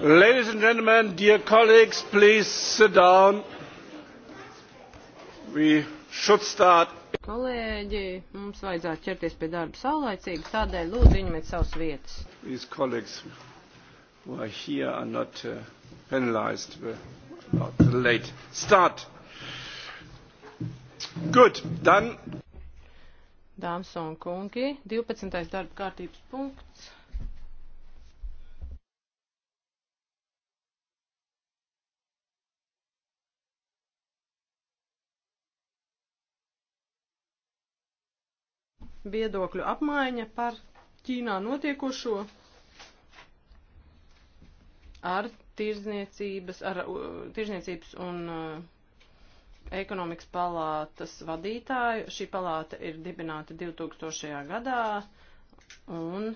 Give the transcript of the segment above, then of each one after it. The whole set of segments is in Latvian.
Ladies and gentlemen, dear colleagues, please sit down. We should start. Kolēģi, mums vajadzētu ķerties pie darba saulaicīgi, tādēļ lūdzu ieņemiet savas vietas. These colleagues who are here are not uh, penalized uh, about the late start. Good, then. Dāmas un kungi, 12. darba kārtības punkts. viedokļu apmaiņa par Ķīnā notiekošo ar tirzniecības, ar tirzniecības un uh, ekonomikas palātas vadītāju. Šī palāta ir dibināta 2000. gadā un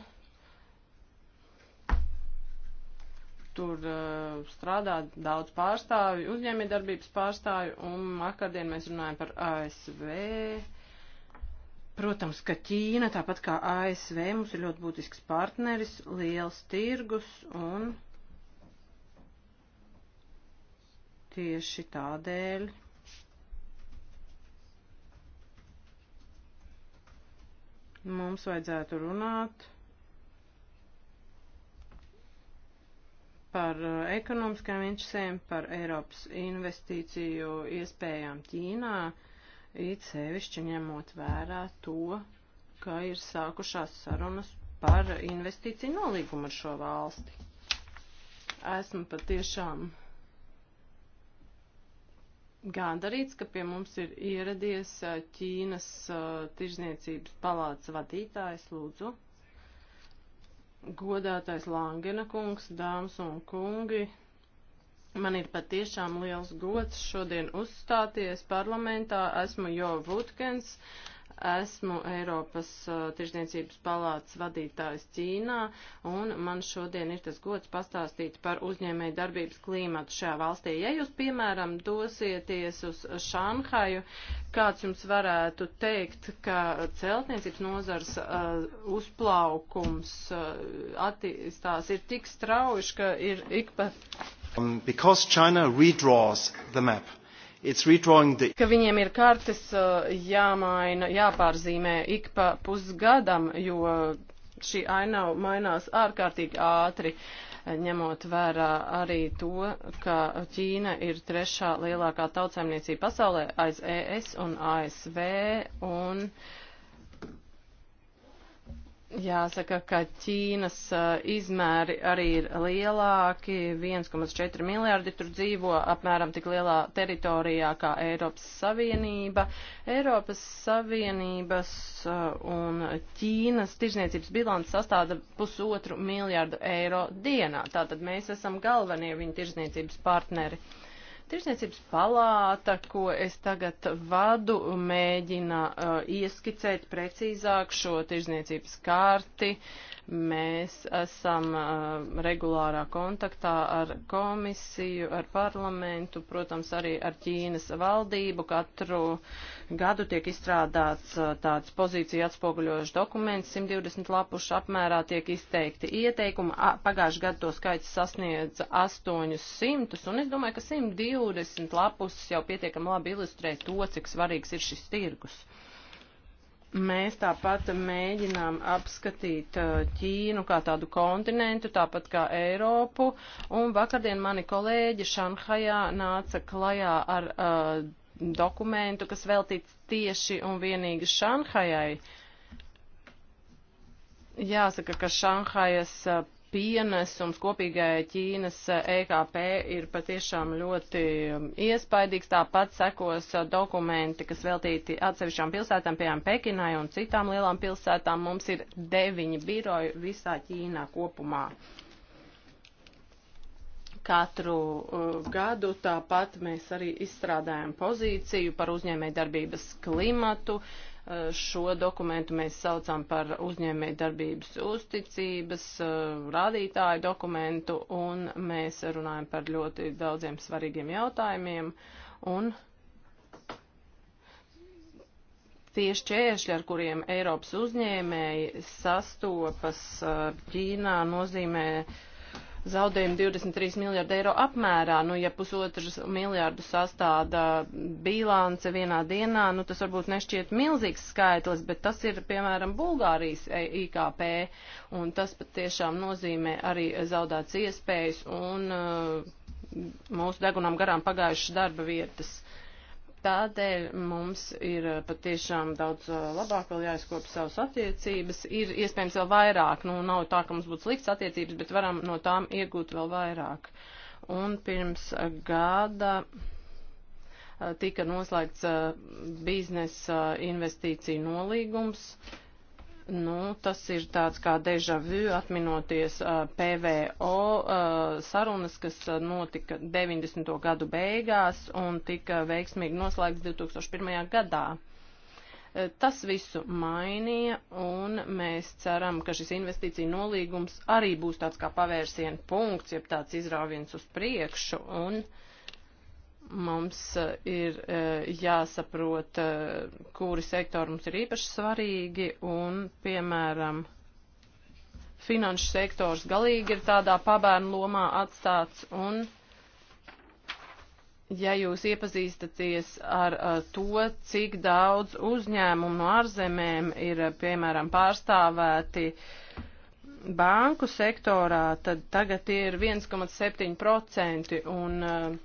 tur uh, strādā daudz pārstāvju, uzņēmējdarbības pārstāvju, un vakardien mēs runājam par ASV, Protams, ka Ķīna, tāpat kā ASV, mums ir ļoti būtisks partneris, liels tirgus un tieši tādēļ. Mums vajadzētu runāt par uh, ekonomiskām interesēm, par Eiropas investīciju iespējām Ķīnā. Uh, it sevišķi ņemot vērā to, ka ir sākušās sarunas par investīciju nolīgumu ar šo valsti. Esmu patiešām gandarīts, ka pie mums ir ieradies eh, Ķīnas eh, tirzniecības palāca vadītājs Lūdzu. Godātais Langena kungs, dāmas un kungi, Man ir patiešām liels gods šodien uzstāties parlamentā. Esmu Jo Vutkens, esmu Eiropas uh, tirzniecības palātas vadītājs Ķīnā, un man šodien ir tas gods pastāstīt par uzņēmēju darbības klīmatu šajā valstī. Ja jūs, piemēram, dosieties uz Šanhaju, kāds jums varētu teikt, ka celtniecības nozars uh, uzplaukums uh, attīstās ir tik strauji, ka ir ik pa Um, because China redraws the map. The... ka viņiem ir kartes uh, jāmaina, jāpārzīmē ik pa pusgadam, jo šī ainava mainās ārkārtīgi ātri, ņemot vērā arī to, ka Ķīna ir trešā lielākā tautsēmniecība pasaulē aiz ES un ASV, un uh, Jāsaka, ka Ķīnas eh, izmēri arī ir lielāki, 1,4 miljārdi tur dzīvo apmēram tik lielā teritorijā kā Eiropas Savienība. Eiropas Savienības eh, un Ķīnas tirzniecības bilants sastāda pusotru miljārdu eiro dienā. Tātad mēs esam galvenie viņa tirzniecības partneri. Tirzniecības palāta, ko es tagad vadu, mēģina uh, ieskicēt precīzāk šo tirzniecības kārti. Uh, Mēs esam uh, regulārā kontaktā ar komisiju, ar parlamentu, protams, arī ar Ķīnas valdību. Katru gadu tiek izstrādāts uh, tāds pozīcija atspoguļojošs dokuments, 120 lapušu apmērā tiek izteikti ieteikumi. Pagājuši gadu to skaits sasniedz 800, un es domāju, ka 120 lapus jau pietiekam labi ilustrē to, cik svarīgs ir šis tirgus. Mēs tāpat mēģinām apskatīt uh, Ķīnu kā tādu kontinentu, tāpat kā Eiropu, un vakardien mani kolēģi Šanhajā nāca klajā ar uh, dokumentu, kas veltīts tieši un vienīgi Šanhajai. Jāsaka, ka Šanhajas uh, pienesums kopīgai Ķīnas EKP ir patiešām ļoti iespaidīgs. Tāpat sekos dokumenti, kas veltīti atsevišķām pilsētām, piemēram, Pekinai un citām lielām pilsētām. Mums ir deviņi biroji visā Ķīnā kopumā. Katru uh, gadu tāpat mēs arī izstrādājam pozīciju par uzņēmējdarbības klimatu. Uh, Eh, šo dokumentu mēs saucam par uzņēmēju darbības uzticības eh, rādītāju dokumentu, un mēs runājam par ļoti daudziem svarīgiem jautājumiem. Un tie šķēršļi, ar kuriem Eiropas uzņēmēji sastopas eh, Ķīnā, nozīmē uh, zaudējumi 23 miljārdu eiro apmērā. Nu, ja pusotras miljārdu sastāda bilance vienā dienā, nu, tas varbūt nešķiet milzīgs skaitlis, bet tas ir, piemēram, Bulgārijas e, IKP, un tas pat tiešām nozīmē arī zaudēts iespējas un uh, mūsu degunām garām pagājušas darba vietas. Tādēļ mums ir eh, patiešām daudz eh, labāk vēl jāizkop savas attiecības. Ir iespējams vēl vairāk, nu nav tā, ka mums būtu slikts attiecības, bet varam no tām iegūt vēl vairāk. Un pirms eh, gada tika noslēgts biznesa investīciju nolīgums. Uh, Nu, tas ir tāds kā deja vu, atminoties uh, PVO uh, sarunas, kas notika 90. gadu beigās un tika veiksmīgi noslēgts 2001. gadā. Uh, tas visu mainīja, un mēs ceram, ka šis investīcija nolīgums arī būs tāds kā pavērsiena punkts, jeb tāds izrāviens uz priekšu, un uh, Mums eh, ir eh, jāsaprot, eh, kuri sektori mums ir īpaši svarīgi un, piemēram, finanšu sektors galīgi ir tādā pabērnu lomā atstāts un ja jūs iepazīstaties ar to, cik daudz uzņēmumu no ārzemēm ir, piemēram, pārstāvēti banku sektorā, tad tagad ir 1,7% un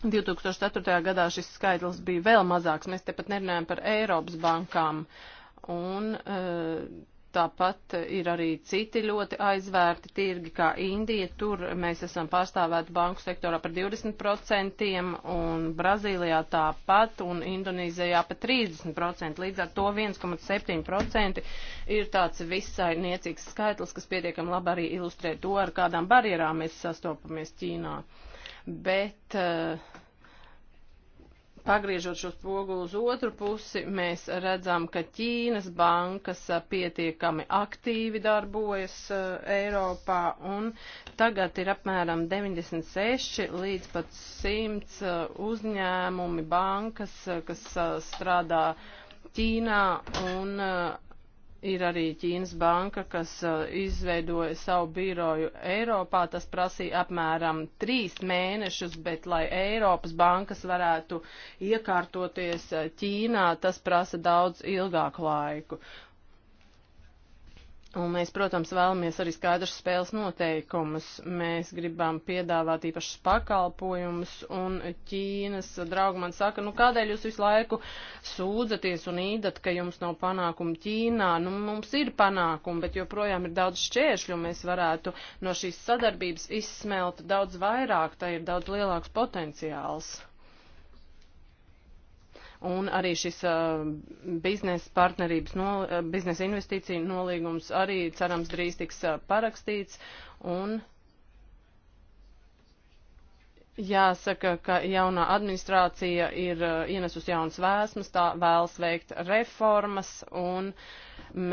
2004. gadā šis skaidrs bija vēl mazāks, mēs tepat nerunājam par Eiropas bankām. Un eh, tāpat ir arī citi ļoti aizvērti tirgi, kā Indija, tur mēs esam pārstāvēti banku sektorā par 20% un Brazīlijā tāpat un Indonīzijā par 30%. Līdz ar to 1,7% ir tāds visai niecīgs skaitlis, kas pietiekam labi arī ilustrē to, ar kādām barjerām mēs sastopamies Ķīnā. Uh, bet eh, pagriežot šo spoguli uz otru pusi, mēs redzam, ka Ķīnas bankas eh, pietiekami aktīvi darbojas eh, Eiropā un tagad ir apmēram 96 līdz pat 100 uzņēmumi bankas, kas strādā Ķīnā un Ir arī Ķīnas banka, kas uh, izveidoja savu biroju Eiropā. Tas prasīja apmēram trīs mēnešus, bet lai Eiropas bankas varētu iekārtoties uh, Ķīnā, tas prasa daudz ilgāku laiku. Un mēs, protams, vēlamies arī skaidrs spēles noteikumus. Mēs gribam piedāvāt īpašus pakalpojumus, un Ķīnas draugi man saka, nu kādēļ jūs visu laiku sūdzaties un īdat, ka jums nav panākumu Ķīnā? Nu, mums ir panākumi, bet joprojām ir daudz šķēršļu, un mēs varētu no šīs sadarbības izsmelt daudz vairāk, tai ir daudz lielāks potenciāls un arī šis uh, biznesa partnerības, no, uh, biznesa investīcija nolīgums arī cerams drīz tiks uh, parakstīts un Jāsaka, ka jaunā administrācija ir uh, ienesusi jaunas vēsmas, tā vēlas veikt reformas, un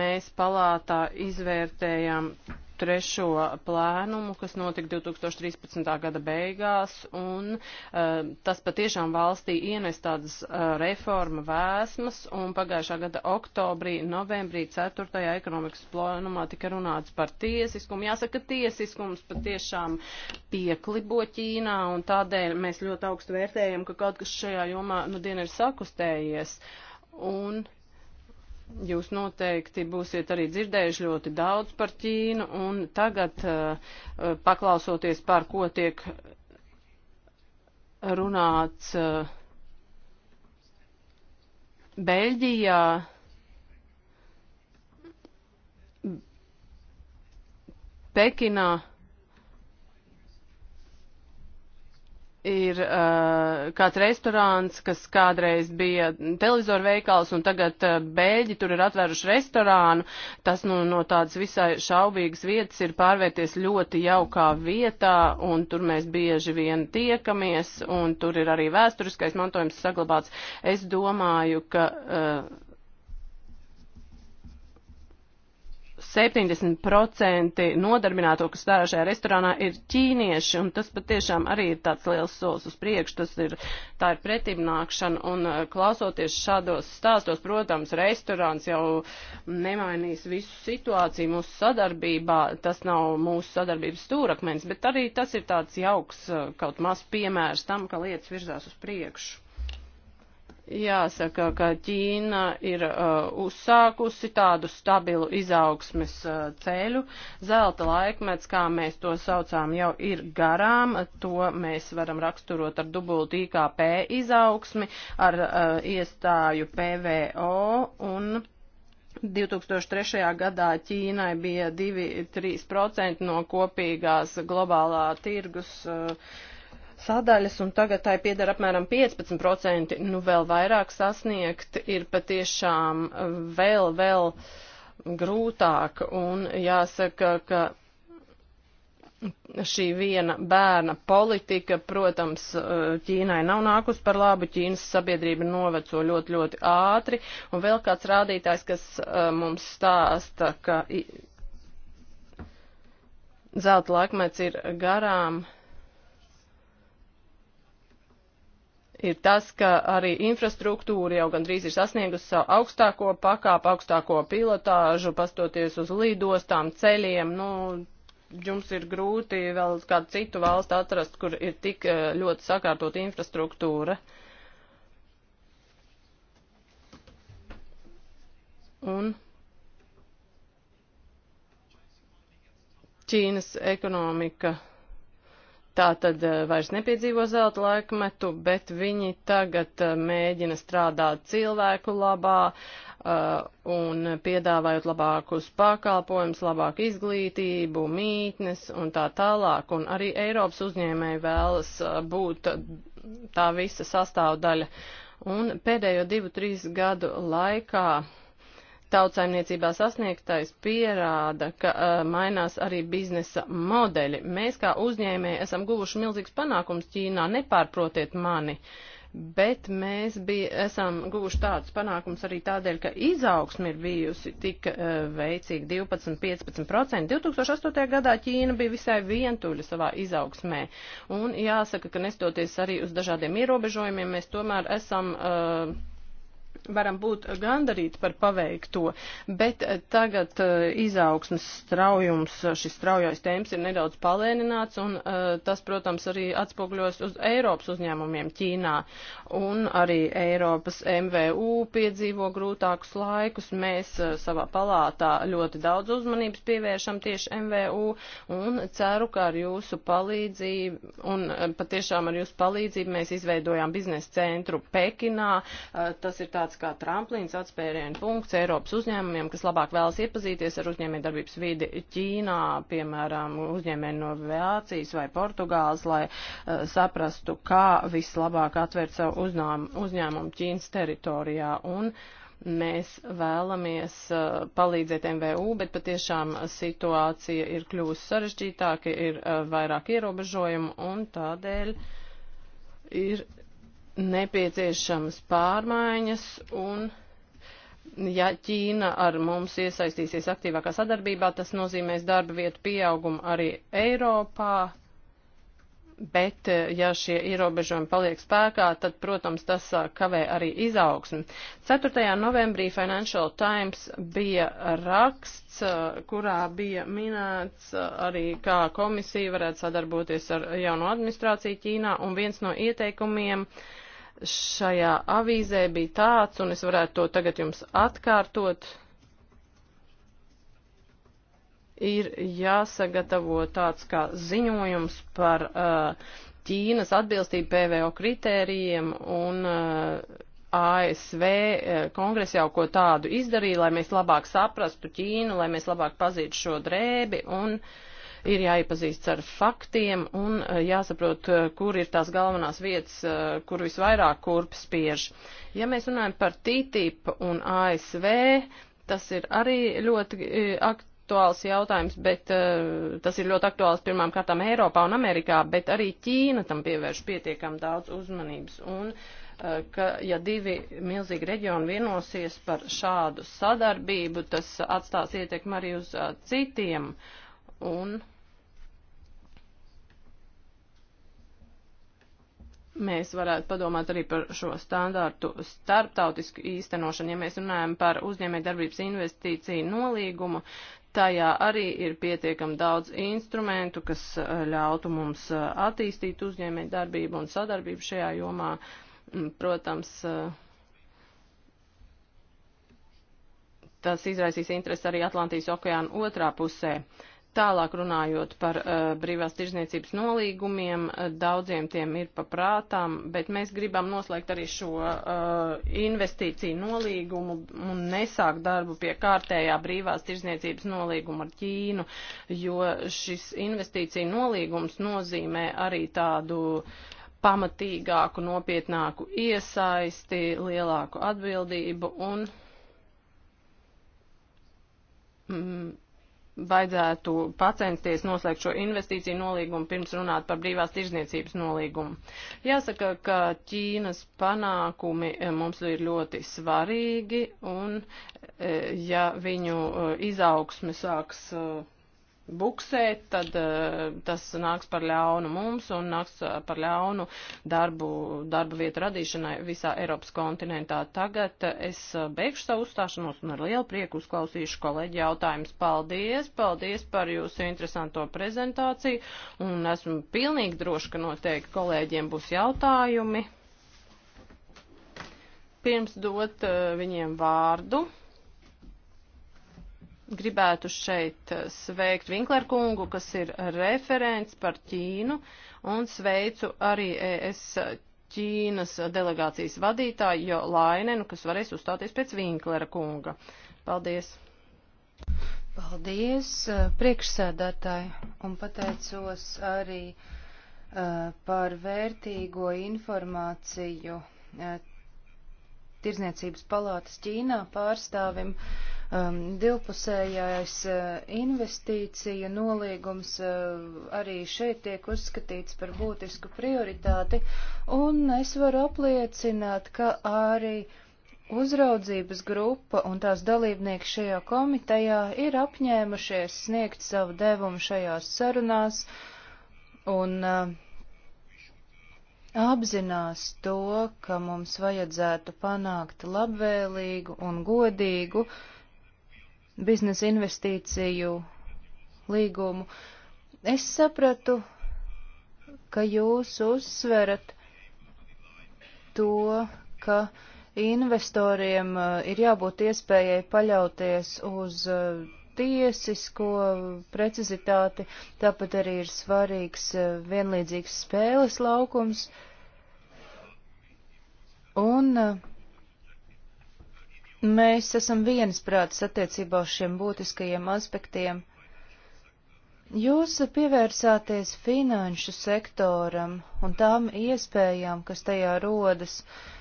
mēs palātā izvērtējam trešo plēnumu, kas notika 2013. gada beigās, un uh, tas patiešām valstī ienes tādas uh, reforma vēsmas, un pagājušā gada oktobrī, novembrī 4. ekonomikas plēnumā tika runāts par tiesiskumu. Jāsaka, tiesiskums patiešām pieklibo Ķīnā, un tādēļ mēs ļoti augstu vērtējam, ka kaut kas šajā jomā nu dien ir sakustējies. Un Jūs noteikti būsiet arī dzirdējuši ļoti daudz par Ķīnu, un tagad, eh, paklausoties par ko tiek runāts eh, Beļģijā, Pekinā, ir uh, kāds restorāns, kas kādreiz bija televizoru veikals, un tagad uh, bēļi tur ir atvēruši restorānu. Tas nu, no tādas visai šaubīgas vietas ir pārvērties ļoti jaukā vietā, un tur mēs bieži vien tiekamies, un tur ir arī vēsturiskais mantojums saglabāts. Es domāju, ka. Uh, 70% nodarbināto, kas strādā šajā restorānā, ir ķīnieši, un tas patiešām arī ir tāds liels solis uz priekšu, tas ir, tā ir pretimnākšana, un uh, klausoties šādos stāstos, protams, restorāns jau nemainīs visu situāciju mūsu sadarbībā, tas nav mūsu sadarbības stūrakmens, bet arī tas ir tāds jauks uh, kaut maz piemērs tam, ka lietas virzās uz priekšu. Jāsaka, ka Ķīna ir uh, uzsākusi tādu stabilu izaugsmes uh, ceļu. Zelta laikmets, kā mēs to saucām, jau ir garām. To mēs varam raksturot ar dubultu IKP izaugsmi, ar uh, iestāju PVO un 2003. gadā Ķīnai bija 2-3% no kopīgās globālā tirgus. Uh, sadaļas, un tagad tai piedara apmēram 15%, nu vēl vairāk sasniegt ir patiešām eh, vēl, vēl grūtāk, un jāsaka, ka šī viena bērna politika, protams, eh, Ķīnai nav nākus par labu, Ķīnas sabiedrība noveco ļoti, ļoti ātri, un vēl kāds rādītājs, kas eh, mums stāsta, ka zelta laikmets ir garām ir tas, ka arī infrastruktūra jau gandrīz ir sasniegusi savu augstāko pakāpu, augstāko pilotāžu, pastoties uz lidostām, ceļiem. Nu, jums ir grūti vēl kādu citu valstu atrast, kur ir tik eh, ļoti sakārtot infrastruktūra. Un Ķīnas ekonomika tā tad eh, vairs nepiedzīvo zelta laikmetu, bet viņi tagad eh, mēģina strādāt cilvēku labā eh, un piedāvājot labākus pakalpojumus, labāku izglītību, mītnes un tā tālāk. Un arī Eiropas uzņēmēji vēlas būt tā visa sastāvdaļa. Un pēdējo divu, trīs gadu laikā Tautsaimniecībā sasniegtais pierāda, ka uh, mainās arī biznesa modeļi. Mēs kā uzņēmēji esam guvuši milzīgs panākums Ķīnā, nepārprotiet mani, bet mēs bija, esam guvuši tādus panākums arī tādēļ, ka izaugsme ir bijusi tik uh, veicīga 12-15%. 2008. gadā Ķīna bija visai vientuļa savā izaugsmē, un jāsaka, ka nestoties arī uz dažādiem ierobežojumiem, mēs tomēr esam. Uh, varam būt gandarīti par paveikto, bet eh, tagad eh, izaugsmas straujums, šis straujais temps ir nedaudz palēnināts, un eh, tas, protams, arī atspogļos uz Eiropas uzņēmumiem Ķīnā, un arī Eiropas MVU piedzīvo grūtākus laikus. Mēs savā palātā ļoti daudz uzmanības pievēršam tieši MVU, un ceru, ka ar jūsu palīdzību, un patiešām ar jūsu palīdzību mēs izveidojām biznesa centru Pekinā. Tas ir tāds tāds kā tramplīns atspērienu punkts Eiropas uzņēmumiem, kas labāk vēlas iepazīties ar uzņēmējdarbības vidi Ķīnā, piemēram, uzņēmēju no Vācijas vai Portugāles, lai uh, saprastu, kā vislabāk atvērt savu uznām, uzņēmumu Ķīnas teritorijā. Un, Mēs vēlamies uh, palīdzēt MVU, bet patiešām situācija ir kļuvusi sarežģītāka, ir uh, vairāk ierobežojumu un tādēļ ir nepieciešamas pārmaiņas un ja Ķīna ar mums iesaistīsies aktīvākā sadarbībā, tas nozīmēs darba vietu pieaugumu arī Eiropā. Bet, ja šie ierobežojumi paliek spēkā, tad, protams, tas kavē arī izaugsmi. 4. novembrī Financial Times bija raksts, kurā bija minēts arī, kā komisija varētu sadarboties ar jauno administrāciju Ķīnā, un viens no ieteikumiem uh, šajā avīzē bija tāds, un es varētu to tagad jums atkārtot, ir jāsagatavo tāds kā ziņojums par uh, Ķīnas atbilstību PVO kritērijiem un uh, ASV uh, kongress jau ko tādu izdarīja, lai mēs labāk saprastu Ķīnu, lai mēs labāk pazītu šo drēbi un uh, ir jāiepazīst ar faktiem un e, jāsaprot, e, kur ir tās galvenās vietas, e, kur visvairāk kurp spiež. Ja mēs runājam par TTIP un ASV, tas ir arī ļoti aktuāli aktuāls jautājums, bet uh, tas ir ļoti aktuāls pirmām kārtām Eiropā un Amerikā, bet arī Ķīna tam pievērš pietiekam daudz uzmanības. Un, uh, ka, ja divi milzīgi reģioni vienosies par šādu sadarbību, tas atstās ietekmi arī uz uh, citiem. Un, uh, mēs varētu padomāt arī par šo standārtu starptautisku īstenošanu. Ja mēs runājam par uzņēmē darbības investīciju nolīgumu, tajā arī ir pietiekami daudz instrumentu, kas eh, ļautu mums eh, attīstīt uzņēmē darbību un sadarbību šajā jomā. Mm, protams, eh, tas izraisīs interesi arī Atlantijas okeāna otrā pusē. Uh, Tālāk runājot par uh, brīvās tirzniecības nolīgumiem, uh, daudziem tiem ir paprātām, bet mēs gribam noslēgt arī šo uh, investīciju nolīgumu un nesākt darbu pie kārtējā brīvās tirzniecības nolīguma ar Ķīnu, jo šis investīciju nolīgums nozīmē arī tādu pamatīgāku, nopietnāku iesaisti, lielāku atbildību un. Mm, vajadzētu pacensties noslēgt šo investīciju nolīgumu pirms runāt par brīvās tirzniecības nolīgumu. Jāsaka, ka Ķīnas panākumi eh, mums ir ļoti svarīgi un eh, ja viņu eh, izaugsme sāks buksēt, tad uh, tas nāks par ļaunu mums un nāks eh, par ļaunu darbu, darba vietu radīšanai visā Eiropas kontinentā. Tagad eh, es beigšu savu uzstāšanos un ar lielu prieku uzklausīšu kolēģi jautājumus. Paldies, paldies par jūsu interesanto prezentāciju un esmu pilnīgi droši, ka noteikti kolēģiem būs jautājumi. Pirms dot uh, viņiem vārdu gribētu šeit eh, sveikt Vinklerkungu, kas ir referents par Ķīnu, un sveicu arī es Ķīnas delegācijas vadītāju, jo Lainenu, kas varēs uzstāties pēc Vinklera kunga. Paldies! Paldies, eh, priekšsēdētāji, un pateicos arī uh, par vērtīgo informāciju uh, Tirzniecības palātas Ķīnā pārstāvim. Uh, Um, divpusējais uh, investīcija nolīgums uh, arī šeit tiek uzskatīts par būtisku prioritāti, un es varu apliecināt, ka arī uzraudzības grupa un tās dalībnieki šajā komitejā ir apņēmušies sniegt savu devumu šajās sarunās, un uh, apzinās to, ka mums vajadzētu panākt labvēlīgu un godīgu uh, biznesa investīciju līgumu. Es sapratu, ka jūs uzsverat to, ka investoriem uh, ir jābūt iespējai paļauties uz uh, tiesisko precizitāti, tāpat arī ir svarīgs uh, vienlīdzīgs spēles laukums. Un uh, Mēs esam viensprātis attiecībā uz šiem būtiskajiem aspektiem. Jūs pievērsāties finanšu sektoram un tām iespējām, kas tajā rodas.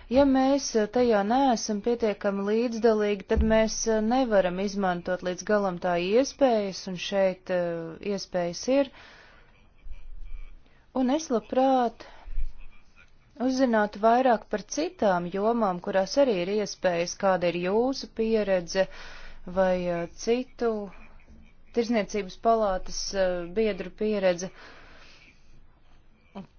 Ja mēs tajā neesam pietiekami līdzdalīgi, tad mēs nevaram izmantot līdz galam tā iespējas, un šeit eh, iespējas ir. Un es labprāt uzzināt vairāk par citām jomām, kurās arī ir iespējas, kāda ir jūsu pieredze vai eh, citu tirzniecības palātas eh, biedru pieredze,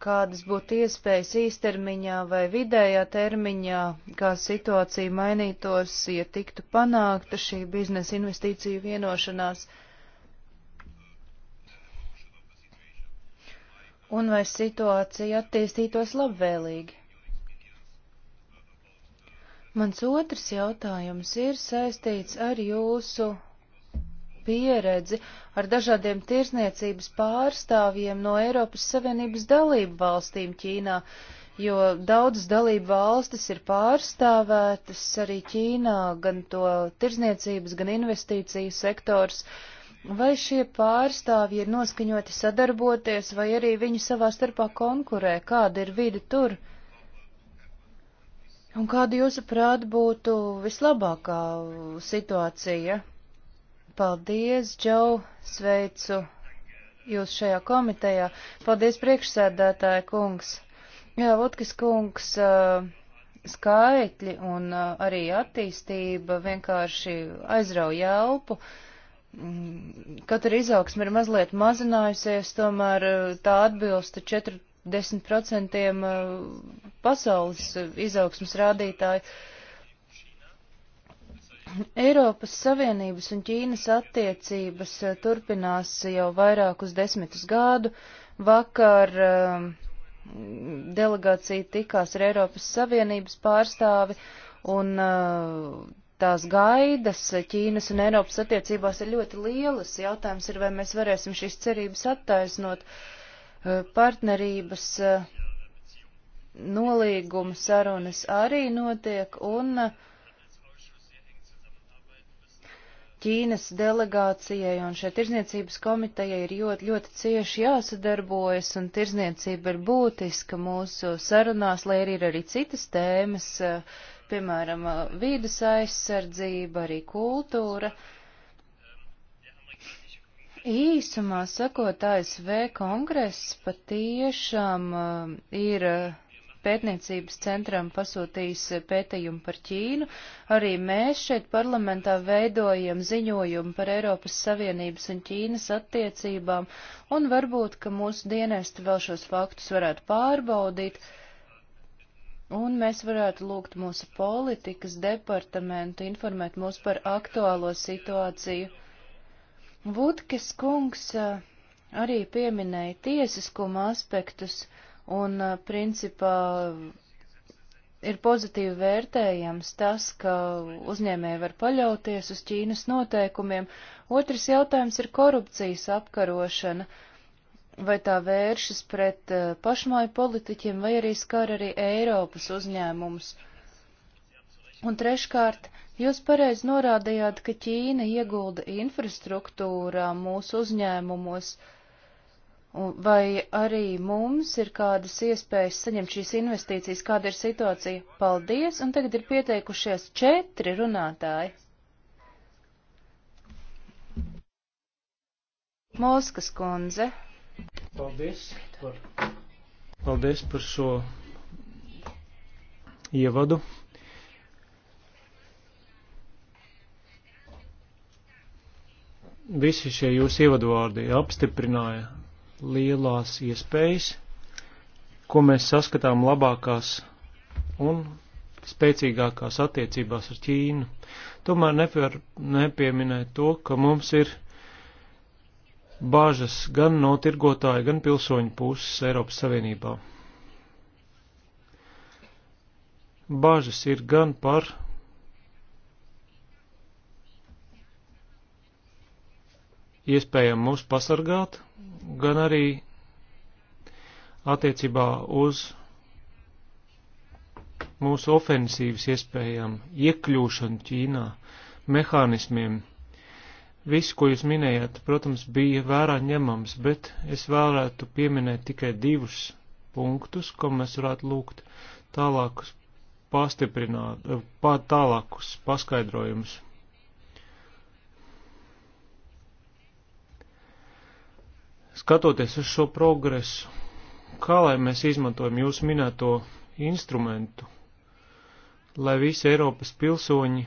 kādas būtu iespējas īstermiņā vai vidējā termiņā, kā situācija mainītos, ja tiktu panākta šī biznesa investīciju vienošanās. un vai situācija attīstītos labvēlīgi. Mans otrs jautājums ir saistīts ar jūsu pieredzi ar dažādiem tirsniecības pārstāvjiem no Eiropas Savienības dalību valstīm Ķīnā, jo daudzas dalību valstis ir pārstāvētas arī Ķīnā, gan to tirsniecības, gan investīciju sektors. Uh, Vai šie pārstāvji ir noskaņoti sadarboties, vai arī viņi savā starpā konkurē? Kāda ir vide tur? Un kāda jūsuprāt būtu vislabākā situācija? Paldies, Džau, sveicu jūs šajā komitejā. Paldies, priekšsēdētāja kungs. Jā, Votkis kungs, skaitļi un arī attīstība vienkārši aizrauja elpu. Uh, Kaut arī izaugsme ir mazliet mazinājusies, tomēr uh, tā atbilsta 40% uh, pasaules uh, izaugsmas rādītāju. Eiropas Savienības un Ķīnas attiecības turpinās jau vairākus desmitus gadu. Vakar um, delegācija tikās ar Eiropas Savienības pārstāvi un tās gaidas Ķīnas un Eiropas attiecībās ir ļoti lielas. Jautājums ir, vai mēs varēsim šīs cerības attaisnot eh, partnerības eh, nolīguma sarunas arī notiek, un eh, Ķīnas delegācijai un šai tirzniecības komitejai ir ļoti, ļoti cieši jāsadarbojas, un tirzniecība ir būtiska mūsu sarunās, lai arī ir arī citas tēmas, uh, piemēram, vīdas aizsardzība, arī kultūra. Īsumā sakot, ASV kongress patiešām ir pētniecības centram pasūtījis pētījumu par Ķīnu. Arī mēs šeit parlamentā veidojam ziņojumu par Eiropas Savienības un Ķīnas attiecībām, un varbūt, ka mūsu dienesti vēl šos faktus varētu pārbaudīt. Uh, Un mēs varētu lūgt mūsu politikas departamentu informēt mūs par aktuālo situāciju. Vudkes kungs arī pieminēja tiesiskuma aspektus un principā ir pozitīvi vērtējams tas, ka uzņēmēji var paļauties uz Ķīnas noteikumiem. Otrs jautājums ir korupcijas apkarošana. Uh, vai tā vēršas pret eh, pašmāju politiķiem, vai arī skar arī Eiropas uzņēmumus. Un treškārt, jūs pareizi norādījāt, ka Ķīna iegulda infrastruktūrā mūsu uzņēmumos, vai arī mums ir kādas iespējas saņemt šīs investīcijas, kāda ir situācija. Paldies, un tagad ir pieteikušies četri runātāji. Moskas kundze. Paldies par, paldies par šo ievadu. Visi šie jūsu ievadvārdi apstiprināja lielās iespējas, ko mēs saskatām labākās un spēcīgākās attiecībās ar Ķīnu. Tomēr nevar nepieminēt to, ka mums ir bāžas gan no tirgotāja, gan pilsoņu puses Eiropas Savienībā. Bāžas ir gan par iespējām mūs pasargāt, gan arī attiecībā uz mūsu ofensīvas iespējām, iekļūšanu Ķīnā, mehānismiem, Viss, ko jūs minējāt, protams, bija vērā ņemams, bet es vēlētu pieminēt tikai divus punktus, ko mēs varētu lūgt tālākus pastiprināt, eh, pār tālākus paskaidrojumus. Skatoties uz šo progresu, kā lai mēs izmantojam jūsu minēto instrumentu, lai visi Eiropas pilsoņi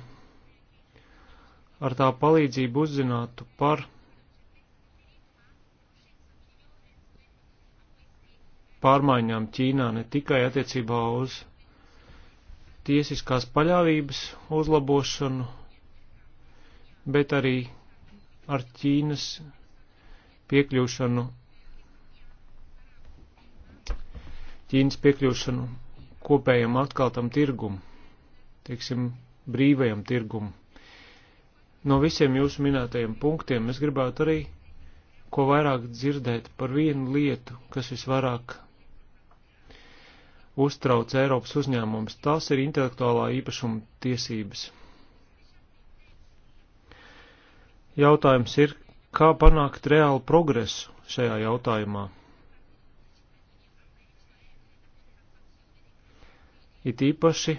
ar tā palīdzību uzzinātu par pārmaiņām Ķīnā ne tikai attiecībā uz tiesiskās paļāvības uzlabošanu, bet arī ar Ķīnas piekļūšanu, Ķīnas piekļūšanu kopējam atkaltam tirgum, teiksim, brīvajam tirgum. No visiem jūsu minētajiem punktiem es gribētu arī ko vairāk dzirdēt par vienu lietu, kas visvairāk uztrauc Eiropas uzņēmums. Tās ir intelektuālā īpašuma tiesības. Jautājums ir, kā panākt reālu progresu šajā jautājumā. It īpaši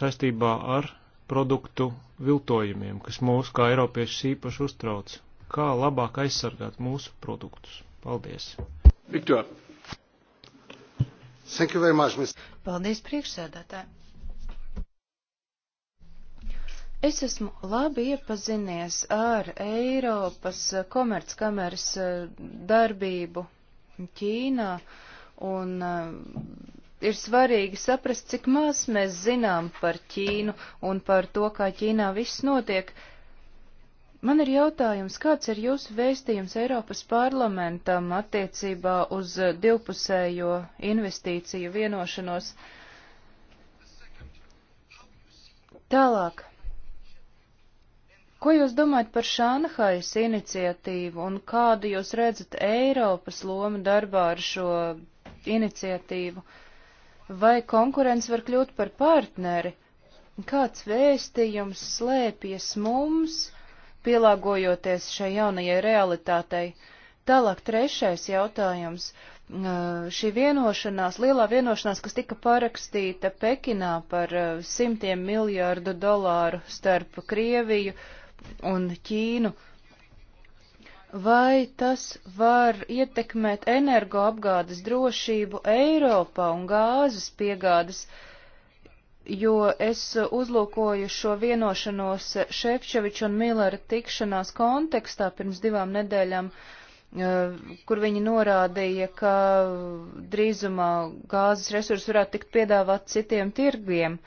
saistībā ar produktu viltojumiem, kas mūs kā Eiropiešus īpaši uztrauc. Kā labāk aizsargāt mūsu produktus? Paldies! Viktor! Thank you very much, Mr. Paldies, priekšsēdētāji! Es esmu labi iepazinies ar Eiropas komerckameras eh, darbību Ķīnā un eh, ir svarīgi saprast, cik maz mēs zinām par Ķīnu un par to, kā Ķīnā viss notiek. Man ir jautājums, kāds ir jūsu vēstījums Eiropas parlamentam attiecībā uz divpusējo investīciju vienošanos? Tālāk. Ko jūs domājat par Šānahajas iniciatīvu un kādu jūs redzat Eiropas lomu darbā ar šo iniciatīvu? Uh, Vai konkurence var kļūt par partneri? Kāds vēstījums slēpjas mums, pielāgojoties šai jaunajai realitātei? Tālāk trešais jautājums. Šī vienošanās, lielā vienošanās, kas tika parakstīta Pekinā par simtiem miljārdu dolāru starp Krieviju un Ķīnu, uh, vai tas var ietekmēt energoapgādes drošību Eiropā un gāzes piegādes, jo es uzlūkoju šo vienošanos Šefčoviča un Millera tikšanās kontekstā pirms divām nedēļām, eh, kur viņi norādīja, ka drīzumā gāzes resursi varētu tikt piedāvāt citiem tirgiem.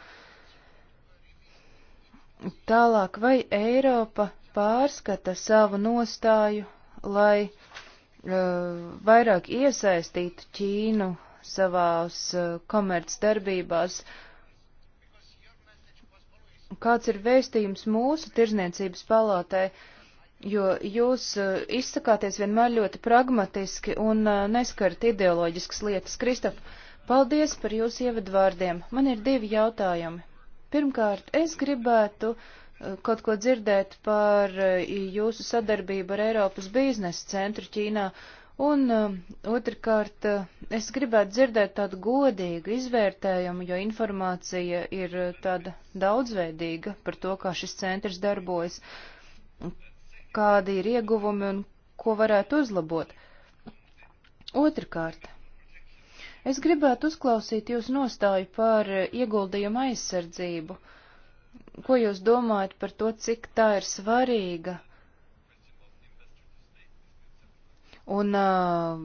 Tālāk, vai Eiropa pārskata savu nostāju, lai uh, vairāk iesaistītu Ķīnu savās uh, komercdarbībās. Kāds ir vēstījums mūsu tirzniecības palātē, jo jūs uh, izsakāties vienmēr ļoti pragmatiski un uh, neskarat ideoloģiskas lietas. Kristap, paldies par jūsu ievadvārdiem. Man ir divi jautājumi. Pirmkārt, es gribētu uh, kaut ko dzirdēt par e, jūsu sadarbību ar Eiropas biznesa centru Ķīnā. Un e, otrkārt, e, es gribētu dzirdēt tādu godīgu izvērtējumu, jo informācija ir tāda daudzveidīga par to, kā šis centrs darbojas, kādi ir ieguvumi un ko varētu uzlabot. Otrkārt, es gribētu uzklausīt jūs nostāju par ieguldījumu aizsardzību. Uh, ko jūs domājat par to, cik tā ir svarīga? Un uh,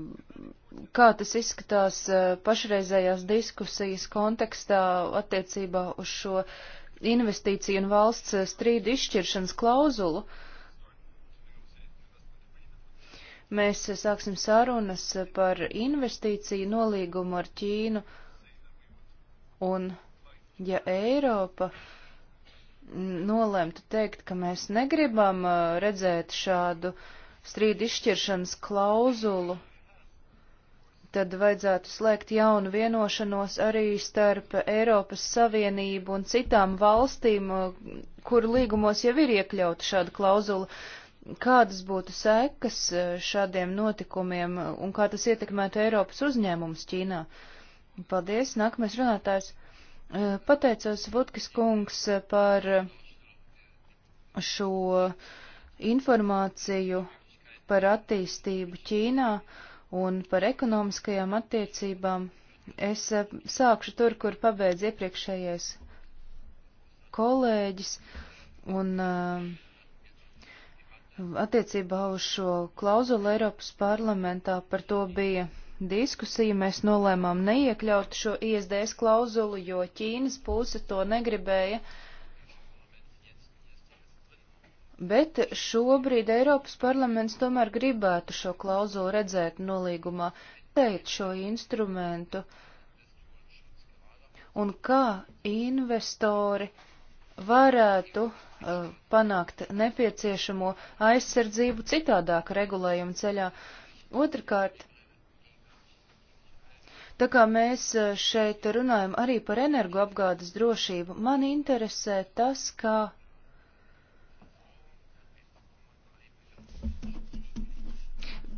kā tas izskatās uh, pašreizējās diskusijas kontekstā attiecībā uz šo investīciju un valsts uh, strīdu izšķiršanas klauzulu? Mēs sāksim sarunas par investīciju nolīgumu ar Ķīnu, un ja Eiropa uh, nolemtu teikt, ka mēs negribam uh, redzēt šādu strīdu izšķiršanas klauzulu, tad vajadzētu slēgt jaunu vienošanos arī starp Eiropas Savienību un citām valstīm, uh, kur līgumos jau ir iekļauta šāda klauzula. Kādas būtu sekas uh, šādiem notikumiem un kā tas ietekmētu Eiropas uzņēmumus Ķīnā? Paldies, nākamais runātājs. Eh, pateicos Vutkis kungs eh, par eh, šo informāciju par attīstību Ķīnā un par ekonomiskajām attiecībām. Es sākšu tur, kur pabeidz iepriekšējais kolēģis, un attiecībā uz šo klauzulu Eiropas parlamentā par to bija diskusiju mēs nolēmām neiekļaut šo ISDS klauzulu, jo Ķīnas puse to negribēja. Bet šobrīd Eiropas parlaments tomēr gribētu šo klauzulu redzēt nolīgumā, teikt šo instrumentu. Un kā investori varētu uh, panākt nepieciešamo aizsardzību citādāk regulējumu ceļā. Otrakārt, Tā kā mēs e, šeit runājam arī par energoapgādes drošību, man interesē tas, kā.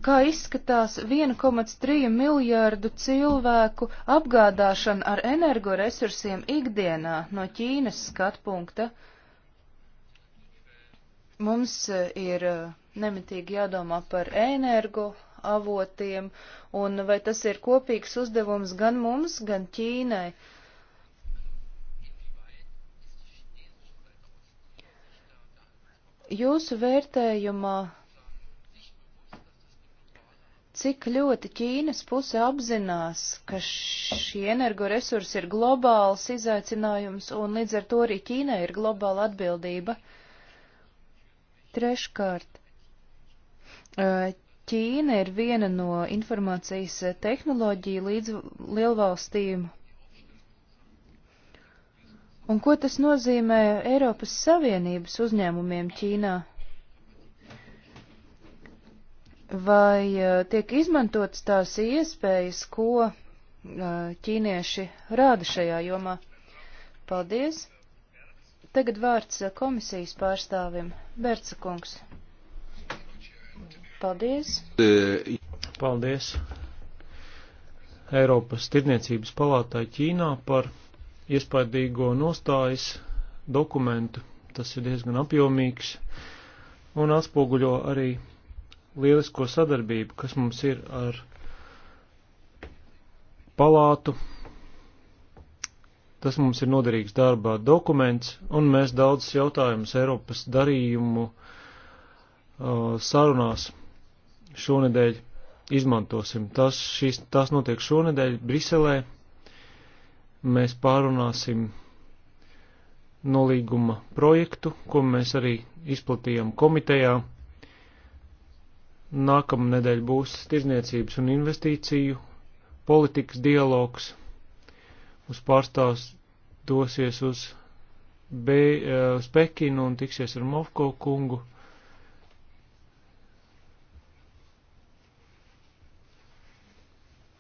Kā izskatās 1,3 miljārdu cilvēku apgādāšana ar energoresursiem ikdienā no Ķīnas skatpunkta? Mums e, ir e, nemitīgi jādomā par energo avotiem, un vai tas ir kopīgs uzdevums gan mums, gan Ķīnai. Jūsu vērtējumā, cik ļoti Ķīnas puse apzinās, ka šī energoresursi ir globāls izaicinājums, un līdz ar to arī Ķīnai ir globāla atbildība? Treškārt, Ķīna ir viena no informācijas tehnoloģiju līdz lielvalstīm. Un ko tas nozīmē Eiropas Savienības uzņēmumiem Ķīnā? Vai uh, tiek izmantotas tās iespējas, ko uh, ķīnieši rāda šajā jomā? Paldies! Tagad vārds uh, komisijas pārstāvim Berca kungs. Paldies! Paldies! Eiropas Tirniecības palātai Ķīnā par iespaidīgo nostājas dokumentu. Tas ir diezgan apjomīgs un atspoguļo arī lielisko sadarbību, kas mums ir ar palātu. Tas mums ir noderīgs darbā dokuments, un mēs daudzas jautājumas Eiropas darījumu uh, sarunās šonedēļ izmantosim. Tas, šis, tas notiek šonedēļ Briselē. Mēs pārunāsim nolīguma projektu, ko mēs arī izplatījām komitejā. Nākamnedēļ būs tirzniecības un investīciju politikas dialogs. Uz pārstāvs dosies uz, Be, eh, uz Pekinu un tiksies ar Movko kungu.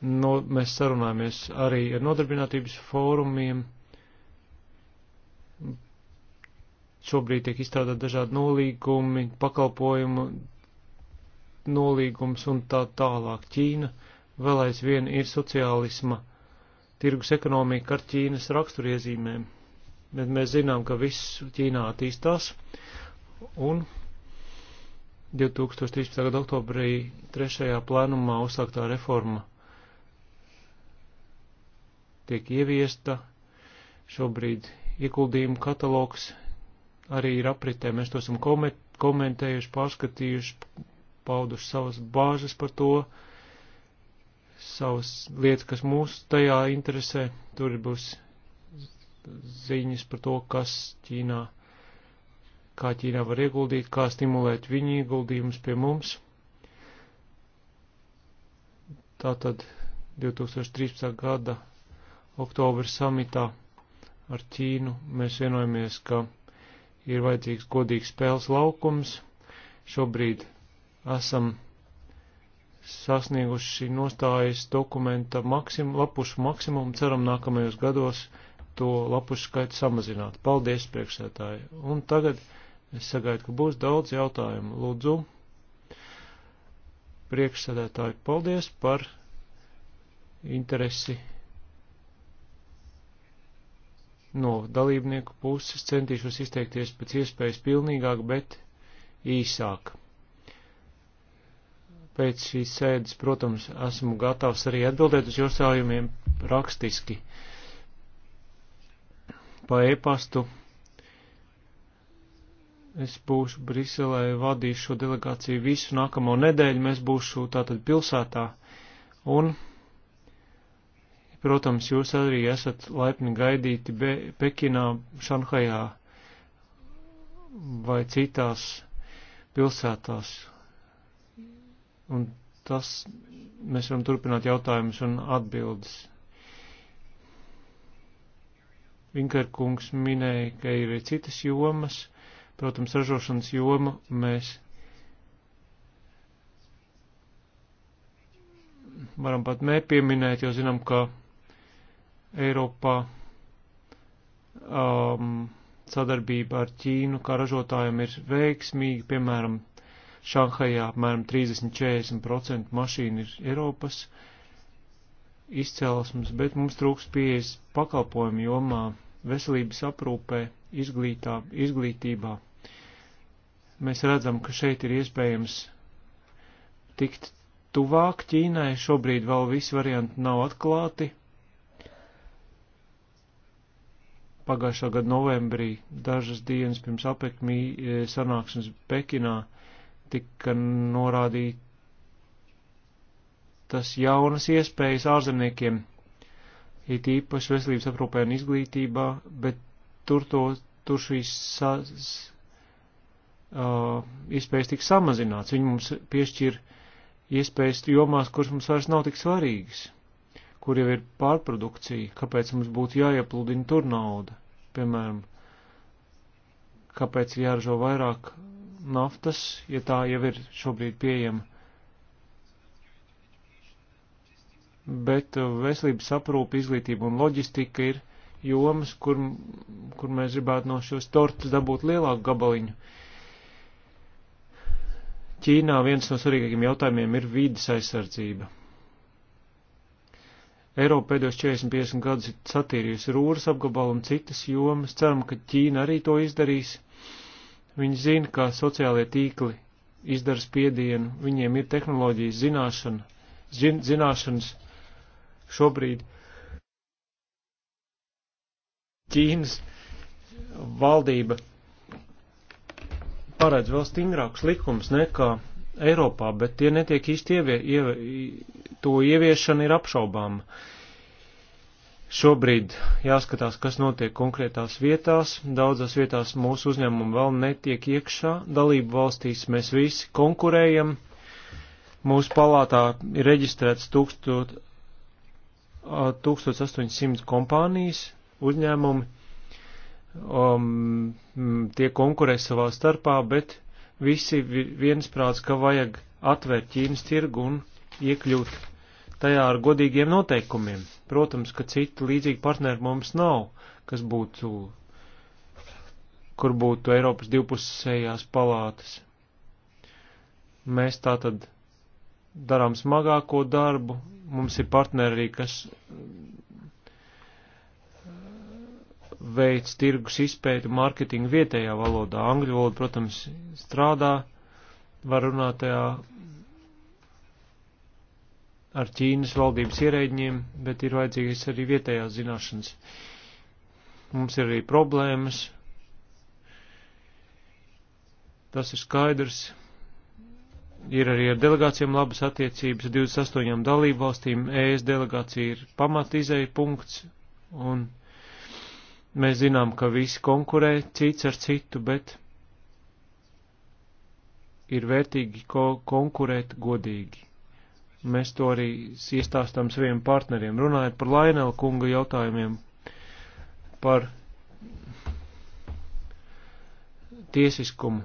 No, nu, mēs sarunājamies arī ar nodarbinātības fórumiem. Šobrīd tiek izstrādāt dažādi nolīgumi, pakalpojumu nolīgums un tā tālāk. Ķīna vēl aizvien ir sociālisma tirgus ekonomika ar Ķīnas raksturiezīmēm, bet mēs zinām, ka viss Ķīnā attīstās un 2013. gada oktobrī trešajā plēnumā uzsāktā reforma tiek ieviesta. Šobrīd ieguldījumu katalogs arī ir apritē. Mēs to esam komentējuši, pārskatījuši, pauduši savas bāžas par to, savas lietas, kas mūs tajā interesē. Tur būs ziņas par to, kas Ķīnā, kā Ķīnā var ieguldīt, kā stimulēt viņu ieguldījumus pie mums. Tātad 2013. gada oktobra samitā ar Ķīnu mēs vienojamies, ka ir vajadzīgs godīgs spēles laukums. Šobrīd esam sasnieguši nostājas dokumenta maksim, lapušu maksimumu, ceram nākamajos gados to lapušu skaitu samazināt. Paldies, priekšsētāji. Un tagad es sagaidu, ka būs daudz jautājumu. Lūdzu, priekšsēdētāji, paldies par interesi no dalībnieku puses centīšos izteikties pēc iespējas pilnīgāk, bet īsāk. Pēc šīs sēdes, protams, esmu gatavs arī atbildēt uz jautājumiem rakstiski pa e-pastu. Es būšu Briselē, vadīšu šo delegāciju visu nākamo nedēļu, mēs būšu tātad pilsētā un Protams, jūs arī esat laipni gaidīti Be Pekinā, Šanhajā vai citās pilsētās. Un tas mēs varam turpināt jautājumus un atbildes. Vinkarkungs minēja, ka ir citas jomas, protams, ražošanas joma mēs varam pat nepieminēt, jo zinām, ka Eiropā um, sadarbība ar Ķīnu kā ražotājiem ir veiksmīga, piemēram, Šanhajā apmēram 30-40% mašīnu ir Eiropas izcelsmes, bet mums trūks pieejas pakalpojumu jomā, veselības aprūpē, izglītā, izglītībā. Mēs redzam, ka šeit ir iespējams tikt tuvāk Ķīnai, šobrīd vēl visi varianti nav atklāti, pagājušā gada novembrī, dažas dienas pirms apekmī e, sanāksmes Pekinā, tika norādītas jaunas iespējas ārzemniekiem, it īpaši veselības aprūpē un izglītībā, bet tur, to, tur šīs sas, uh, iespējas tika samazināts. Viņi mums piešķir iespējas jomās, kuras mums vairs nav tik svarīgas kur jau ir pārprodukcija, kāpēc mums būtu jāiepludina tur nauda? Piemēram, kāpēc jāražo vairāk naftas, ja tā jau ir šobrīd pieejama? Bet veselības aprūpe, izglītība un loģistika ir jomas, kur, kur mēs gribētu no šos tortas dabūt lielāku gabaliņu. Ķīnā viens no svarīgākiem jautājumiem ir vīdes aizsardzība. Eiropa pēdējos 40-50 gadus ir satīrījusi rūras apgabalu un citas jomas. Ceram, ka Ķīna arī to izdarīs. Viņi zina, kā sociālie tīkli izdara spiedienu, viņiem ir tehnoloģijas zināšana, zin, zināšanas šobrīd. Ķīnas valdība paredz vēl stingrākus likumus nekā Eiropā, bet tie netiek īsti ievie, ievie, to ieviešana ir apšaubāma. Šobrīd jāskatās, kas notiek konkrētās vietās. Daudzās vietās mūsu uzņēmumi vēl netiek iekšā. Dalību valstīs mēs visi konkurējam. Mūsu palātā ir reģistrēts 1000, 1800 kompānijas uzņēmumi. Um, tie konkurē savā starpā, bet visi viensprāts, ka vajag atvērt Ķīnas tirgu un iekļūt tajā ar godīgiem noteikumiem. Protams, ka citi līdzīgi partneri mums nav, kas būtu, kur būtu Eiropas divpusējās palātas. Mēs tā tad darām smagāko darbu, mums ir partneri, kas mm, veids tirgus izpēti, mārketingu vietējā valodā. Angļu valoda, protams, strādā, var runāt tajā ar Ķīnas valdības ierēģiem, bet ir vajadzīgas arī vietējās zināšanas. Mums ir arī problēmas. Tas ir skaidrs. Ir arī ar delegācijām labas attiecības 28 dalību valstīm. ES delegācija ir pamatizēja punkts, un mēs zinām, ka visi konkurē cits ar citu, bet ir vērtīgi ko konkurēt godīgi. Mēs to arī iestāstām saviem partneriem. Runājot par Lainela kunga jautājumiem, par tiesiskumu.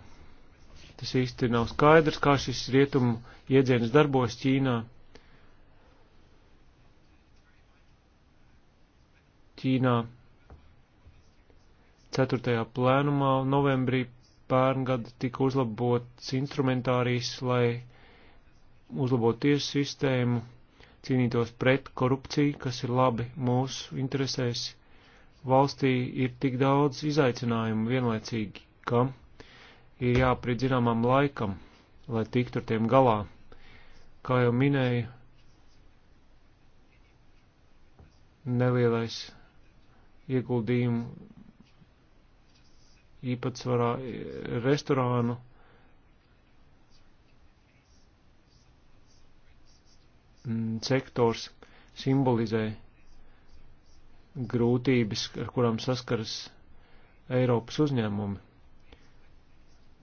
Tas īsti nav skaidrs, kā šis rietumu iedziens darbos Ķīnā. Ķīnā 4. plēnumā novembrī pērngada tika uzlabots instrumentārijs, lai uzlabot tiesu sistēmu, cīnītos pret korupciju, kas ir labi mūsu interesēs. Valstī ir tik daudz izaicinājumu vienlaicīgi, kam ir jāprid zināmam laikam, lai tiktu ar tiem galā. Kā jau minēju, nelielais ieguldījumu īpatsvarā e, restorānu Mm, sektors simbolizē grūtības, ar kurām saskaras Eiropas uzņēmumi.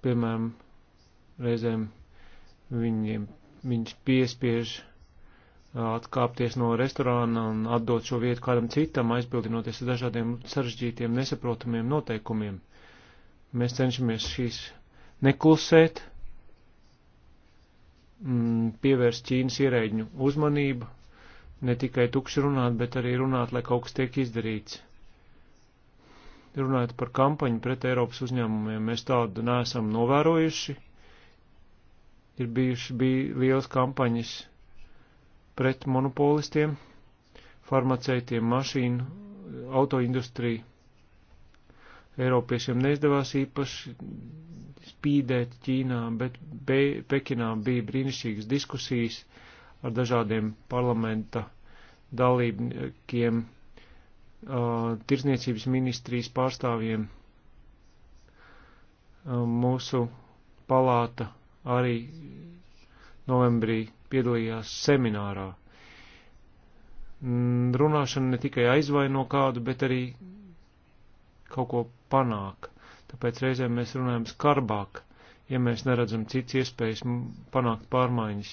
Piemēram, reizēm viņiem, viņš piespiež atkāpties no restorāna un atdot šo vietu kādam citam, aizbildinoties ar dažādiem sarežģītiem, nesaprotamiem noteikumiem. Mēs cenšamies šīs neklusēt, mm, pievērst Ķīnas ierēģņu uzmanību, ne tikai tukši runāt, bet arī runāt, lai kaut kas tiek izdarīts. Runājot par kampaņu pret Eiropas uzņēmumiem, mēs tādu neesam novērojuši. Ir bijuši bija liels kampaņas pret monopolistiem, farmaceitiem, mašīnu, autoindustriju. Eiropiešiem neizdevās īpaši spīdēt Ķīnā, bet Be Pekinā bija brīnišķīgas diskusijas ar dažādiem parlamenta dalībniekiem, tirzniecības ministrijas pārstāvjiem. Mūsu palāta arī novembrī piedalījās seminārā. Runāšana ne tikai aizvaino kādu, bet arī kaut ko panāk. Tāpēc reizēm mēs runājam skarbāk, ja mēs neredzam cits iespējas panākt pārmaiņas.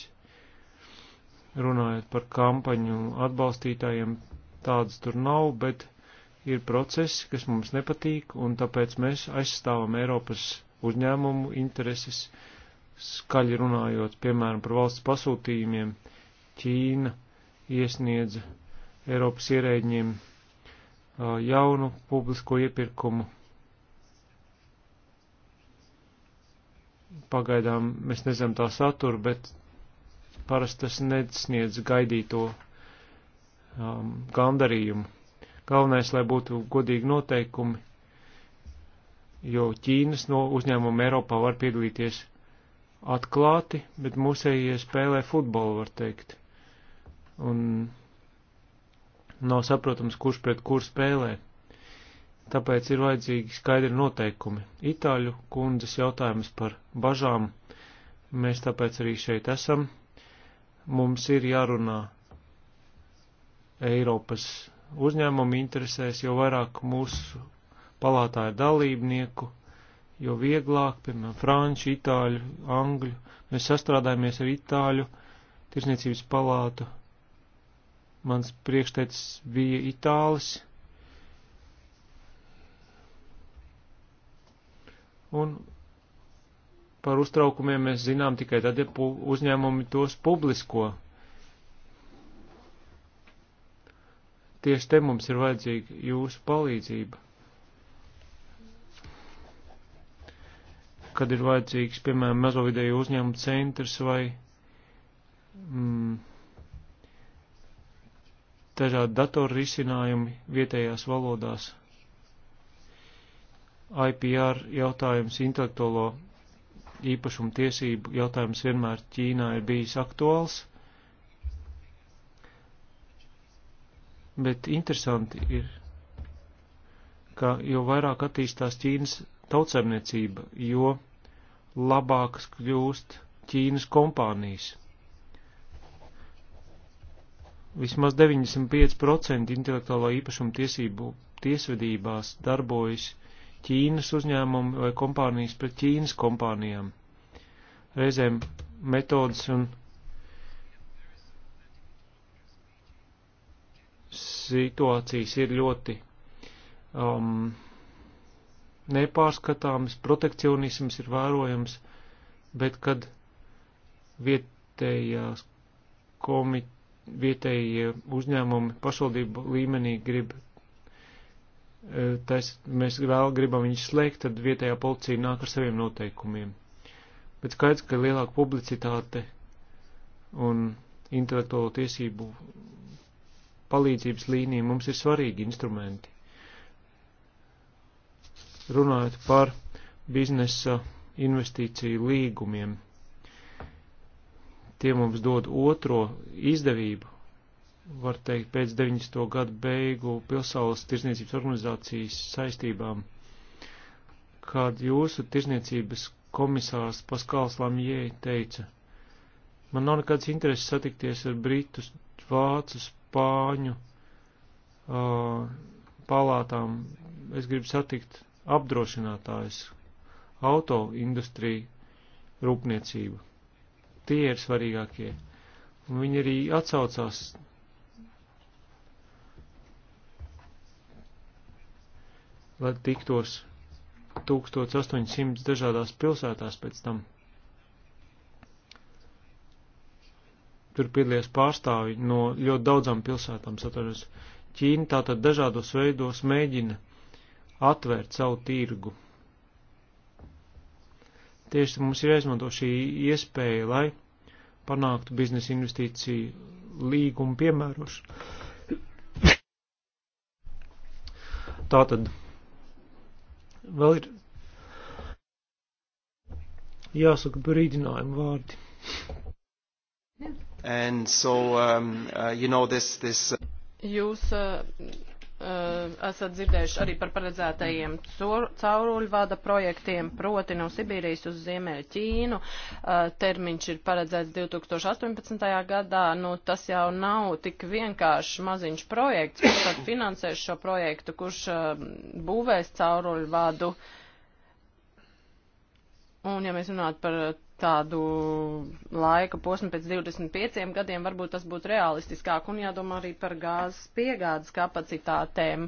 Runājot par kampaņu atbalstītājiem, tādas tur nav, bet ir procesi, kas mums nepatīk, un tāpēc mēs aizstāvam Eiropas uzņēmumu intereses, skaļi runājot, piemēram, par valsts pasūtījumiem. Ķīna iesniedza Eiropas ierēģiem jaunu publisko iepirkumu Pagaidām mēs nezinām tā saturu, bet parasti tas nesniedz gaidīto um, gandarījumu. Galvenais, lai būtu godīgi noteikumi, jo Ķīnas no uzņēmuma Eiropā var piedalīties atklāti, bet mūsējie spēlē futbolu, var teikt. Un nav saprotams, kurš pret kur spēlē tāpēc ir vajadzīgi skaidri noteikumi. Itāļu kundzes jautājums par bažām, mēs tāpēc arī šeit esam. Mums ir jārunā Eiropas uzņēmumu interesēs, jo vairāk mūsu palātā ir dalībnieku, jo vieglāk, piemēram, franču, itāļu, angļu, mēs sastrādājamies ar itāļu tirsniecības palātu. Mans priekšteicis bija itālis, un par uztraukumiem mēs zinām tikai tad, ja uzņēmumi tos publisko. Tieši te mums ir vajadzīga jūsu palīdzība. Kad ir vajadzīgs, piemēram, mazovidēju uzņēmumu centrs vai mm, dažādi datoru risinājumi vietējās valodās. IPR jautājums, intelektuālo īpašumu tiesību jautājums vienmēr Ķīnā ir bijis aktuāls. Bet interesanti ir, ka jo vairāk attīstās Ķīnas tautsēmniecība, jo labākas kļūst Ķīnas kompānijas. Vismaz 95% intelektuālā īpašuma tiesību tiesvedībās darbojas uh, Ķīnas uzņēmumi vai kompānijas pret Ķīnas kompānijām. Reizēm metodas un situācijas ir ļoti um, nepārskatāmas, protekcionisms ir vērojams, bet kad vietējās komitejas vietējie uzņēmumi pašvaldību līmenī grib E, tas, mēs vēl gribam viņus slēgt, tad vietējā policija nāk ar saviem noteikumiem. Bet skaidrs, ka lielāka publicitāte un intelektuālo tiesību palīdzības līnija mums ir svarīgi instrumenti. Runājot par biznesa investīciju līgumiem, tie mums dod otro izdevību var teikt, pēc 90. gadu beigu pilsaules tirzniecības organizācijas saistībām, kad jūsu tirzniecības komisārs Paskāls Lamjē teica, man nav nekāds interesi satikties ar britus, vācu, spāņu uh, palātām, es gribu satikt apdrošinātājs, auto industriju, rūpniecību. Tie ir svarīgākie. Un viņi arī atsaucās lai tiktos 1800 dažādās pilsētās pēc tam. Tur piedalījās pārstāvi no ļoti daudzām pilsētām, satveros. Ķīna tātad dažādos veidos mēģina atvērt savu tirgu. Tieši mums ir jāizmanto šī iespēja, lai panāktu biznesa investīciju līgumu piemērošanu. Tātad vēl ir jāsaka brīdinājumu vārdi. And so, um, uh, you know, this, this... Uh, Jūs uh, Eh, esat dzirdējuši arī par paredzētajiem cauruļvada projektiem, proti no Sibīrijas uz Ziemeļa Ķīnu. Eh, termiņš ir paredzēts 2018. gadā. Nu, tas jau nav tik vienkārši maziņš projekts, kurš tad finansēs šo projektu, kurš eh, būvēs cauruļvadu. Un, ja mēs runātu par tādu laika posmu pēc 25 gadiem, varbūt tas būtu realistiskāk un jādomā arī par gāzes piegādes kapacitātēm.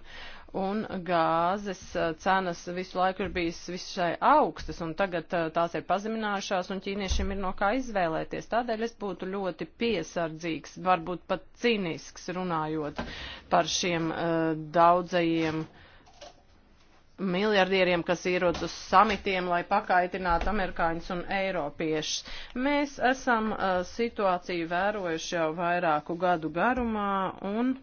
Un gāzes uh, cenas visu laiku ir bijis visai augstas, un tagad uh, tās ir pazeminājušās, un ķīniešiem ir no kā izvēlēties. Tādēļ es būtu ļoti piesardzīgs, varbūt pat cinisks runājot par šiem uh, daudzajiem uh, miljardieriem, kas ierodas uz samitiem, lai pakaitinātu amerikāņus un eiropiešus. Mēs esam uh, situāciju vērojuši jau vairāku gadu garumā un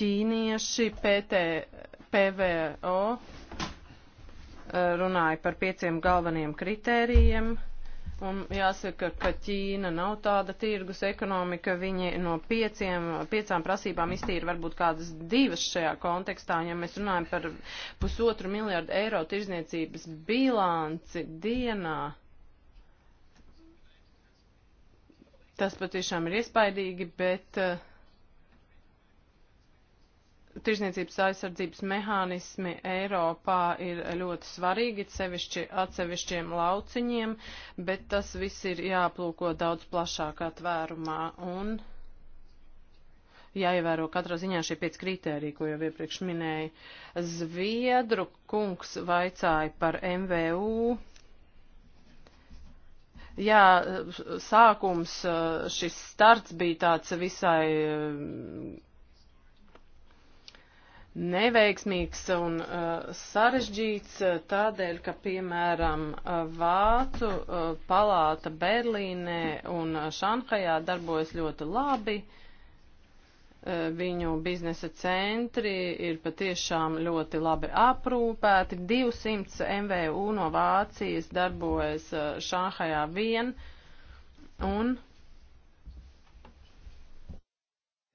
ķīnieši PT, PVO uh, runāja par pieciem galveniem kritērijiem. Un jāsaka, ka Ķīna nav tāda tirgus ekonomika. Viņi no pieciem, piecām prasībām iztīra varbūt kādas divas šajā kontekstā. Ja mēs runājam par pusotru miljardu eiro tirzniecības bilanci dienā, tas patiešām ir iespaidīgi, bet. Uh, tirzniecības aizsardzības mehānismi Eiropā ir ļoti svarīgi, sevišķi atsevišķiem lauciņiem, bet tas viss ir jāplūko daudz plašākā tvērumā un jāievēro katrā ziņā šie pieci kriteriji, ko jau iepriekš minēju. Zviedru kungs vaicāja par MVU. Jā, sākums, šis starts bija tāds visai neveiksmīgs un uh, sarežģīts uh, tādēļ, ka, piemēram, uh, Vācu uh, palāta Berlīnē un uh, Šanhajā darbojas ļoti labi. Uh, viņu biznesa centri ir patiešām ļoti labi aprūpēti. 200 MVU no Vācijas darbojas uh, Šanhajā vien. Un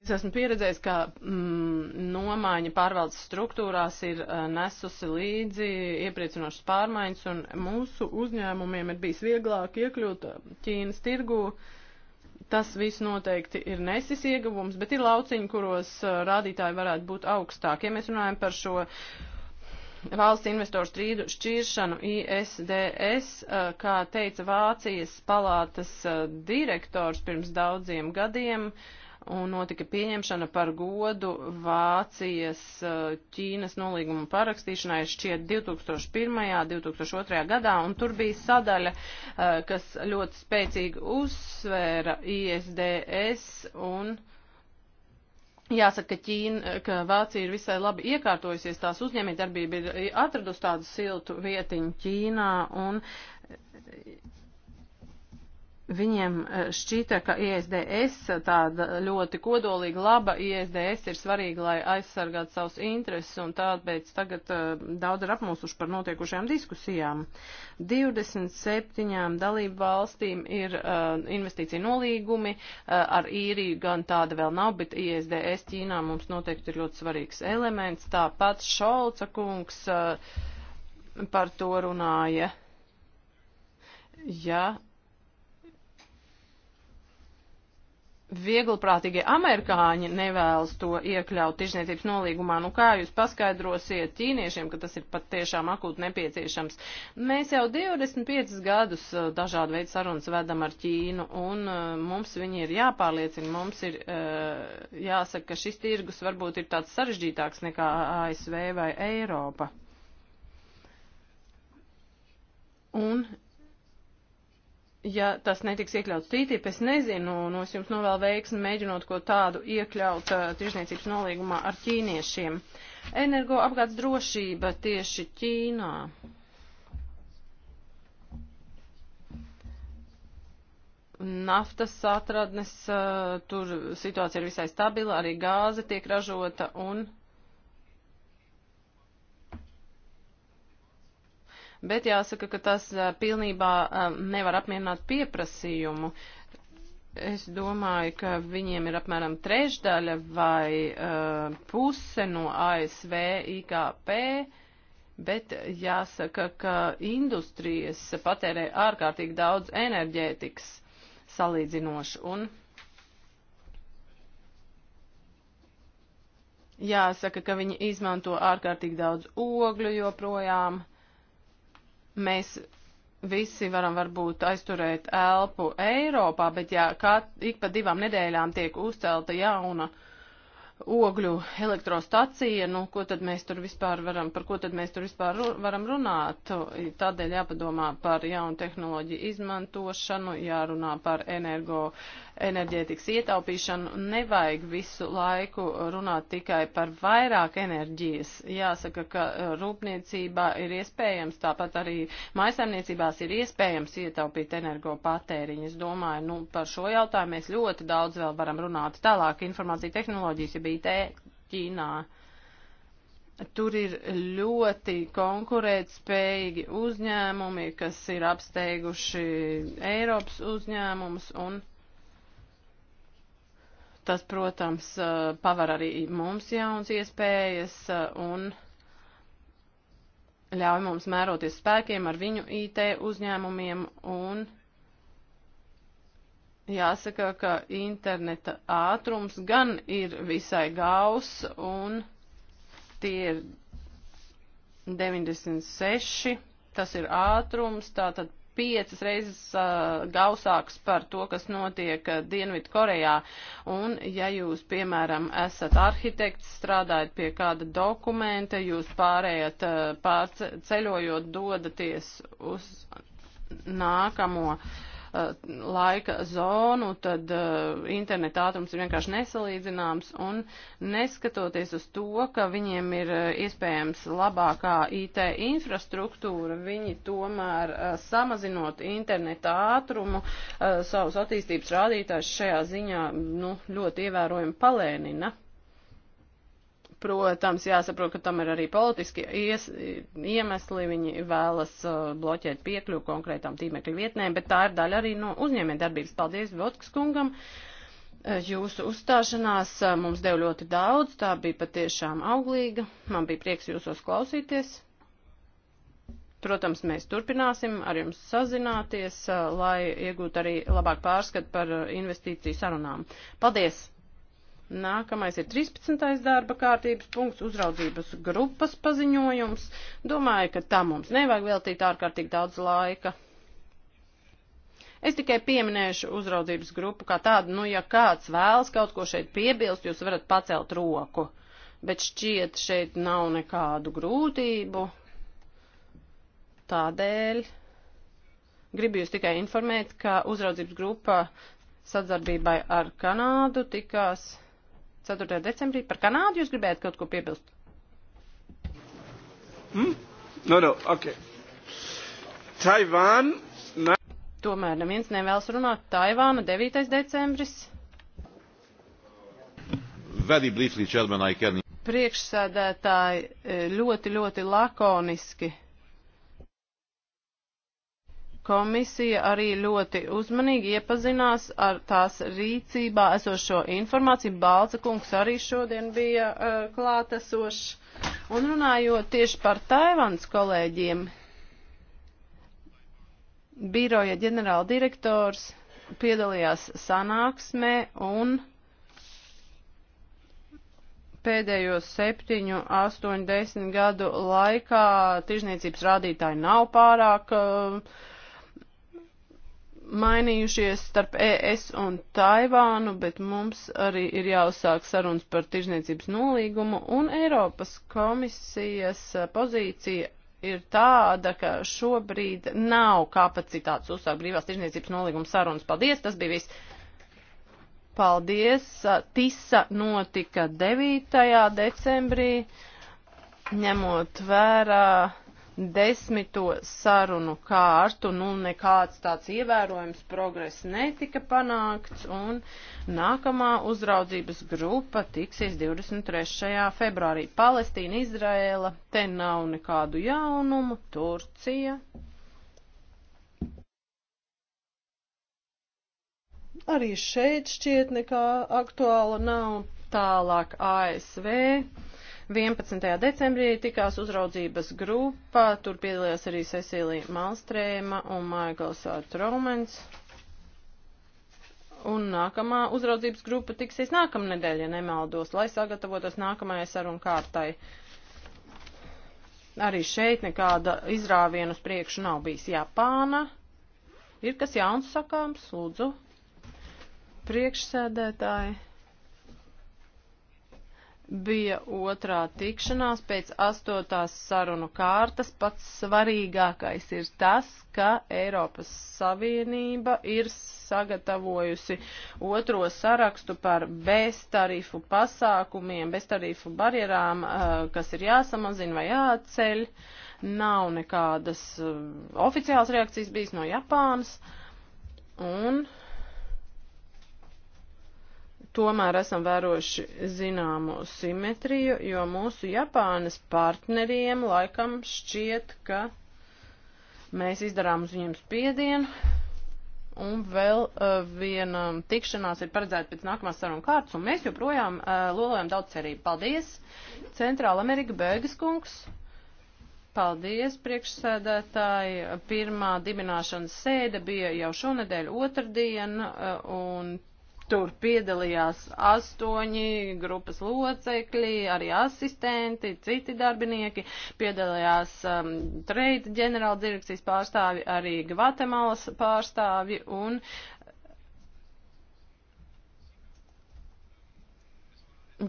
Es esmu pieredzējis, ka mm, nomaiņa pārvaldes struktūrās ir eh, nesusi līdzi iepriecinošas pārmaiņas, un mūsu uzņēmumiem ir bijis vieglāk iekļūt eh, Ķīnas tirgū. Tas viss noteikti ir nesis ieguvums, bet ir lauciņi, kuros eh, rādītāji varētu būt augstāki. Ja mēs runājam par šo valsts investoru strīdu šķiršanu ISDS, kā teica Vācijas palātas direktors pirms daudziem gadiem, uh, un notika pieņemšana par godu Vācijas eh, Ķīnas nolīguma parakstīšanai šķiet 2001. 2002. gadā, un tur bija sadaļa, eh, kas ļoti spēcīgi uzsvēra ISDS un. Jāsaka, ka, Ķīna, ka Vācija ir visai labi iekārtojusies, tās uzņēmējdarbība ir atradusi tādu siltu vietiņu Ķīnā, un Viņiem e, šķita, ka ISDS, tāda ļoti kodolīga laba ISDS ir svarīga, lai aizsargātu savus intereses, un tāpēc tagad uh, daudz ir apmūsuši par notiekušajām diskusijām. 27 dalību valstīm ir uh, investīcija nolīgumi, uh, ar īriju gan tāda vēl nav, bet ISDS Ķīnā mums noteikti ir ļoti svarīgs elements. Tāpat Šolca kungs par to runāja. Ja vieglprātīgie amerikāņi nevēlas to iekļaut tirzniecības nolīgumā. Nu, kā jūs paskaidrosiet ķīniešiem, ka tas ir pat tiešām akūti nepieciešams? Mēs jau 25 gadus dažādu veidu sarunas vedam ar Ķīnu, un mums viņi ir jāpārliecina, mums ir jāsaka, ka šis tirgus varbūt ir tāds sarežģītāks nekā ASV vai Eiropa. Un ja tas netiks iekļauts TTIP, es nezinu, un es jums novēlu nu veiksmi mēģinot ko tādu iekļaut uh, tirzniecības nolīgumā ar ķīniešiem. Energoapgādes drošība tieši Ķīnā. naftas atradnes, uh, tur situācija ir visai stabila, arī gāze tiek ražota un bet jāsaka, ka tas pilnībā nevar apmierināt pieprasījumu. Es domāju, ka viņiem ir apmēram trešdaļa vai uh, puse no ASV IKP, bet jāsaka, ka industrijas patērē ārkārtīgi daudz enerģētikas salīdzinoši. Un jāsaka, ka viņi izmanto ārkārtīgi daudz ogļu joprojām. Uh, Mēs visi varam varbūt aizturēt elpu Eiropā, bet ja kat, ik pa divām nedēļām tiek uzcelta jauna ogļu elektrostacija, nu, ko tad mēs tur vispār varam, par ko tad mēs tur vispār varam runāt? Tādēļ jāpadomā par jaunu tehnoloģiju izmantošanu, jārunā par energo uh, enerģētikas ietaupīšanu. Nevajag visu laiku runāt tikai par vairāk enerģijas. Jāsaka, ka uh, rūpniecībā ir iespējams, tāpat arī maisaimniecībās ir iespējams ietaupīt energo patēriņu. Es domāju, nu, par šo jautājumu mēs ļoti daudz vēl varam runāt. Tālāk informācija tehnoloģijas, ja bija IT Ķīnā. Tur ir ļoti konkurētspējīgi uzņēmumi, kas ir apsteiguši Eiropas uzņēmumus un Tas, protams, paver arī mums jauns iespējas un ļauj mums mēroties spēkiem ar viņu IT uzņēmumiem un jāsaka, ka interneta ātrums gan ir visai gaus un tie ir 96, tas ir ātrums, tātad piecas reizes uh, gausāks par to, kas notiek uh, Dienvidu Korejā. Un, ja jūs, piemēram, esat arhitekts, strādājat pie kāda dokumenta, jūs pārējat, uh, pārceļojot, dodaties uz nākamo uh, Eh, laika zonu, tad eh, interneta ātrums ir vienkārši nesalīdzināms un neskatoties uz to, ka viņiem ir eh, iespējams labākā IT infrastruktūra, viņi tomēr samazinot interneta ātrumu savus attīstības rādītājus šajā ziņā nu, ļoti ievērojami palēnina. Protams, jāsaprot, ka tam ir arī politiski ies, iemesli, viņi vēlas uh, bloķēt piekļuvu konkrētām tīmekļu vietnēm, bet tā ir daļa arī no uzņēmē darbības. Paldies Votkas kungam! Uh, jūsu uzstāšanās uh, mums deva ļoti daudz, tā bija patiešām auglīga. Man bija prieks jūsos klausīties. Protams, mēs turpināsim ar jums sazināties, lai iegūtu arī labāk pārskatu par investīciju sarunām. Paldies! Nākamais ir 13. darba kārtības punkts - uzraudzības grupas paziņojums. Domāju, ka tam mums nevajag veltīt ārkārtīgi daudz laika. Es tikai pieminēšu uzraudzības grupu kā tādu, nu, ja kāds vēlas kaut ko šeit piebilst, jūs varat pacelt roku, bet šķiet šeit nav nekādu grūtību. Tādēļ gribu jūs tikai informēt, ka uzraudzības grupa sadzarbībai ar Kanādu tikās 4. decembrī. Par Kanādu jūs gribējāt kaut ko piebilst? Hmm? No, no, ok. Taivān. Na... Tomēr neviens nevēlas runāt. Taivāna 9. decembris. Very briefly, Chairman, I can. Priekšsēdētāji ļoti, ļoti lakoniski. Komisija arī ļoti uzmanīgi iepazinās ar tās rīcībā esošo informāciju. Balca kungs arī šodien bija uh, klātesošs. Un runājot tieši par Taivāns kolēģiem, biroja ģenerāldirektors piedalījās sanāksmē un pēdējo septiņu, astoņu, desmit gadu laikā tirzniecības rādītāji nav pārāk uh, mainījušies starp ES un Taivānu, bet mums arī ir jāuzsāk sarunas par tirzniecības nolīgumu, un Eiropas komisijas pozīcija ir tāda, ka šobrīd nav kapacitātes uzsākt brīvās tirzniecības nolīguma sarunas. Paldies, tas bija viss. Paldies. Tisa notika 9. decembrī, ņemot vērā desmito sarunu kārtu, nu nekāds tāds ievērojams progress netika panākts, un nākamā uzraudzības grupa tiksies 23. februārī. Palestīna, Izraēla, te nav nekādu jaunumu, Turcija. Arī šeit šķiet nekā aktuāla nav tālāk ASV 11. decembrī tikās uzraudzības grupā, tur piedalījās arī Cecīlija Malstrēma un Maikls Tromens. Un nākamā uzraudzības grupa tiksies nākamnedēļ, ja nemaldos, lai sagatavotos nākamajai sarunu kārtai. Arī šeit nekāda izrāviena uz priekšu nav bijis Japāna. Ir kas jauns sakāms, lūdzu. Priekšsēdētāji bija otrā tikšanās pēc astotās sarunu kārtas. Pats svarīgākais ir tas, ka Eiropas Savienība ir sagatavojusi otro sarakstu par beztarifu pasākumiem, beztarifu barjerām, eh, kas ir jāsamazina vai jāceļ. Nav nekādas eh, oficiālas reakcijas bijis no Japānas. Un uh, tomēr esam vērojuši zināmu simetriju, jo mūsu Japānas partneriem laikam šķiet, ka mēs izdarām uz viņiem spiedienu, un vēl uh, viena tikšanās ir paredzēta pēc nākamās sarunu kārtas, un mēs joprojām uh, lolojam daudz cerību. Paldies, Centrāla Amerika Bēgas kungs! Paldies, priekšsēdētāji. Pirmā dibināšanas sēde bija jau šonedēļ otrdien, eh, un Tur piedalījās astoņi grupas locekļi, arī asistenti, citi darbinieki, piedalījās um, trade ģenerāla direkcijas pārstāvi, arī Gvatemalas pārstāvi un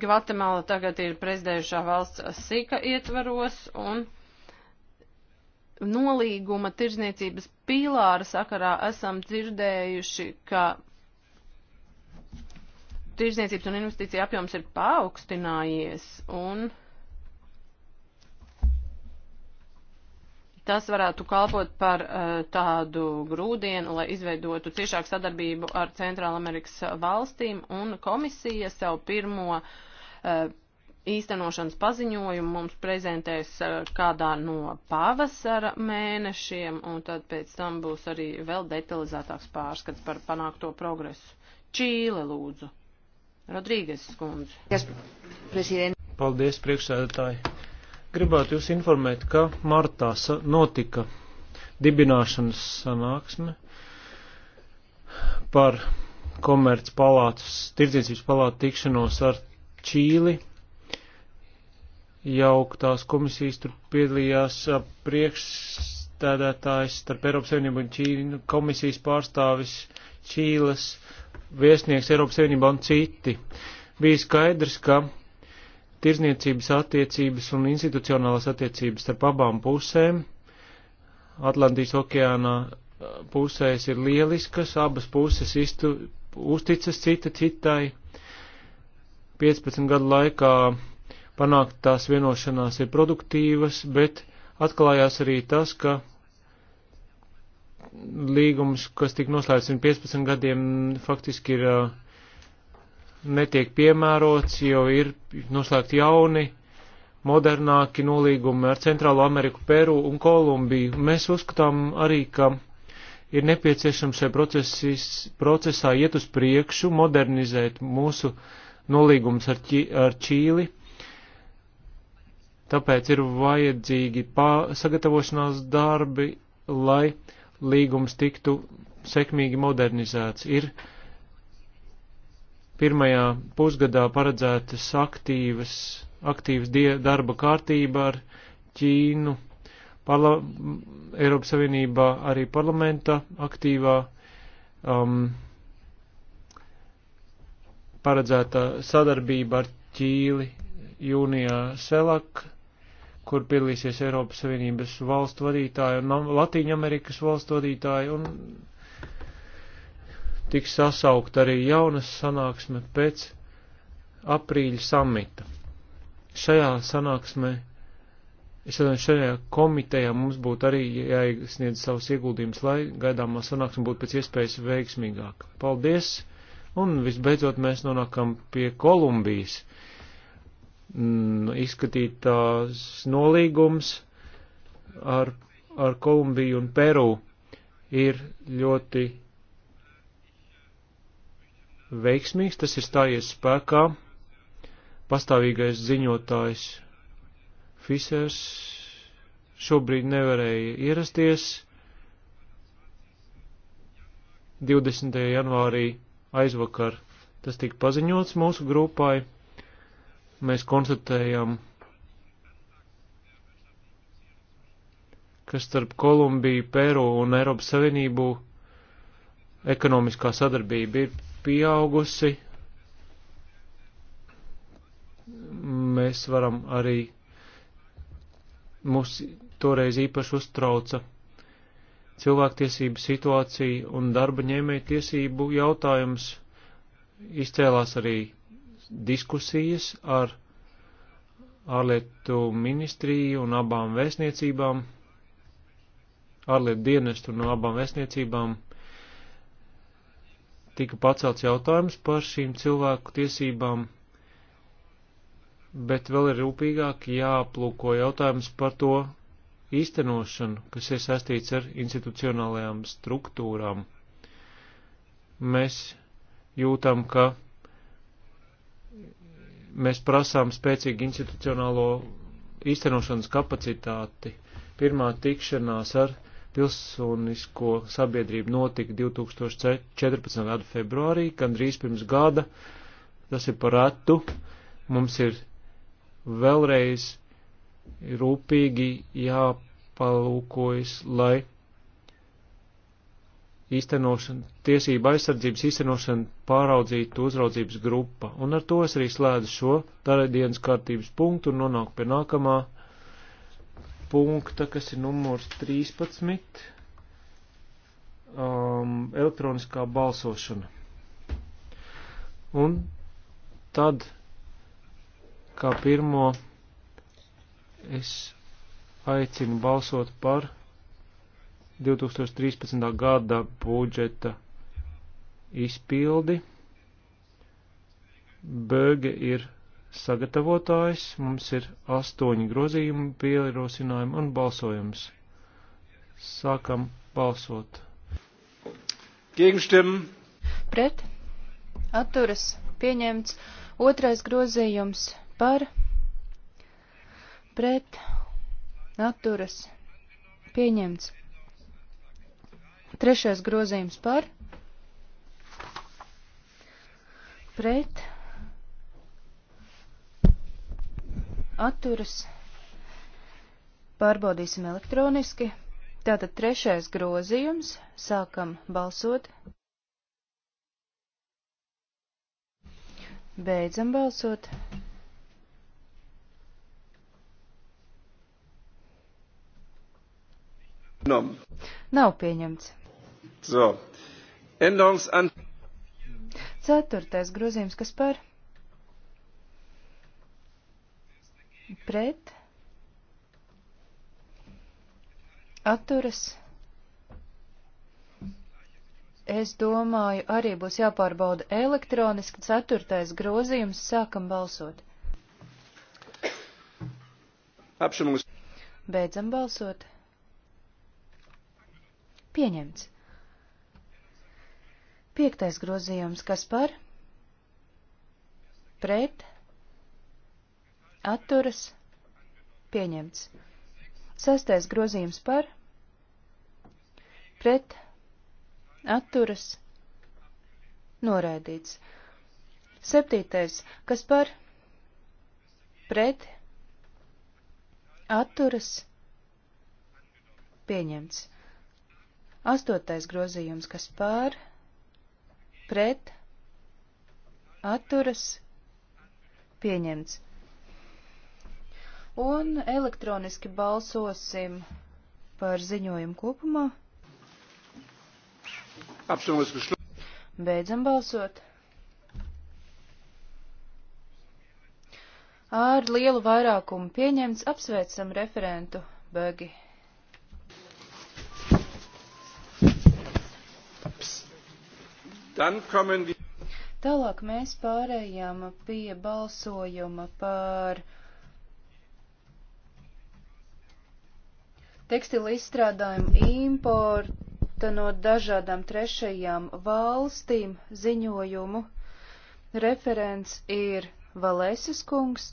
Gvatemala tagad ir prezidējušā valsts sika ietvaros un nolīguma tirzniecības pīlāra sakarā esam dzirdējuši, ka tirzniecības un investīcija apjoms ir paaugstinājies, un tas varētu kalpot par uh, tādu grūdienu, lai izveidotu ciešāku sadarbību ar Centrālamerikas valstīm, un komisija savu pirmo uh, īstenošanas paziņojumu mums prezentēs eh, kādā no pavasara mēnešiem, un tad pēc tam būs arī vēl detalizētāks pārskats par panākto progresu. Čīle lūdzu. Rodrīgas skundze. Paldies, priekšsēdētāji. Gribētu jūs informēt, ka martā notika dibināšanas sanāksme par komerc palātas, tirdzniecības palātu tikšanos ar Čīli. Jauktās komisijas tur piedalījās priekšstādētājs starp Eiropas Savienību un Čīnu komisijas pārstāvis Čīles viesnieks Eiropas Savienībā un citi. Bija skaidrs, ka tirzniecības attiecības un institucionālās attiecības starp abām pusēm Atlantijas okeānā eh, pusēs ir lieliskas, abas puses iztu, uzticas cita citai. 15 gadu laikā panāktās vienošanās ir produktīvas, bet atklājās arī tas, ka līgums, kas tika noslēgts pirms 15 gadiem, faktiski ir netiek piemērots, jo ir noslēgti jauni, modernāki nolīgumi ar Centrālo Ameriku, Peru un Kolumbiju. Mēs uzskatām arī, ka ir nepieciešams šai procesis, procesā iet uz priekšu, modernizēt mūsu nolīgumus ar, ķi, ar Čīli. Tāpēc ir vajadzīgi sagatavošanās darbi, lai līgums tiktu sekmīgi modernizēts. Ir pirmajā pusgadā paredzētas aktīvas, aktīvas darba kārtība ar Ķīnu, parla Eiropas Savienībā arī parlamenta aktīvā um, paredzēta sadarbība ar Ķīli jūnijā Selak kur piedalīsies Eiropas Savienības valstu vadītāji un Latīņa Amerikas valstu vadītāji, un tiks sasaukt arī jaunas sanāksme pēc aprīļa samita. Šajā sanāksmē, es domāju, šajā komitejā mums būtu arī jāiesniedz savus ieguldījumus, lai gaidāmā sanāksme būtu pēc iespējas veiksmīgāka. Paldies! Un visbeidzot mēs nonākam pie Kolumbijas mm, izskatītās nolīgums ar, ar Kolumbiju un Peru ir ļoti veiksmīgs, tas ir stājies spēkā, pastāvīgais ziņotājs Fisers šobrīd nevarēja ierasties. 20. janvārī aizvakar tas tika paziņots mūsu grupai mēs konstatējam, ka starp Kolumbiju, Peru un Eiropas Savienību ekonomiskā sadarbība ir pieaugusi. Mēs varam arī, mūs toreiz īpaši uztrauca cilvēktiesību situācija un darba ņēmēja tiesību jautājums izcēlās arī diskusijas ar ārlietu ministriju un abām vēstniecībām, ārlietu dienestu no abām vēstniecībām tika pacelts jautājums par šīm cilvēku tiesībām, bet vēl ir rūpīgāk jāplūko jautājums par to īstenošanu, kas ir saistīts ar institucionālajām struktūrām. Mēs jūtam, ka mēs prasām spēcīgu institucionālo īstenošanas kapacitāti. Pirmā tikšanās ar pilsonisko sabiedrību notika 2014. gada februārī, gandrīz pirms gada. Tas ir par ratu. Mums ir vēlreiz rūpīgi jāpalūkojas, lai īstenošana, tiesība aizsardzības īstenošana pāraudzītu uzraudzības grupa. Un ar to es arī slēdzu šo dienas kārtības punktu un nonāku pie nākamā punkta, kas ir numurs 13. Um, elektroniskā balsošana. Un tad, kā pirmo, es aicinu balsot par 2013. gada budžeta izpildi. Bēge ir sagatavotājs, mums ir astoņi grozījumi, pielierosinājumi un balsojums. Sākam balsot. Gegenstimmen. Pret. Atturas. Pieņemts. Otrais grozījums par. Pret. Atturas. Pieņemts. Trešais grozījums par pret atturas. Pārbaudīsim elektroniski. Tātad trešais grozījums. Sākam balsot. Beidzam balsot. Nav pieņemts. So. Änderungsan... Ceturtais grozījums, kas par? Pret? Atturas? Es domāju, arī būs jāpārbauda elektroniski ceturtais grozījums. Sākam balsot. Apšamus. Beidzam balsot. Pieņemts. Piektais grozījums, kas par? Pret? Atturas? Pieņemts. Sastais grozījums par? Pret? Atturas? Noraidīts. Septītais, kas par? Pret? Atturas? Pieņemts. Astotais grozījums, kas par? Pret? pret, atturas, pieņemts. Un elektroniski balsosim par ziņojumu kopumā. Beidzam balsot. Ar lielu vairākumu pieņemts apsveicam referentu Bagi. Tālāk mēs pārējām pie balsojuma par tekstilu izstrādājumu importa no dažādām trešajām valstīm ziņojumu. Referents ir Valēsis kungs.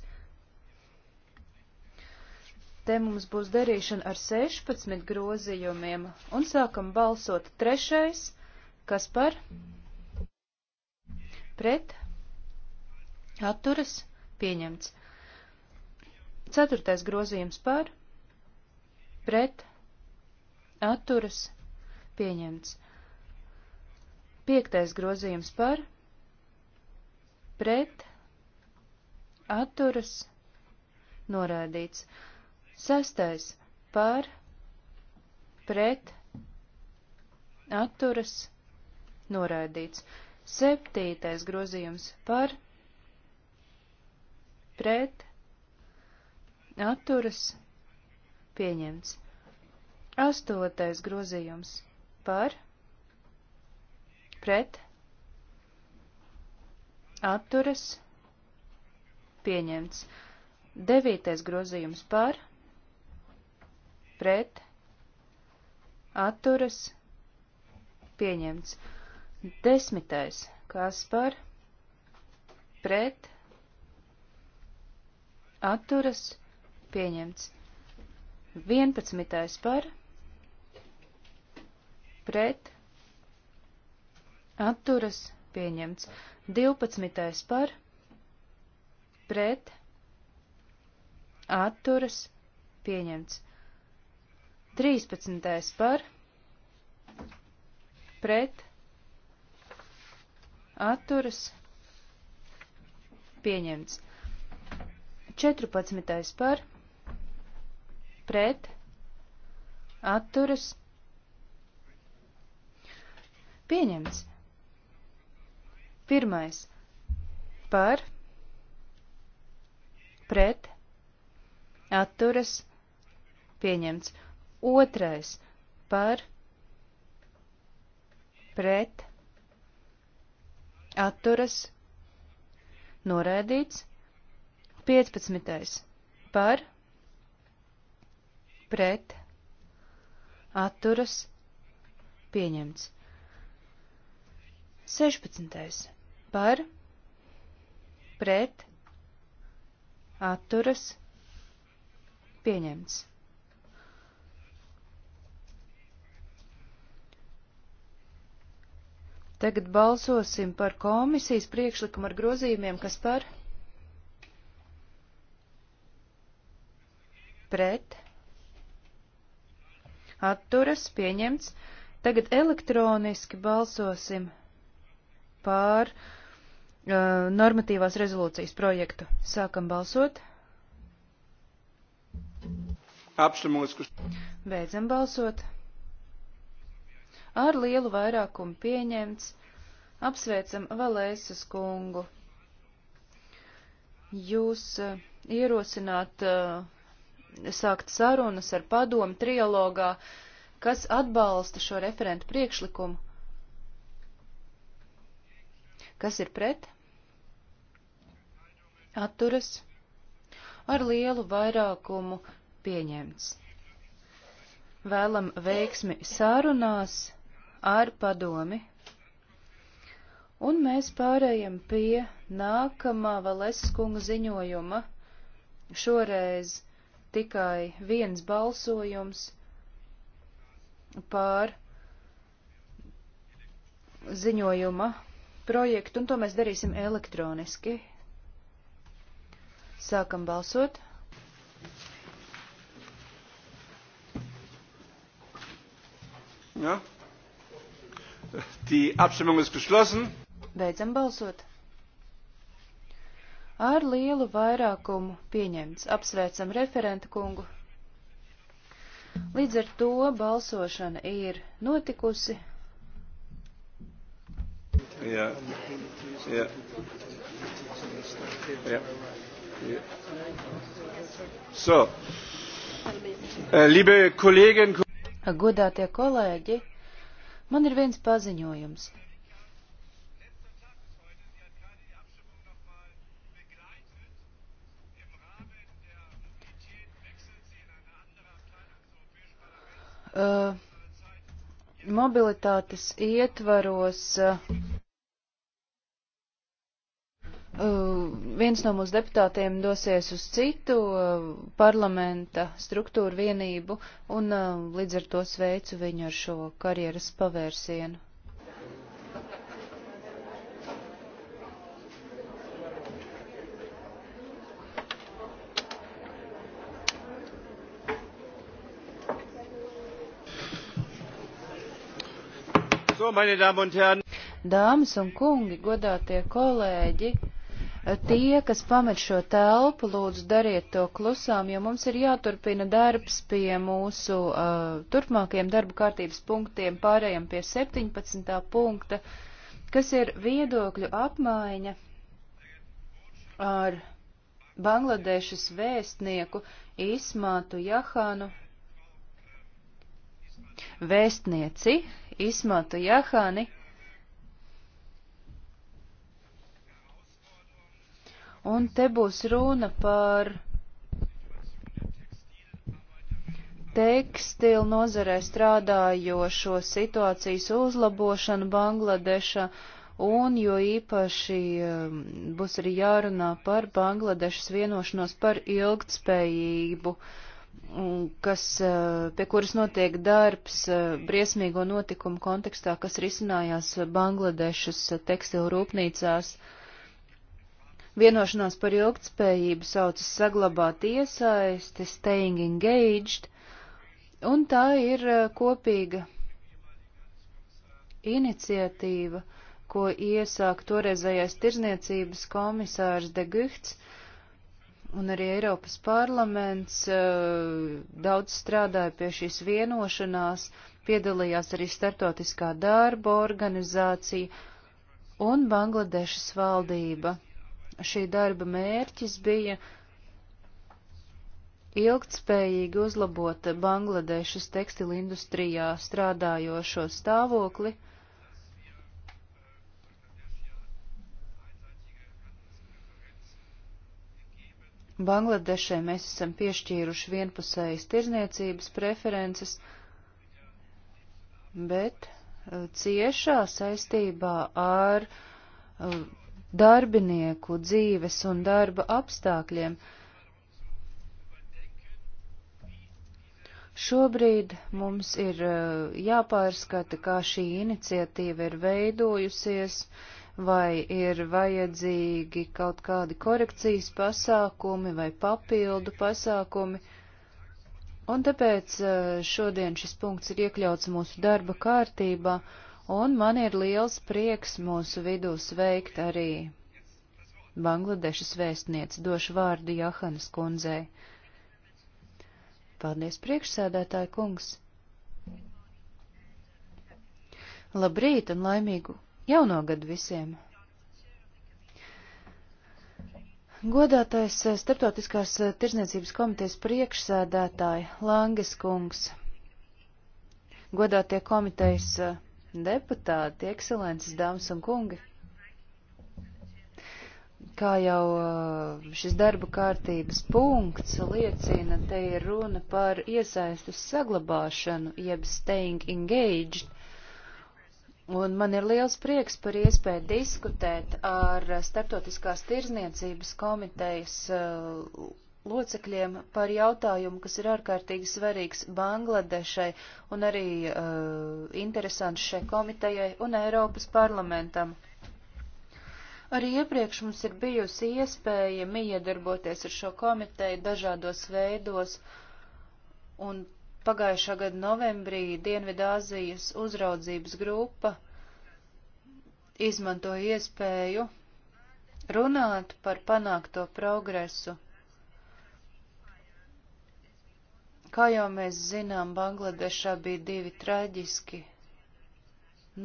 Te mums būs darīšana ar 16 grozījumiem, un sākam balsot trešais, kas par? Mm pret, atturas, pieņemts. Ceturtais grozījums par, pret, atturas, pieņemts. Piektais grozījums par, pret, atturas, norādīts. Sastais par, pret, atturas, norādīts. Septītais grozījums par pret atturas pieņemts. Astotais grozījums par pret atturas pieņemts. Devītais grozījums par pret atturas pieņemts. Desmitais, kas par pret atturas pieņemts. Vienpadsmitais par pret atturas pieņemts. Divpadsmitais par pret atturas pieņemts. Trīspadsmitais par pret atturas pieņemts pret, atturas pieņemts. 14. par pret atturas pieņemts. Pirmais par pret atturas pieņemts. Otrais par pret atturas, norēdīts. 15. par, pret, atturas, pieņemts. 16. par, pret, atturas, pieņemts. Tagad balsosim par komisijas priekšlikumu ar grozījumiem, kas par pret atturas pieņemts. Tagad elektroniski balsosim par uh, normatīvās rezolūcijas projektu. Sākam balsot. Apstimulis. Beidzam balsot ar lielu vairākumu pieņemts. Apsveicam Valēsas kungu. Jūs uh, ierosināt uh, sākt sarunas ar padomu trialogā, kas atbalsta šo referentu priekšlikumu. Kas ir pret? Atturas. Ar lielu vairākumu pieņemts. Vēlam veiksmi sārunās ar padomi. Un mēs pārējam pie nākamā Valesas kunga ziņojuma. Šoreiz tikai viens balsojums pār ziņojuma projektu, un to mēs darīsim elektroniski. Sākam balsot. Ja? Die Abstimmung ist geschlossen. Beidzam balsot. Ar lielu vairākumu pieņemts. Apsveicam referenta kungu. Līdz ar to balsošana ir notikusi. Jā. Jā. Jā. Jā. So, äh, liebe Kolleginnen, Godātie kolēģi, Man ir viens paziņojums. Uh, mobilitātes ietvaros uh, Eh, viens no mūsu deputātiem dosies uz citu eh, parlamenta struktūru vienību, un eh, līdz ar to sveicu viņu ar šo karjeras pavērsienu. So, Dāmas un kungi, godātie kolēģi! Tie, kas pamet šo telpu, lūdzu dariet to klusām, jo mums ir jāturpina darbs pie mūsu uh, turpmākajiem darba kārtības punktiem, pārējiem pie 17. punkta, kas ir viedokļu apmaiņa ar Bangladešas vēstnieku Ismātu Jahānu. Vēstnieci Ismātu Jahāni. Un te būs runa par tekstilu nozarē strādājošo situācijas uzlabošanu Bangladeša, un jo īpaši um, būs arī jārunā par Bangladešas vienošanos par ilgtspējību, kas, uh, pie kuras notiek darbs uh, briesmīgo notikumu kontekstā, kas risinājās Bangladešas tekstilu rūpnīcās. Uh, Vienošanās par ilgtspējību saucas saglabāt iesaisti, staying engaged, un tā ir eh, kopīga iniciatīva, ko iesāk toreizējais tirzniecības komisārs de Guhts, un arī Eiropas parlaments eh, daudz strādāja pie šīs vienošanās, piedalījās arī startotiskā darba organizācija un Bangladešas valdība. Šī darba mērķis bija ilgtspējīgi uzlabot Bangladešas tekstilu industrijā strādājošo stāvokli. Bangladešai mēs esam piešķīruši vienpusējas tirzniecības preferences, bet uh, ciešā saistībā ar uh, darbinieku dzīves un darba apstākļiem. Šobrīd mums ir eh, jāpārskata, kā šī iniciatīva ir veidojusies, vai ir vajadzīgi kaut kādi korekcijas pasākumi vai papildu pasākumi. Un tāpēc eh, šodien šis punkts ir iekļauts mūsu darba kārtībā. Uh, un man ir liels prieks mūsu vidū sveikt arī Bangladešas vēstnieci. Došu vārdu Jahanas kundzei. Paldies, priekšsēdētāji kungs! Labrīt un laimīgu jauno gadu visiem! Godātais Startautiskās tirzniecības komitejas priekšsēdētāji Langes kungs, godātie komitejas deputāti, ekscelences, dāmas un kungi! Kā jau uh, šis darba kārtības punkts liecina, te ir runa par iesaistas saglabāšanu, jeb staying engaged. Un man ir liels prieks par iespēju diskutēt ar Startautiskās tirzniecības komitejas uh, locekļiem par jautājumu, kas ir ārkārtīgi svarīgs Bangladešai un arī uh, interesants šai komitejai un Eiropas parlamentam. Arī iepriekš mums ir bijusi iespēja miedarboties ar šo komiteju dažādos veidos, un pagājušā gada novembrī Dienvidāzijas uzraudzības grupa izmantoja iespēju runāt par panākto progresu Kā jau mēs zinām, Bangladešā bija divi traģiski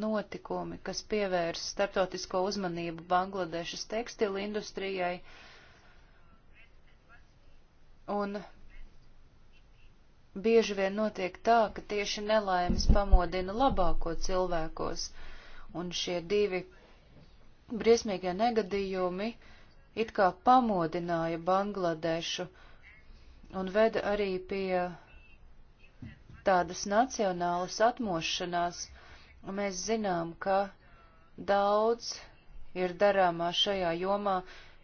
notikumi, kas pievērs starptautisko uzmanību Bangladešas tekstilu industrijai. Un bieži vien notiek tā, ka tieši nelaimes pamodina labāko cilvēkos, un šie divi briesmīgie negadījumi it kā pamodināja Bangladešu un veda arī pie tādas nacionālas atmošanās. Mēs zinām, ka daudz ir darāmā šajā jomā,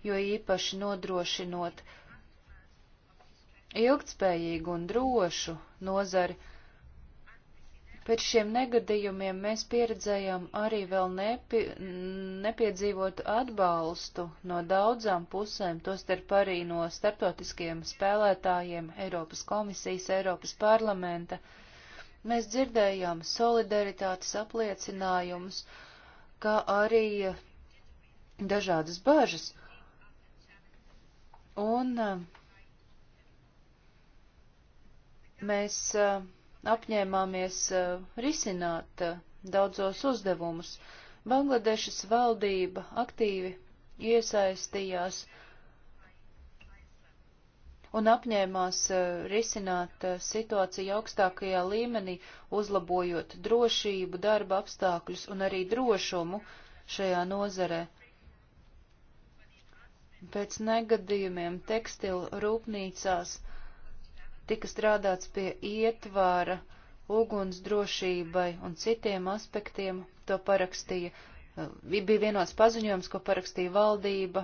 jo īpaši nodrošinot ilgtspējīgu un drošu nozari Pēc šiem negadījumiem mēs pieredzējām arī vēl nepi, nepiedzīvotu atbalstu no daudzām pusēm, tostarp arī no starptautiskiem spēlētājiem, Eiropas komisijas, Eiropas parlamenta. Mēs dzirdējām solidaritātes apliecinājumus, kā arī dažādas bažas. Un uh, mēs uh, apņēmāmies eh, risināt eh, daudzos uzdevumus. Bangladešas valdība aktīvi iesaistījās un apņēmās eh, risināt situāciju augstākajā līmenī, uzlabojot drošību, darba apstākļus un arī drošumu šajā nozarē. Pēc negadījumiem tekstilu rūpnīcās uh, tika strādāts pie ietvara uguns drošībai un citiem aspektiem. To parakstīja, eh, bija vienots paziņojums, ko parakstīja valdība,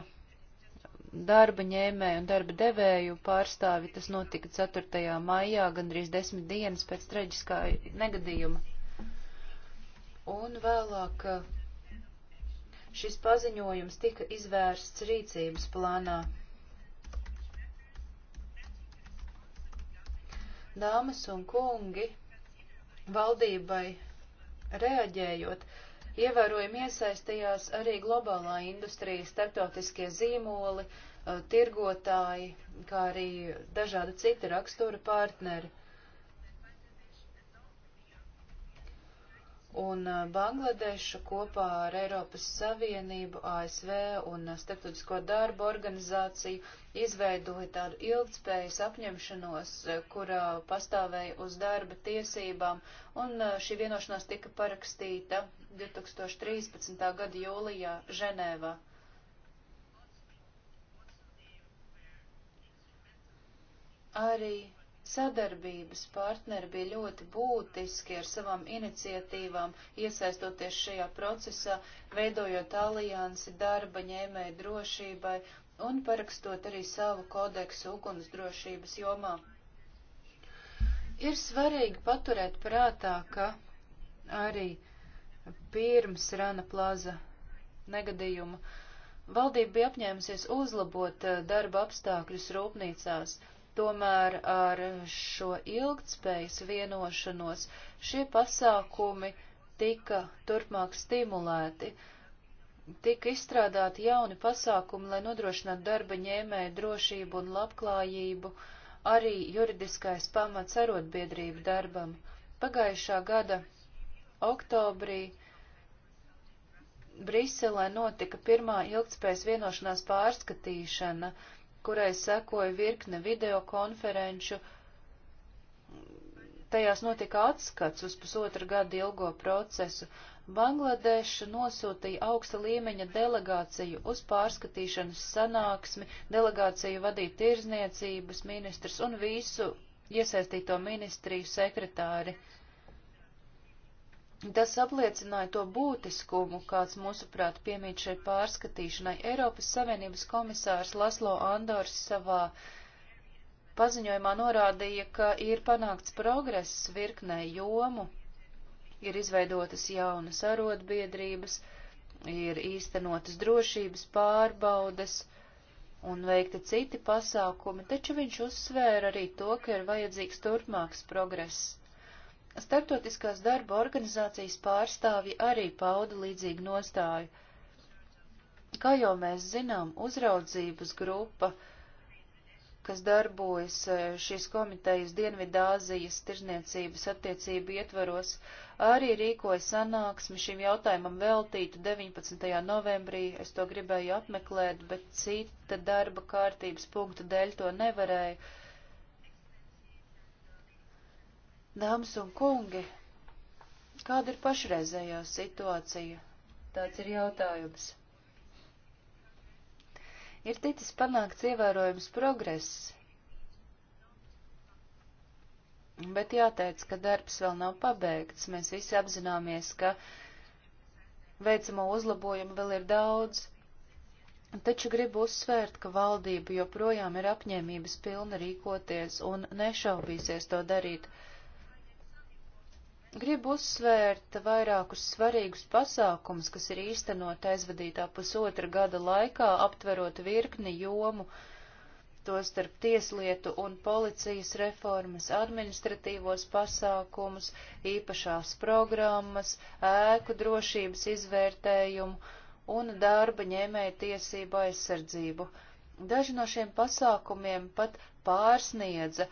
darba ņēmēju un darba devēju pārstāvi. Tas notika 4. maijā, gandrīz desmit dienas pēc traģiskā negadījuma. Un vēlāk eh, šis paziņojums tika izvērsts rīcības plānā. Dāmas un kungi, valdībai reaģējot, ievērojami iesaistījās arī globālā industrija, starptautiskie zīmoli, eh, tirgotāji, kā arī dažādi citi rakstura partneri. un uh, Bangladešu kopā ar Eiropas Savienību, ASV un uh, Starptautisko darbu organizāciju izveidoja tādu ilgspējas apņemšanos, uh, kurā pastāvēja uz darba tiesībām, un šī vienošanās tika parakstīta 2013. gada jūlijā Ženēvā. Arī sadarbības partneri bija ļoti būtiski ar savām iniciatīvām, iesaistoties šajā procesā, veidojot aliansi darba ņēmēju drošībai un parakstot arī savu kodeksu ugunsdrošības jomā. Ir svarīgi paturēt prātā, ka arī pirms Rana plaza negadījuma valdība bija apņēmusies uzlabot eh, darba apstākļus rūpnīcās. Tomēr ar šo ilgtspējas vienošanos šie pasākumi tika turpmāk stimulēti. Tika izstrādāti jauni pasākumi, lai nodrošinātu darba ņēmēju drošību un labklājību, arī juridiskais pamats arotbiedrību darbam. Pagājušā gada oktobrī Briselē notika pirmā ilgtspējas vienošanās pārskatīšana, uh, kurai sekoja virkne videokonferenču. Tajās notika atskats uz pusotra gada ilgo procesu. Bangladeša nosūtīja augsta līmeņa delegāciju uz pārskatīšanas sanāksmi, delegāciju vadīja tirzniecības ministrs un visu iesaistīto ministriju sekretāri. Tas apliecināja to būtiskumu, kāds mūsuprāt piemīt šai pārskatīšanai. Eiropas Savienības komisārs Laslo Andors savā paziņojumā norādīja, ka ir panākts progress virknē jomu, ir izveidotas jaunas arotbiedrības, ir īstenotas drošības pārbaudes un veikti citi pasākumi, taču viņš uzsvēra arī to, ka ir vajadzīgs turpmāks progress. Startautiskās darba organizācijas pārstāvji arī pauda līdzīgu nostāju. Kā jau mēs zinām, uzraudzības grupa, kas darbojas e, šīs komitejas Dienvidāzijas tirzniecības attiecību ietvaros, arī rīkoja sanāksmi šim jautājumam veltītu 19. novembrī. Es to gribēju apmeklēt, bet cita darba kārtības punkta dēļ to nevarēju Dāmas un kungi, kāda ir pašreizējā situācija? Tāds ir jautājums. Ir ticis panākts ievērojams progress, bet jāteic, ka darbs vēl nav pabeigts. Mēs visi apzināmies, ka veicamo uzlabojumu vēl ir daudz, Taču gribu uzsvērt, ka valdība joprojām ir apņēmības pilna rīkoties un nešaubīsies to darīt. Gribu uzsvērt vairākus svarīgus pasākumus, kas ir īstenot aizvadītā pusotra gada laikā, aptverot virkni jomu, tostarp tieslietu un policijas reformas, administratīvos pasākumus, īpašās programmas, ēku drošības izvērtējumu un darba ņēmēja tiesību aizsardzību. Daži no šiem pasākumiem pat pārsniedza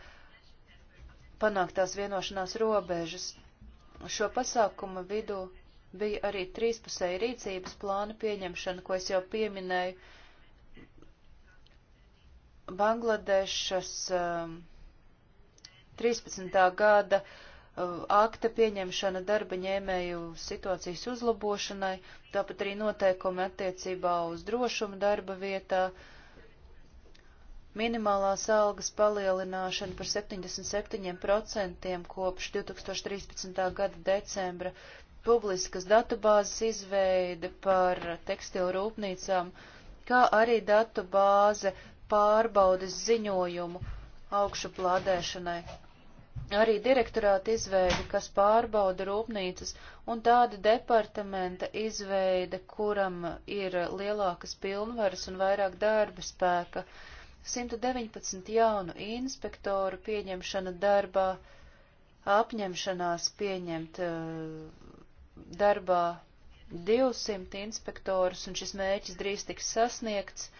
panāktās vienošanās robežas. Šo pasākumu vidū bija arī trīspusēja rīcības plāna pieņemšana, ko es jau pieminēju. Bangladešas um, 13. gada um, akta pieņemšana darba ņēmēju situācijas uzlabošanai, tāpat arī noteikumi attiecībā uz drošumu darba vietā, uh, minimālās algas palielināšanu par 77% kopš 2013. gada decembra, publiskas datubāzes izveide par tekstilu rūpnīcām, kā arī datubāze pārbaudes ziņojumu augšuplādēšanai. Arī direktorāta izveide, kas pārbauda rūpnīcas, un tāda departamenta izveide, kuram ir lielākas pilnvaras un vairāk darba spēka. Uh, 119 jaunu inspektoru pieņemšana darbā, apņemšanās pieņemt eh, darbā 200 inspektorus, un šis mērķis drīz tiks sasniegts.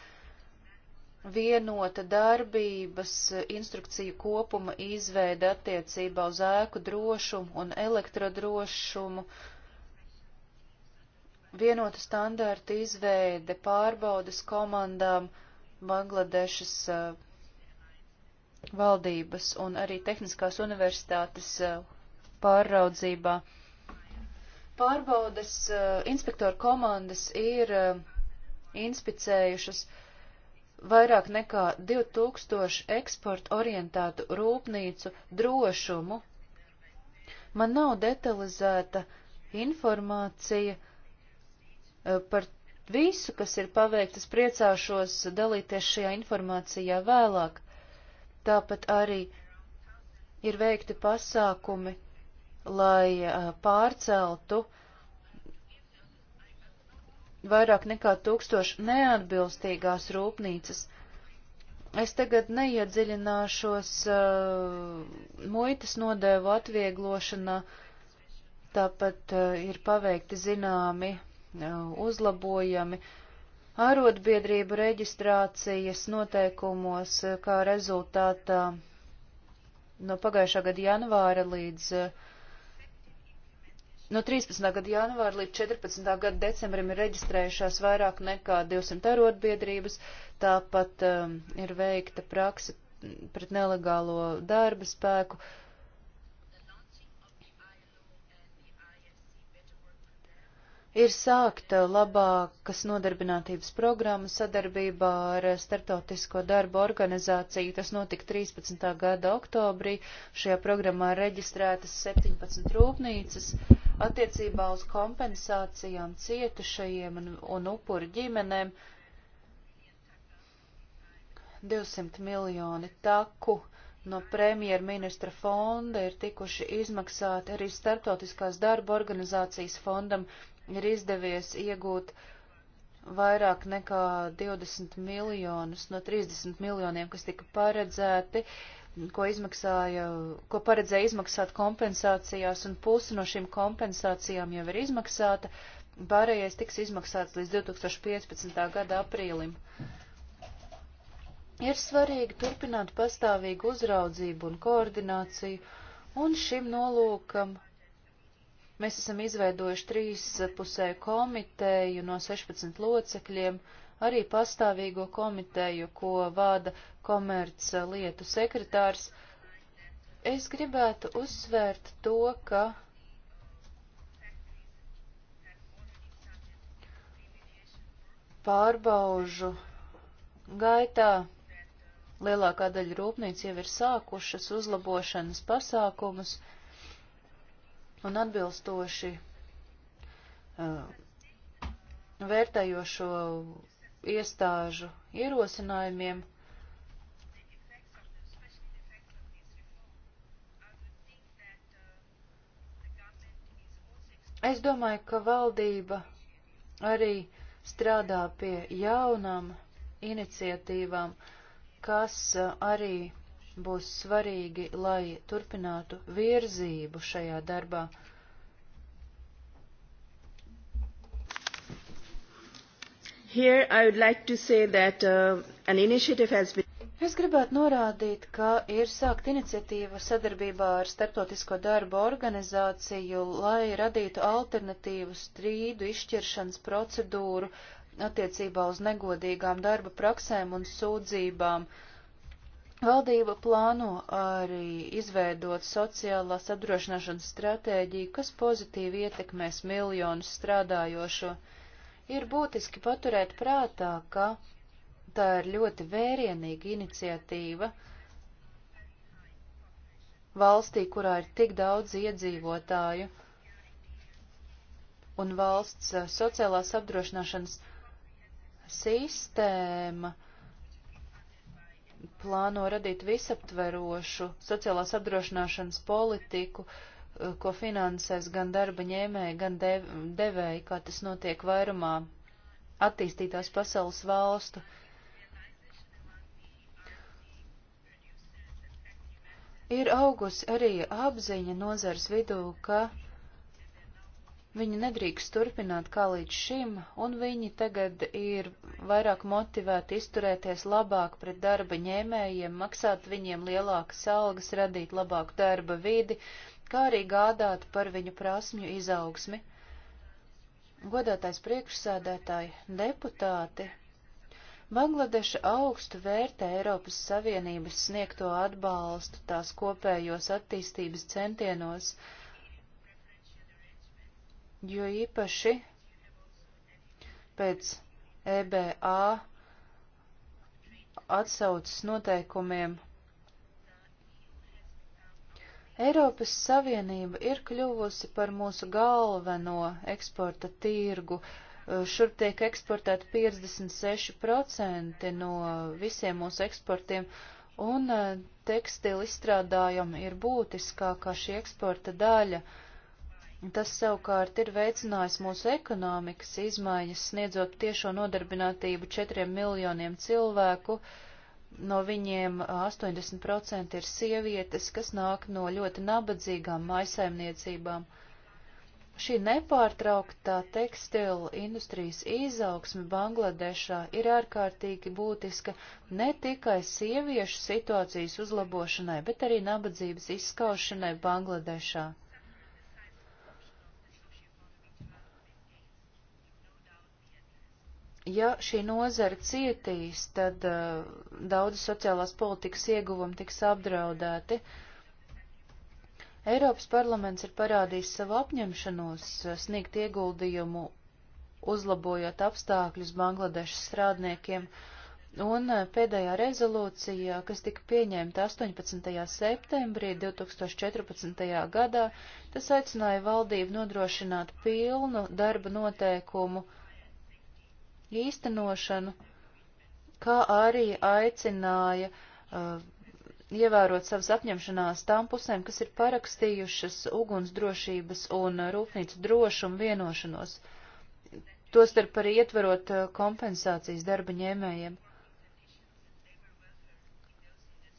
Vienota darbības eh, instrukciju kopuma izveida attiecībā uz ēku drošumu un elektrodrošumu, vienotu standārtu izveide pārbaudas komandām, uh, Bangladešas valdības un arī Tehniskās universitātes pāraudzībā. Pārbaudes inspektoru komandas ir inspicējušas vairāk nekā 2000 eksporta orientētu rūpnīcu drošumu. Man nav detalizēta informācija par visu, kas ir paveikts, priecāšos dalīties šajā informācijā vēlāk. Tāpat arī ir veikti pasākumi, lai pārceltu vairāk nekā tūkstoši neatbilstīgās rūpnīcas. Es tagad neiedziļināšos uh, muitas nodēvu atvieglošanā, tāpat uh, ir paveikti zināmi Eh, uzlabojami arotbiedrību reģistrācijas noteikumos, eh, kā rezultātā no pagājušā gada janvāra līdz eh, No 13. gada janvāra līdz 14. gada decembrim ir reģistrējušās vairāk nekā 200 arotbiedrības, tāpat um, ir veikta praksa pret nelegālo darba spēku, uh, ir sākta labākas nodarbinātības programma sadarbībā ar Startautisko darbu organizāciju. Tas notika 13. gada oktobrī. Šajā programmā reģistrētas 17 rūpnīcas attiecībā uz kompensācijām cietušajiem un, un upuru ģimenēm. 200 miljoni taku no premjerministra fonda ir tikuši izmaksāti arī Startautiskās darba organizācijas fondam ir izdevies iegūt vairāk nekā 20 miljonus no 30 miljoniem, kas tika paredzēti, ko, izmaksāja, ko paredzēja izmaksāt kompensācijās, un pusi no šīm kompensācijām jau ir izmaksāta, pārējais tiks izmaksāts līdz 2015. gada aprīlim. Ir svarīgi turpināt pastāvīgu uzraudzību un koordināciju, un šim nolūkam Mēs esam izveidojuši trīs pusēju komiteju no 16 locekļiem, arī pastāvīgo komiteju, ko vada komerc lietu sekretārs. Es gribētu uzsvērt to, ka pārbaužu gaitā lielākā daļa rūpnīca jau ir sākušas uzlabošanas pasākumus, un atbilstoši uh, vērtējošo iestāžu ierosinājumiem. Es domāju, ka valdība arī strādā pie jaunām iniciatīvām, kas arī būs svarīgi, lai turpinātu virzību šajā darbā. Here I would like to say that uh, an initiative has been Es gribētu norādīt, ka ir sākt iniciatīva sadarbībā ar Startautisko darbu organizāciju, lai radītu alternatīvu strīdu izšķiršanas procedūru attiecībā uz negodīgām darba praksēm un sūdzībām. Uh, Valdība plāno arī izveidot sociālās apdrošināšanas stratēģiju, kas pozitīvi ietekmēs miljonus strādājošo. Ir būtiski paturēt prātā, ka tā ir ļoti vērienīga iniciatīva valstī, kurā ir tik daudz iedzīvotāju, un valsts eh, sociālās apdrošināšanas sistēma plāno radīt visaptverošu sociālās apdrošināšanas politiku, eh, ko finansēs gan darba ņēmēji, gan devēji, kā tas notiek vairumā attīstītās pasaules valstu. Ir augus arī apziņa nozars vidū, ka Viņi nedrīkst turpināt kā līdz šim, un viņi tagad ir vairāk motivēti izturēties labāk pret darba ņēmējiem, maksāt viņiem lielākas algas, radīt labāku darba vidi, kā arī gādāt par viņu prasmju izaugsmi. Godātais priekšsādētāji, deputāti, Bangladeša augstu vērtē Eiropas Savienības sniegto atbalstu tās kopējos attīstības centienos jo īpaši pēc EBA atsaucas noteikumiem. Eiropas Savienība ir kļuvusi par mūsu galveno eksporta tirgu. Uh, Šur tiek eksportēta 56% no visiem mūsu eksportiem, un uh, tekstila izstrādājumi ir būtiskākā šī eksporta daļa. Uh, Tas savukārt ir veicinājis mūsu ekonomikas izmaiņas, sniedzot tiešo nodarbinātību 4 miljoniem cilvēku. No viņiem 80% ir sievietes, kas nāk no ļoti nabadzīgām maisaimniecībām. Šī nepārtrauktā tekstila industrijas izaugsme Bangladešā ir ārkārtīgi būtiska ne tikai sieviešu situācijas uzlabošanai, bet arī nabadzības izskaušanai Bangladešā. Ja šī nozara cietīs, tad uh, eh, daudz sociālās politikas ieguvumi tiks apdraudēti. Eiropas parlaments ir parādījis savu apņemšanos eh, sniegt ieguldījumu, uzlabojot apstākļus Bangladešas strādniekiem, un eh, pēdējā rezolūcijā, kas tika pieņemta 18. septembrī 2014. gadā, tas aicināja valdību nodrošināt pilnu darba noteikumu, uh, īstenošanu, kā arī aicināja uh, ievērot savas apņemšanās tām pusēm, kas ir parakstījušas ugunsdrošības un rūpnīcu drošumu vienošanos, tostarp arī ietverot uh, kompensācijas darba ņēmējiem.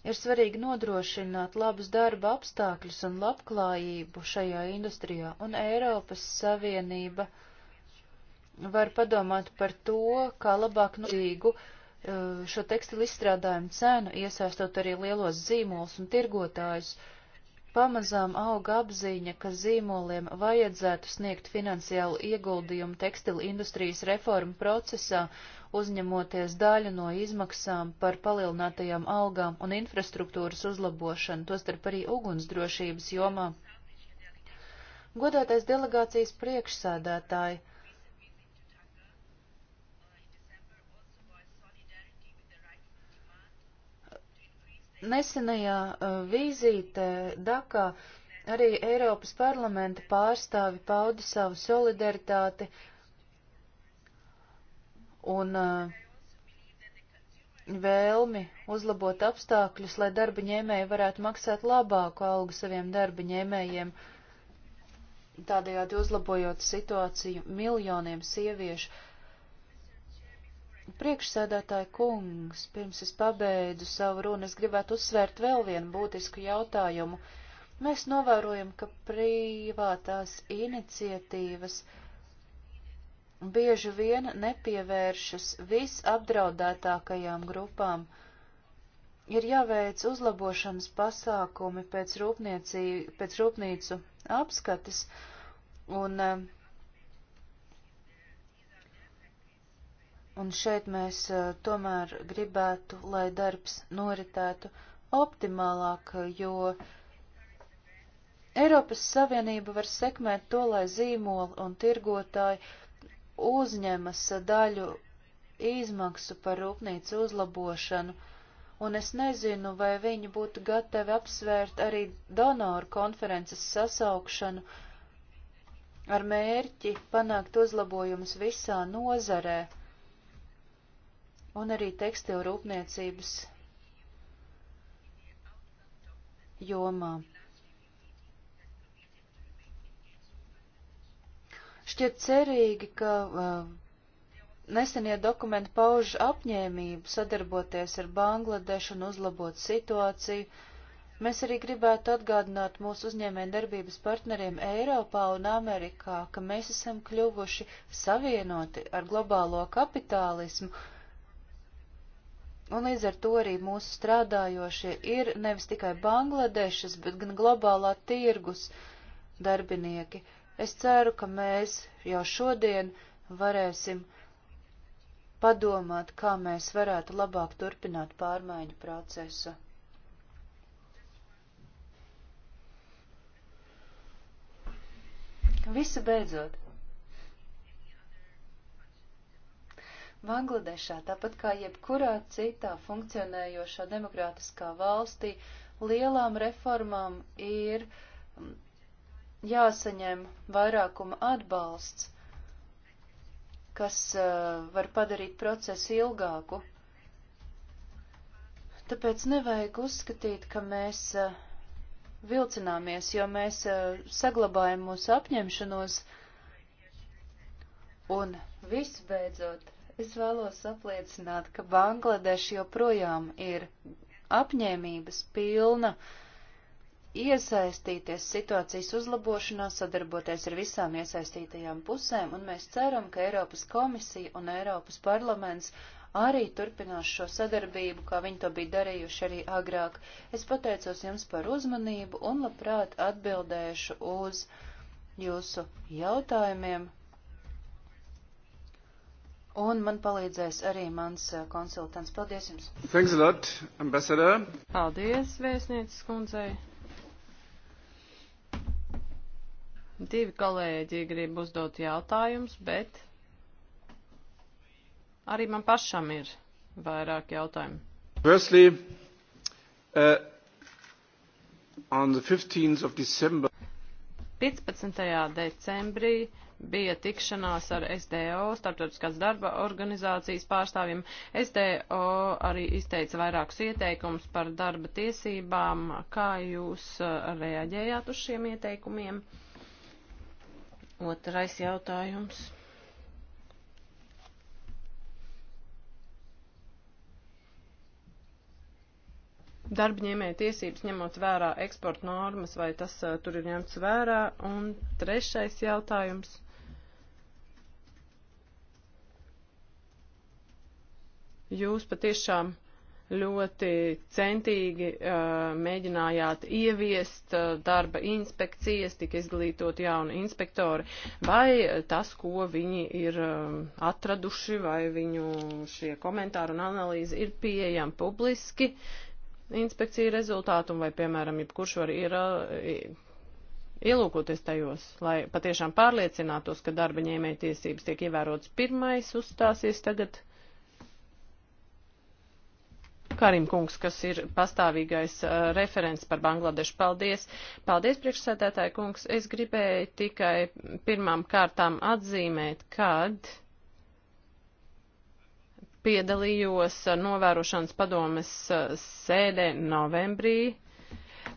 Ir svarīgi nodrošināt labus darba apstākļus un labklājību šajā industrijā, un Eiropas Savienība uh, var padomāt par to, kā labāk nozīgu uh, šo tekstilu izstrādājumu cenu, iesaistot arī lielos zīmolus un tirgotājus. Pamazām auga apziņa, ka zīmoliem vajadzētu sniegt finansiālu ieguldījumu tekstilu industrijas reformu procesā, uzņemoties daļu no izmaksām par palielinātajām algām un infrastruktūras uzlabošanu, tostarp arī ugunsdrošības jomā. Godātais delegācijas priekšsēdētāji! Nesenajā vizītē Dakā arī Eiropas parlamenta pārstāvi pauda savu solidaritāti un uh, vēlmi uzlabot apstākļus, lai darba ņēmēji varētu maksāt labāku algu saviem darba ņēmējiem, tādējādi uzlabojot situāciju miljoniem sieviešu, Priekšsēdētāja kungs, pirms es pabeidu savu runu, es gribētu uzsvērt vēl vienu būtisku jautājumu. Mēs novērojam, ka privātās iniciatīvas bieži vien nepievēršas visapdraudētākajām grupām. Ir jāveic uzlabošanas pasākumi pēc, pēc rūpnīcu apskates, un uh, Un šeit mēs e, tomēr gribētu, lai darbs noritētu optimālāk, jo Eiropas Savienība var sekmēt to, lai zīmoli un tirgotāji uzņemas daļu izmaksu par rūpnīcu uzlabošanu, un es nezinu, vai viņi būtu gatavi apsvērt arī donoru konferences sasaukšanu ar mērķi panākt uzlabojumus visā nozarē un arī tekstilu rūpniecības jomā. Šķiet cerīgi, ka uh, nesenie dokumenti pauž apņēmību sadarboties ar Bangladešu un uzlabot situāciju. Mēs arī gribētu atgādināt mūsu uzņēmēju darbības partneriem Eiropā un Amerikā, ka mēs esam kļuvuši savienoti ar globālo kapitālismu, uh, Un līdz ar to arī mūsu strādājošie ir nevis tikai Bangladešas, bet gan globālā tirgus darbinieki. Es ceru, ka mēs jau šodien varēsim padomāt, kā mēs varētu labāk turpināt pārmaiņu procesu. Visu beidzot. Bangladešā, tāpat kā jebkurā citā funkcionējošā demokrātiskā valstī, lielām reformām ir mm, jāsaņem vairākuma atbalsts, kas uh, var padarīt procesu ilgāku. Tāpēc nevajag uzskatīt, ka mēs uh, vilcināmies, jo mēs uh, saglabājam mūsu apņemšanos un visbeidzot Es vēlos apliecināt, ka Bangladeša joprojām ir apņēmības pilna iesaistīties situācijas uzlabošanā, sadarboties ar visām iesaistītajām pusēm, un mēs ceram, ka Eiropas komisija un Eiropas parlaments arī turpinās šo sadarbību, kā viņi to bija darījuši arī agrāk. Es pateicos jums par uzmanību un labprāt atbildēšu uz jūsu jautājumiem. Un man palīdzēs arī mans eh, konsultants. Paldies jums! Thanks a lot, ambasador! Paldies, vēstnieces kundzei! Divi kolēģi grib uzdot jautājumus, bet arī man pašam ir vairāk jautājumu. Firstly, uh, on the 15th of December. 15. decembrī bija tikšanās ar SDO, starptautiskās darba organizācijas pārstāvjiem. SDO arī izteica vairākus ieteikumus par darba tiesībām. Kā jūs uh, reaģējāt uz šiem ieteikumiem? Otrais jautājums. darbņēmēja tiesības ņemot vērā eksporta normas, vai tas uh, tur ir ņemts vērā? Un trešais jautājums. Jūs patiešām ļoti centīgi uh, mēģinājāt ieviest uh, darba inspekcijas, tika izglītot jauni inspektori, vai tas, ko viņi ir uh, atraduši, vai viņu šie komentāri un analīze ir pieejami publiski inspekcija rezultātu, vai, piemēram, jebkurš var ir, ielūkoties tajos, lai patiešām pārliecinātos, ka darba ņēmēja tiesības tiek ievērotas pirmais uzstāsies tagad. Karim kungs, kas ir pastāvīgais uh, referents par Bangladešu. Paldies. Paldies, priekšsēdētāji kungs. Es gribēju tikai pirmām kārtām atzīmēt, kad piedalījos uh, novērošanas padomes uh, sēdē novembrī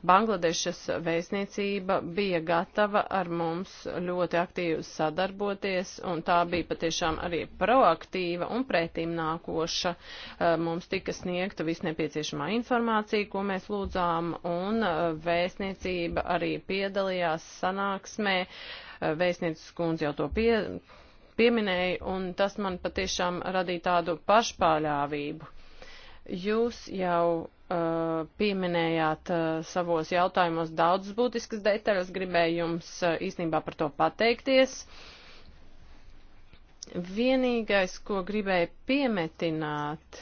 Bangladešas vēstniecība bija gatava ar mums ļoti aktīvi sadarboties, un tā bija patiešām arī proaktīva un pretīm nākoša. Eh, mums tika sniegta visnepieciešamā informācija, ko mēs lūdzām, un eh, vēstniecība arī piedalījās sanāksmē. Eh, vēstnieces kundze jau to pie, pieminēja, un tas man patiešām radīja tādu pašpāļāvību. Jūs jau Eh, pieminējāt eh, savos jautājumos daudzas būtiskas detaļas, gribēju jums eh, īstenībā par to pateikties. Vienīgais, ko gribēju piemetināt,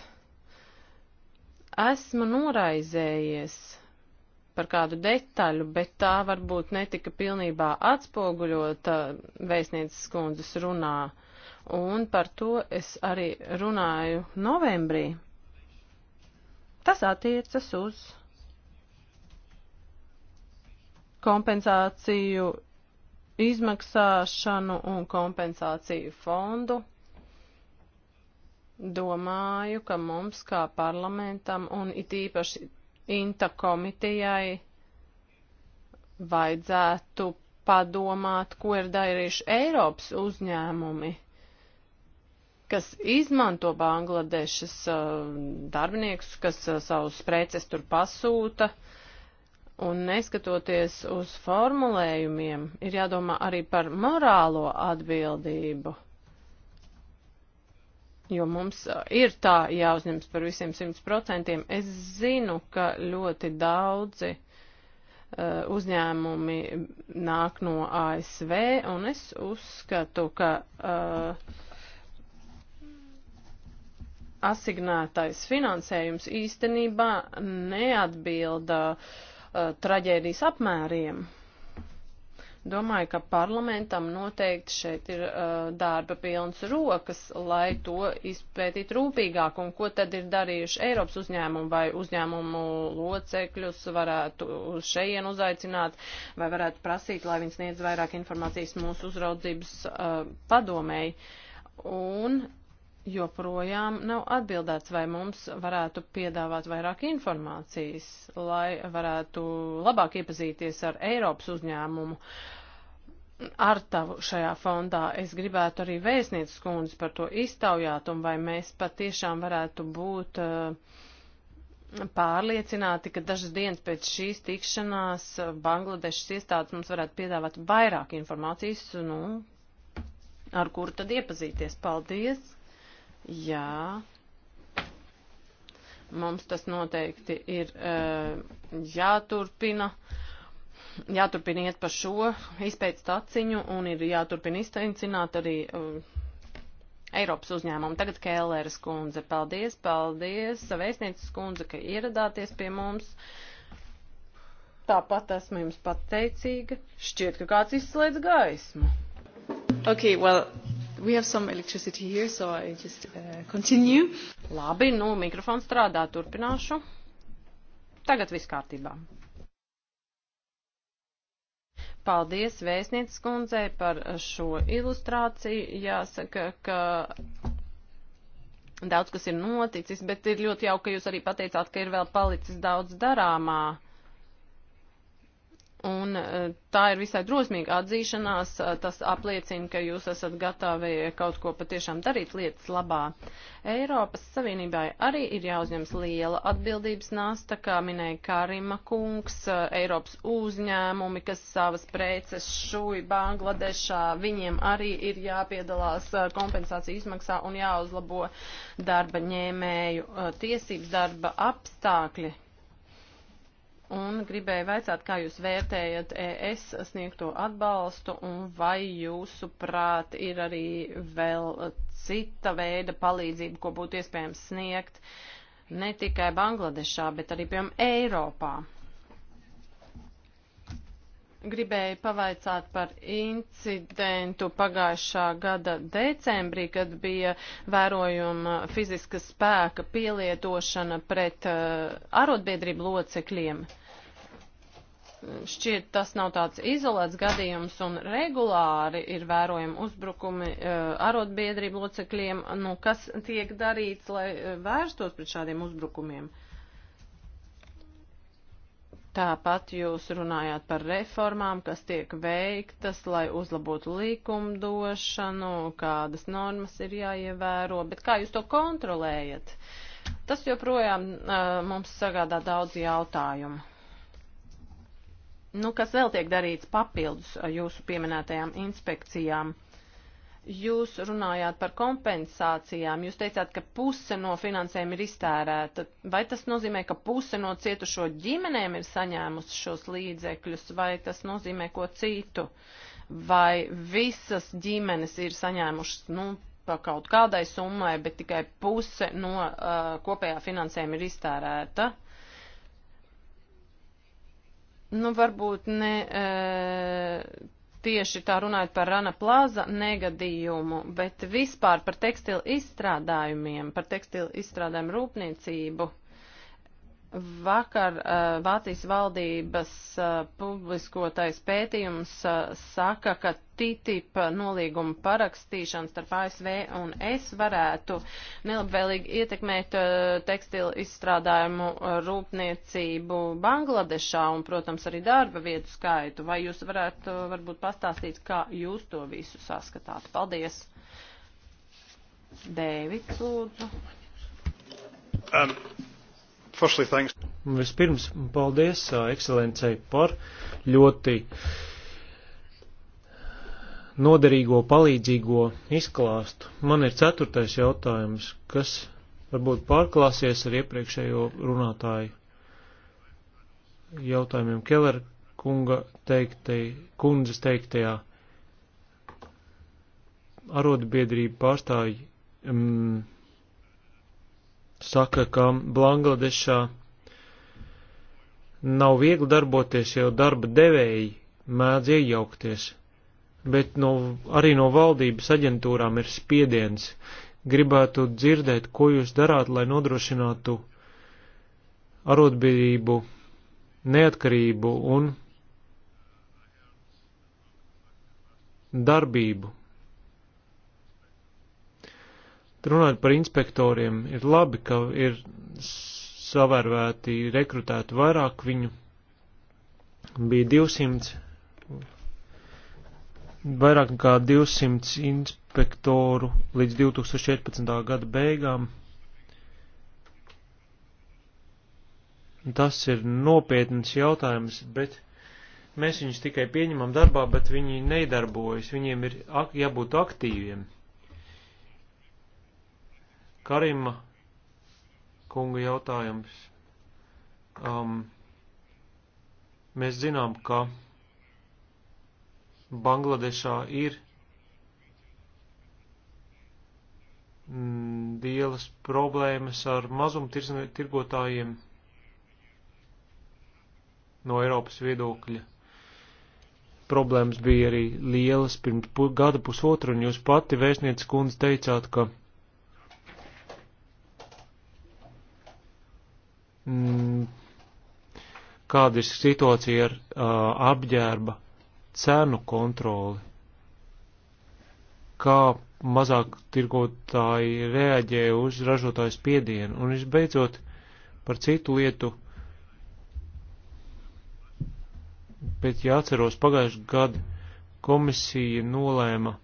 esmu noraizējies par kādu detaļu, bet tā varbūt netika pilnībā atspoguļota vēstnieces kundzes runā, un par to es arī runāju novembrī. Tas attiecas uz kompensāciju izmaksāšanu un kompensāciju fondu. Domāju, ka mums kā parlamentam un it īpaši INTA komitejai vajadzētu padomāt, ko ir darījuši Eiropas uzņēmumi kas izmanto Bangladešas uh, darbiniekus, kas uh, savus preces tur pasūta. Un neskatoties uz formulējumiem, ir jādomā arī par morālo atbildību. Jo mums uh, ir tā jāuzņems par visiem simts procentiem. Es zinu, ka ļoti daudzi uzņēmumi nāk no ASV, un es uzskatu, ka uh, asignētais finansējums īstenībā neatbilda uh, traģēdijas apmēriem. Domāju, ka parlamentam noteikti šeit ir uh, darba pilns rokas, lai to izpētītu rūpīgāk, un ko tad ir darījuši Eiropas uzņēmumu vai uzņēmumu locekļus, varētu uz šeien uzaicināt, vai varētu prasīt, lai viņi sniedz vairāk informācijas mūsu uzraudzības uh, padomēji. Un joprojām nav atbildēts, vai mums varētu piedāvāt vairāk informācijas, lai varētu labāk iepazīties ar Eiropas uzņēmumu ar tavu šajā fondā. Es gribētu arī vēstnieces kundzi par to iztaujāt, un vai mēs patiešām varētu būt eh, pārliecināti, ka dažas dienas pēc šīs tikšanās Bangladešas iestādes mums varētu piedāvāt vairāk informācijas, nu, ar kuru tad iepazīties. Paldies! Jā. Mums tas noteikti ir uh, jāturpina. Jāturpina iet pa šo izpētes taciņu un ir jāturpina izteicināt arī uh, Eiropas uzņēmumu. Tagad Kēlēras kundze, paldies, paldies, vēstnieces kundze, ka ieradāties pie mums. Tāpat esmu jums pateicīga. Šķiet, ka kāds izslēdz gaismu. Okay, well, We have some electricity here, so I just uh, continue. Labi, nu, mikrofons strādā, turpināšu. Tagad viss kārtībā. Paldies vēstnieces kundzei par šo ilustrāciju. Jāsaka, ka daudz kas ir noticis, bet ir ļoti jauki, ka jūs arī pateicāt, ka ir vēl palicis daudz darāmā. Uh, Un e, tā ir visai drosmīga atzīšanās, e, tas apliecina, ka jūs esat gatavi kaut ko patiešām darīt lietas labā. Eiropas Savienībai arī ir jāuzņems liela atbildības nasta, kā minēja Karima kungs, e, Eiropas uzņēmumi, kas savas preces šūj Bangladešā, viņiem arī ir jāpiedalās kompensāciju izmaksā un jāuzlabo darba ņēmēju tiesības, darba apstākļi un gribēju vaicāt, kā jūs vērtējat ES sniegto atbalstu un vai jūsu prāt ir arī vēl cita veida palīdzība, ko būtu iespējams sniegt ne tikai Bangladešā, bet arī, piemēram, Eiropā. Gribēju pavaicāt par incidentu pagājušā gada decembrī, kad bija vērojuma fiziska spēka pielietošana pret uh, arotbiedrību locekļiem. Uh, šķiet tas nav tāds izolēts gadījums un regulāri ir vērojami uzbrukumi uh, arotbiedrību locekļiem, nu, kas tiek darīts, lai uh, vērstos pret šādiem uzbrukumiem. Tāpat jūs runājāt par reformām, kas tiek veiktas, lai uzlabotu likumdošanu, kādas normas ir jāievēro, bet kā jūs to kontrolējat? Tas joprojām uh, mums sagādā daudz jautājumu. Nu, kas vēl tiek darīts papildus jūsu pieminētajām inspekcijām? Jūs runājāt par kompensācijām, jūs teicāt, ka puse no finansējuma ir iztērēta. Vai tas nozīmē, ka puse no cietušo ģimenēm ir saņēmusi šos līdzekļus, vai tas nozīmē ko citu? Vai visas ģimenes ir saņēmušas, nu, pa kaut kādai summai, bet tikai puse no uh, kopējā finansējuma ir iztērēta? Uh, nu, varbūt ne e, tieši tā runājot par Rana Plaza negadījumu, bet vispār par tekstilu izstrādājumiem, par tekstilu izstrādājumu rūpniecību. Vakar uh, Vācijas valdības uh, publiskotais pētījums uh, saka, ka TTIP nolīguma parakstīšana starp ASV un es varētu nelabvēlīgi ietekmēt uh, tekstilu izstrādājumu uh, rūpniecību Bangladešā un, protams, arī darba vietu skaitu. Vai jūs varētu uh, varbūt pastāstīt, kā jūs to visu saskatāt? Paldies! Dēvids, lūdzu. Um. Firstly, thanks. Vispirms, paldies ekscelencei par ļoti noderīgo, palīdzīgo izklāstu. Man ir ceturtais jautājums, kas varbūt pārklāsies ar iepriekšējo runātāju jautājumiem Keller kunga teiktei, kundzes teiktajā. Arotbiedrība pārstāvji um, saka, ka Bangladešā nav viegli darboties, jo darba devēji mēdz iejaukties, bet no, arī no valdības aģentūrām ir spiediens. Gribētu dzirdēt, ko jūs darāt, lai nodrošinātu arotbiedrību, neatkarību un darbību. Runājot par inspektoriem, ir labi, ka ir savērvēti, rekrutēti vairāk viņu. Bija 200, vairāk nekā 200 inspektoru līdz 2014. gada beigām. Tas ir nopietns jautājums, bet mēs viņus tikai pieņemam darbā, bet viņi nedarbojas, viņiem ir ak jābūt aktīviem. Karima kunga jautājums. Um, mēs zinām, ka Bangladešā ir lielas mm, problēmas ar mazumtirgotājiem no Eiropas viedokļa. Problēmas bija arī lielas pirms gada pusotra, un jūs pati vēstniec kundze teicāt, ka mm, kāda ir situācija ar uh, apģērba cenu kontroli, kā mazāk tirgotāji reaģē uz ražotāju spiedienu, un visbeidzot par citu lietu, bet jāatceros pagājušajā gadu komisija nolēma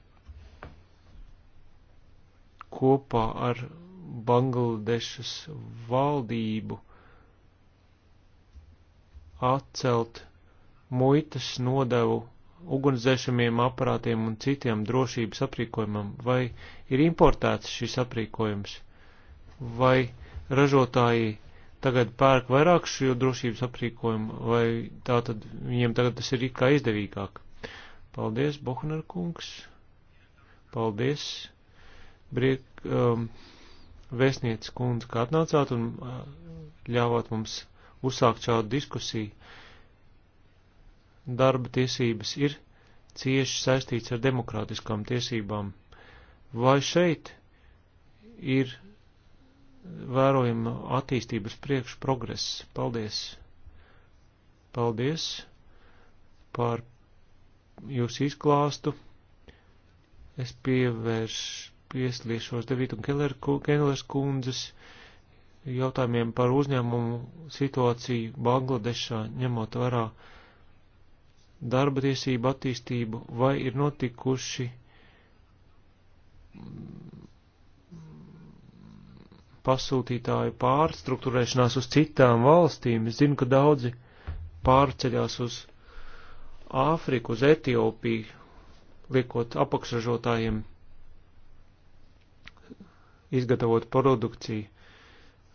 kopā ar Bangladešas valdību atcelt muitas nodevu ugunsdzēšamiem aparātiem un citiem drošības aprīkojumam, vai ir importēts šis aprīkojums, vai ražotāji tagad pērk vairāk šo drošības aprīkojumu, vai tā tad viņiem tagad tas ir it kā izdevīgāk. Paldies, Bohner kungs. Paldies, Briek, um, Vēstniec kundze, ka atnācāt un uh, ļāvāt mums uzsākt šādu diskusiju. Darba tiesības ir cieši saistīts ar demokrātiskām tiesībām. Vai šeit ir vērojama attīstības priekš progress? Paldies! Paldies par jūsu izklāstu. Es pievērš, piesliešos Devītu un Kellers kundzes jautājumiem par uzņēmumu situāciju Bangladešā, ņemot vērā darba tiesību attīstību, vai ir notikuši pasūtītāju pārstruktūrēšanās uz citām valstīm. Es zinu, ka daudzi pārceļās uz Āfriku, uz Etiopiju, liekot apakšražotājiem izgatavot produkciju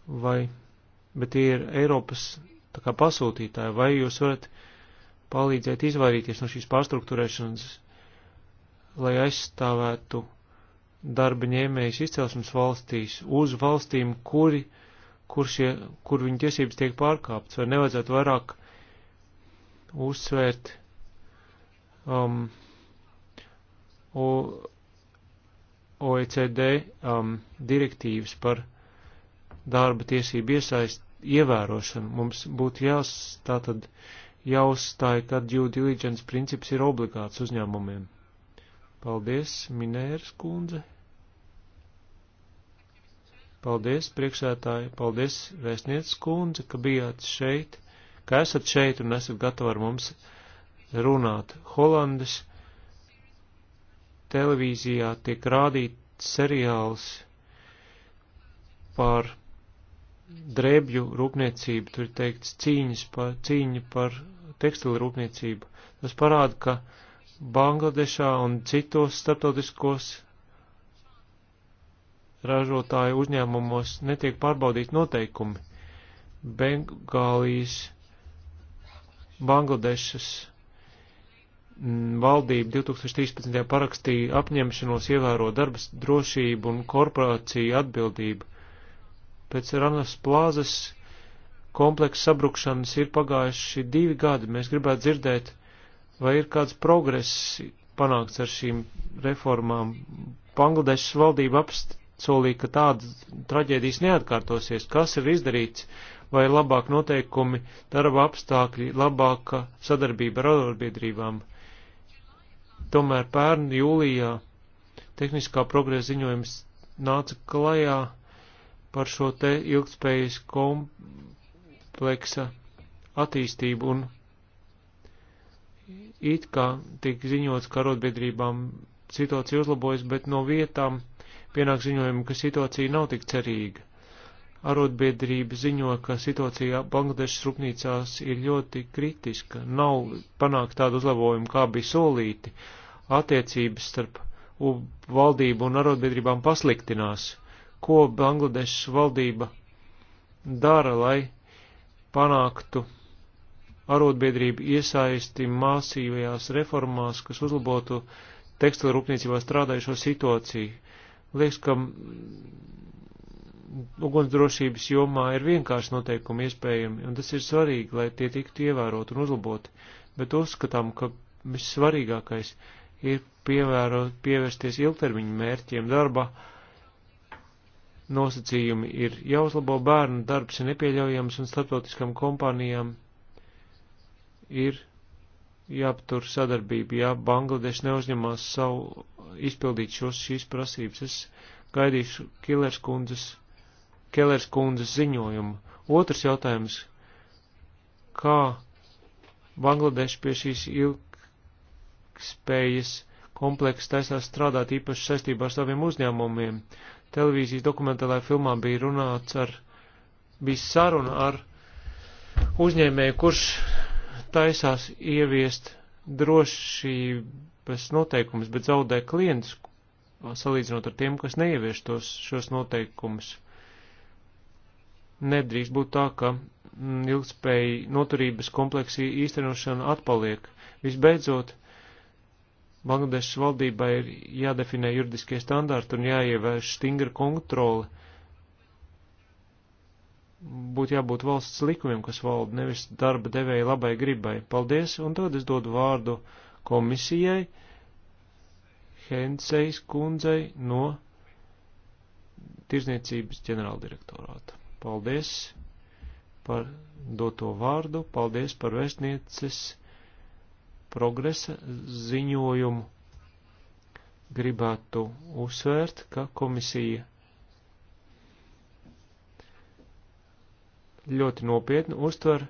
vai, bet tie ir Eiropas tā kā pasūtītāji, vai jūs varat palīdzēt izvairīties no šīs pārstruktūrēšanas, lai aizstāvētu darba ņēmējus izcelsmes valstīs uz valstīm, kuri, kur, šie, kur viņu tiesības tiek pārkāptas, vai nevajadzētu vairāk uzsvērt um, o, OECD um, direktīvas par darba tiesību iesaist, ievērošanu. Mums būtu jāstātad jāuzstāj, ka due diligence princips ir obligāts uzņēmumiem. Paldies, Minēras kundze. Paldies, priekšētāji, paldies, vēstniec kundze, ka bijāt šeit, ka esat šeit un esat gatavi ar mums runāt. Holandes televīzijā tiek rādīt seriāls par drēbju rūpniecību, tur ir teikts cīņas par, cīņa par tekstilu rūpniecību. Tas parāda, ka Bangladešā un citos starptautiskos ražotāju uzņēmumos netiek pārbaudīti noteikumi. Bengālijas, Bangladešas mm, valdība 2013. parakstīja apņemšanos ievērot darbas drošību un korporāciju atbildību pēc Ranas plāzes kompleksa sabrukšanas ir pagājuši divi gadi. Mēs gribētu dzirdēt, vai ir kāds progress panākts ar šīm reformām. Bangladešas valdība apsolīja, ka tāda traģēdijas neatkārtosies. Kas ir izdarīts? Vai labāk noteikumi, darba apstākļi, labāka sadarbība ar arotbiedrībām? Tomēr pērn jūlijā tehniskā progresa ziņojums nāca klajā par šo te ilgspējas kompleksa attīstību un it kā tiek ziņots, ka arotbiedrībām situācija uzlabojas, bet no vietām pienāk ziņojumi, ka situācija nav tik cerīga. Arotbiedrība ziņo, ka situācija Bangladešas rūpnīcās ir ļoti kritiska, nav panākt tādu uzlabojumu, kā bija solīti, attiecības starp valdību un arotbiedrībām pasliktinās ko Bangladešas valdība dara, lai panāktu arotbiedrību iesaisti māsīvajās reformās, kas uzlabotu tekstilu rūpniecībā strādājušo situāciju. Liekas, ka ugunsdrošības jomā ir vienkārši noteikumi iespējami, un tas ir svarīgi, lai tie tiktu ievērot un uzlaboti, bet uzskatām, ka vissvarīgākais ir pievērot, pievērsties ilgtermiņu mērķiem darba, uh, nosacījumi ir jāuzlabo bērnu darbs ir nepieļaujams un starptautiskam kompānijām ir jāaptur sadarbība, ja Bangladeš neuzņemās savu izpildīt šos šīs prasības. Es gaidīšu Kilers kundzes, Kelers kundzes ziņojumu. Otrs jautājums, kā Bangladeš pie šīs ilgspējas kompleksa taisās strādāt īpaši saistībā ar saviem uzņēmumiem? televīzijas dokumentālajā filmā bija runāts ar, bija saruna ar uzņēmēju, kurš taisās ieviest drošības noteikumus, bet zaudē klientus, salīdzinot ar tiem, kas neievieš tos, šos noteikumus. Nedrīkst būt tā, ka mm, ilgspēja noturības kompleksī īstenošana atpaliek. Visbeidzot, Bangladešas valdībai ir jādefinē juridiskie standarti un jāievērš stingra kontrole. Būtu jābūt valsts likumiem, kas valda, nevis darba devēja labai gribai. Paldies, un tad es dodu vārdu komisijai Henseis kundzei no Tirzniecības ģenerāldirektorāta. Paldies par doto vārdu, paldies par vēstnieces progresa ziņojumu, gribētu uzsvērt, ka komisija ļoti nopietni uztver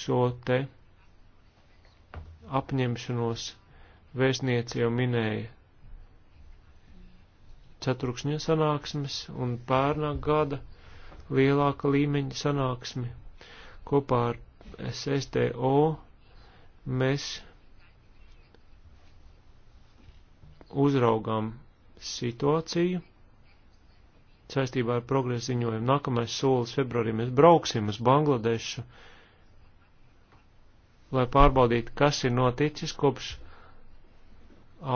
šo te apņemšanos vēstniece jau minēja ceturkšņa sanāksmes un pērnā gada lielāka līmeņa sanāksmi. Kopā ar SSTO mēs uzraugām situāciju saistībā ar progresu ziņojumu. Nākamais solis februārī mēs brauksim uz Bangladešu, lai pārbaudītu, kas ir noticis kopš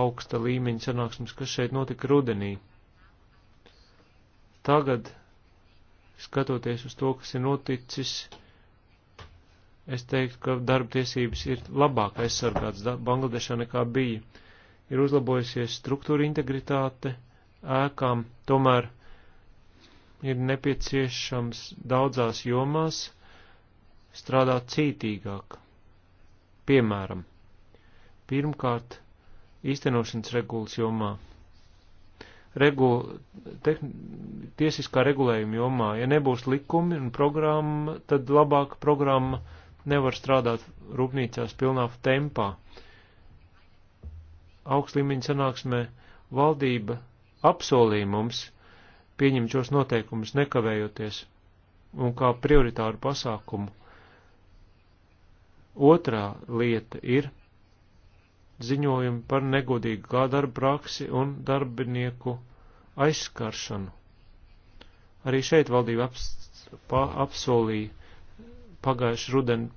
augsta līmeņa sanāksmes, kas šeit notika rudenī. Tagad, skatoties uz to, kas ir noticis, es teiktu, ka darba tiesības ir labāk aizsargātas Bangladešā nekā bija ir uzlabojusies struktūra integritāte ēkām, tomēr ir nepieciešams daudzās jomās strādāt cītīgāk. Piemēram, pirmkārt, īstenošanas regulas jomā. Regula, tehn, tiesiskā regulējuma jomā, ja nebūs likumi un programma, tad labāka programma nevar strādāt rūpnīcās pilnā tempā. Uh, augstlīmeņa sanāksmē valdība apsolīja mums pieņemt šos noteikumus nekavējoties un kā prioritāru pasākumu. Otrā lieta ir ziņojumi par negodīgu kā darba praksi un darbinieku aizskaršanu. Arī šeit valdība aps, pa, apsolīja pagājuši ruden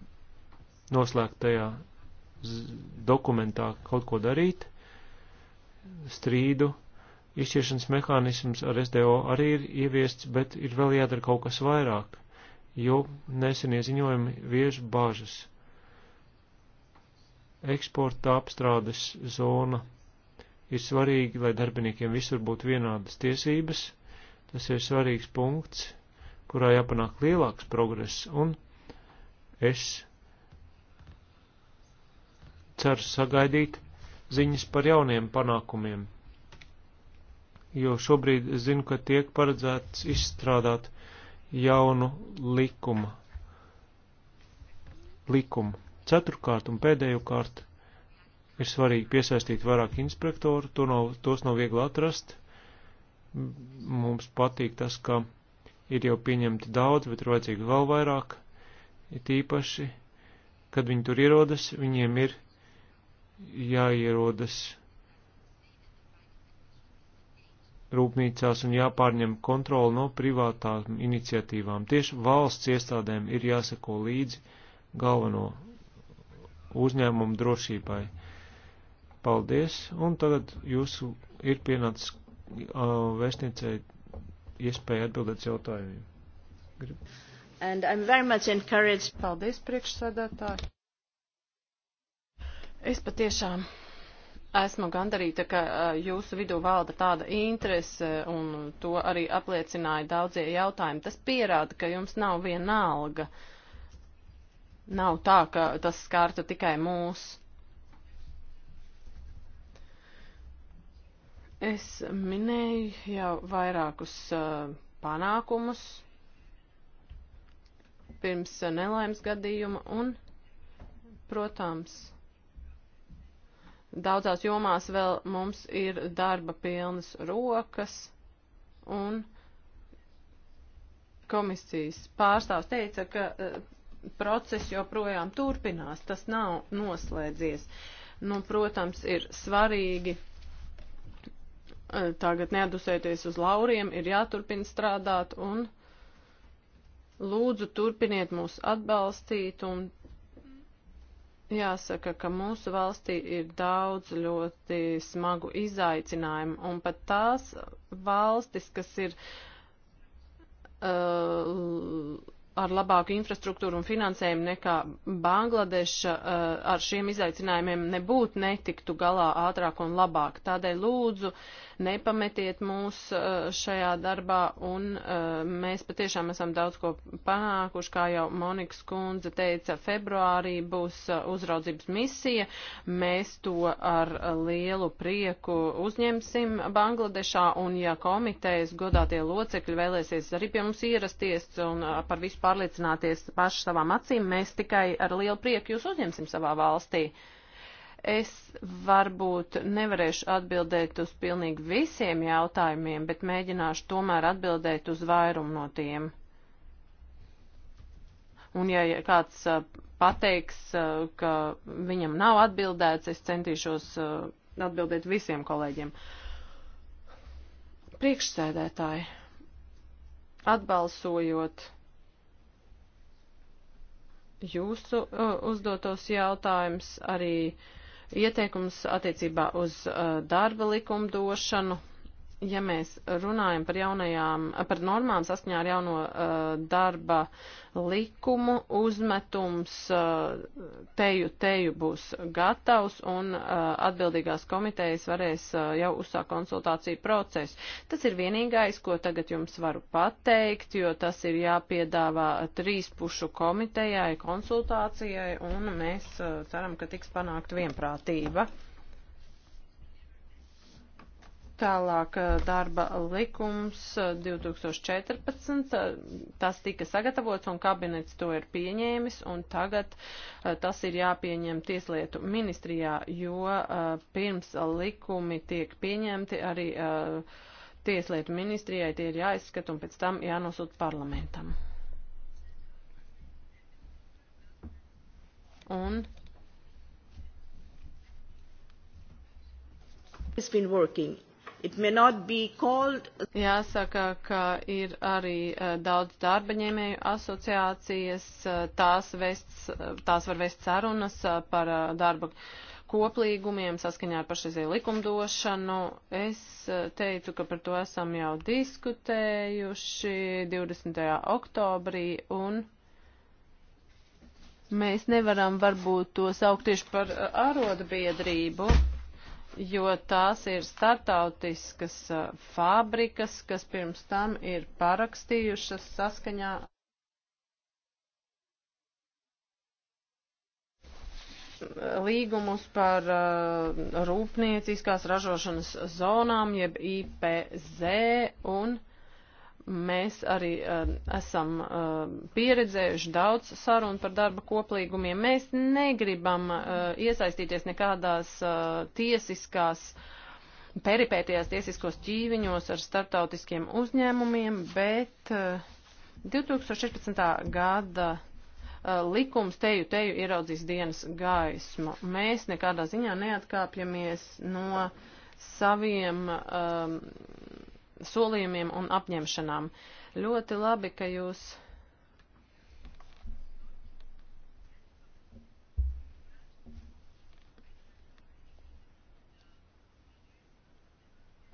noslēgtajā dokumentā kaut ko darīt, strīdu izšķiršanas mehānisms ar SDO arī ir ieviests, bet ir vēl jādara kaut kas vairāk, jo nesenie ziņojumi viež bažas. Eksporta apstrādes zona ir svarīga, lai darbiniekiem visur būtu vienādas tiesības. Tas ir svarīgs punkts, kurā jāpanāk lielāks progress, un es ceru sagaidīt ziņas par jauniem panākumiem, jo šobrīd es zinu, ka tiek paredzēts izstrādāt jaunu likumu. likumu. Ceturkārt un pēdējo kārtu ir svarīgi piesaistīt vairāk inspektoru, to nav, tos nav viegli atrast. Mums patīk tas, ka ir jau pieņemti daudz, bet ir vajadzīgi vēl vairāk. Ir tīpaši, kad viņi tur ierodas, viņiem ir jāierodas rūpnīcās un jāpārņem kontroli no privātām iniciatīvām. Tieši valsts iestādēm ir jāseko līdzi galveno uzņēmumu drošībai. Paldies, un tagad jūsu ir pienācis uh, vēstniecei iespēja atbildēt jautājumiem. Grib. Paldies, priekšsēdētāji! Es patiešām esmu gandarīta, ka eh, jūsu vidū valda tāda interese, un to arī apliecināja daudzie jautājumi. Tas pierāda, ka jums nav viena alga. Nav tā, ka tas skārta tikai mūs. Es minēju jau vairākus uh, panākumus pirms nelaimes gadījuma un, protams, Daudzās jomās vēl mums ir darba pilnas rokas un komisijas pārstāvs teica, ka eh, process joprojām turpinās, tas nav noslēdzies. Nu, protams, ir svarīgi eh, tagad neadusēties uz lauriem, ir jāturpina strādāt un lūdzu turpiniet mūs atbalstīt un Jāsaka, ka mūsu valstī ir daudz ļoti smagu izaicinājumu, un pat tās valstis, kas ir uh, ar labāku infrastruktūru un finansējumu nekā Bangladeša eh, ar šiem izaicinājumiem nebūtu netiktu galā ātrāk un labāk. Tādēļ lūdzu, nepametiet mūs eh, šajā darbā un eh, mēs patiešām esam daudz ko panākuši, kā jau Monikas kundze teica, februārī būs uzraudzības misija. Mēs to ar lielu prieku uzņemsim Bangladešā un ja komitejas godātie locekļi vēlēsies arī pie mums ierasties un par vispār pārliecināties paši savām acīm, mēs tikai ar lielu prieku jūs uzņemsim savā valstī. Es varbūt nevarēšu atbildēt uz pilnīgi visiem jautājumiem, bet mēģināšu tomēr atbildēt uz vairumu no tiem. Un ja kāds uh, pateiks, uh, ka viņam nav atbildēts, es centīšos uh, atbildēt visiem kolēģiem. Priekšsēdētāji, atbalsojot jūsu uh, uzdotos jautājums, arī ieteikums attiecībā uz uh, darba likumdošanu ja mēs runājam par jaunajām, par normām saskaņā ar jauno uh, darba likumu, uzmetums uh, teju teju būs gatavs un uh, atbildīgās komitejas varēs uh, jau uzsākt konsultāciju procesu. Tas ir vienīgais, ko tagad jums varu pateikt, jo tas ir jāpiedāvā trīspušu komitejai, konsultācijai un mēs uh, ceram, ka tiks panākt vienprātība. Tālāk darba likums 2014, tas tika sagatavots un kabinets to ir pieņēmis un tagad tas ir jāpieņem tieslietu ministrijā, jo pirms likumi tiek pieņemti arī tieslietu ministrijai tie ir jāizskat un pēc tam jānosūt parlamentam. Un has been working Called... Jāsaka, ka ir arī uh, daudz darbaņēmēju asociācijas, uh, tās, vests, uh, e, tās var vest sarunas uh, par uh, darba koplīgumiem saskaņā ar pašreizēju likumdošanu. Es uh, teicu, ka par to esam jau diskutējuši 20. oktobrī un. Mēs nevaram varbūt to saukt tieši par arodu biedrību, jo tās ir startautiskas fabrikas, kas pirms tam ir parakstījušas saskaņā. Līgumus par rūpnieciskās ražošanas zonām, jeb IPZ un Mēs arī uh, esam uh, pieredzējuši daudz sarunu par darba koplīgumiem. Mēs negribam uh, iesaistīties nekādās uh, tiesiskās peripētījās tiesiskos ķīviņos ar starptautiskiem uzņēmumiem, bet uh, 2016. gada likums teju teju ieraudzīs dienas gaismu. Mēs nekādā ziņā neatkāpjamies no saviem um, solījumiem un apņemšanām. Ļoti labi, ka jūs.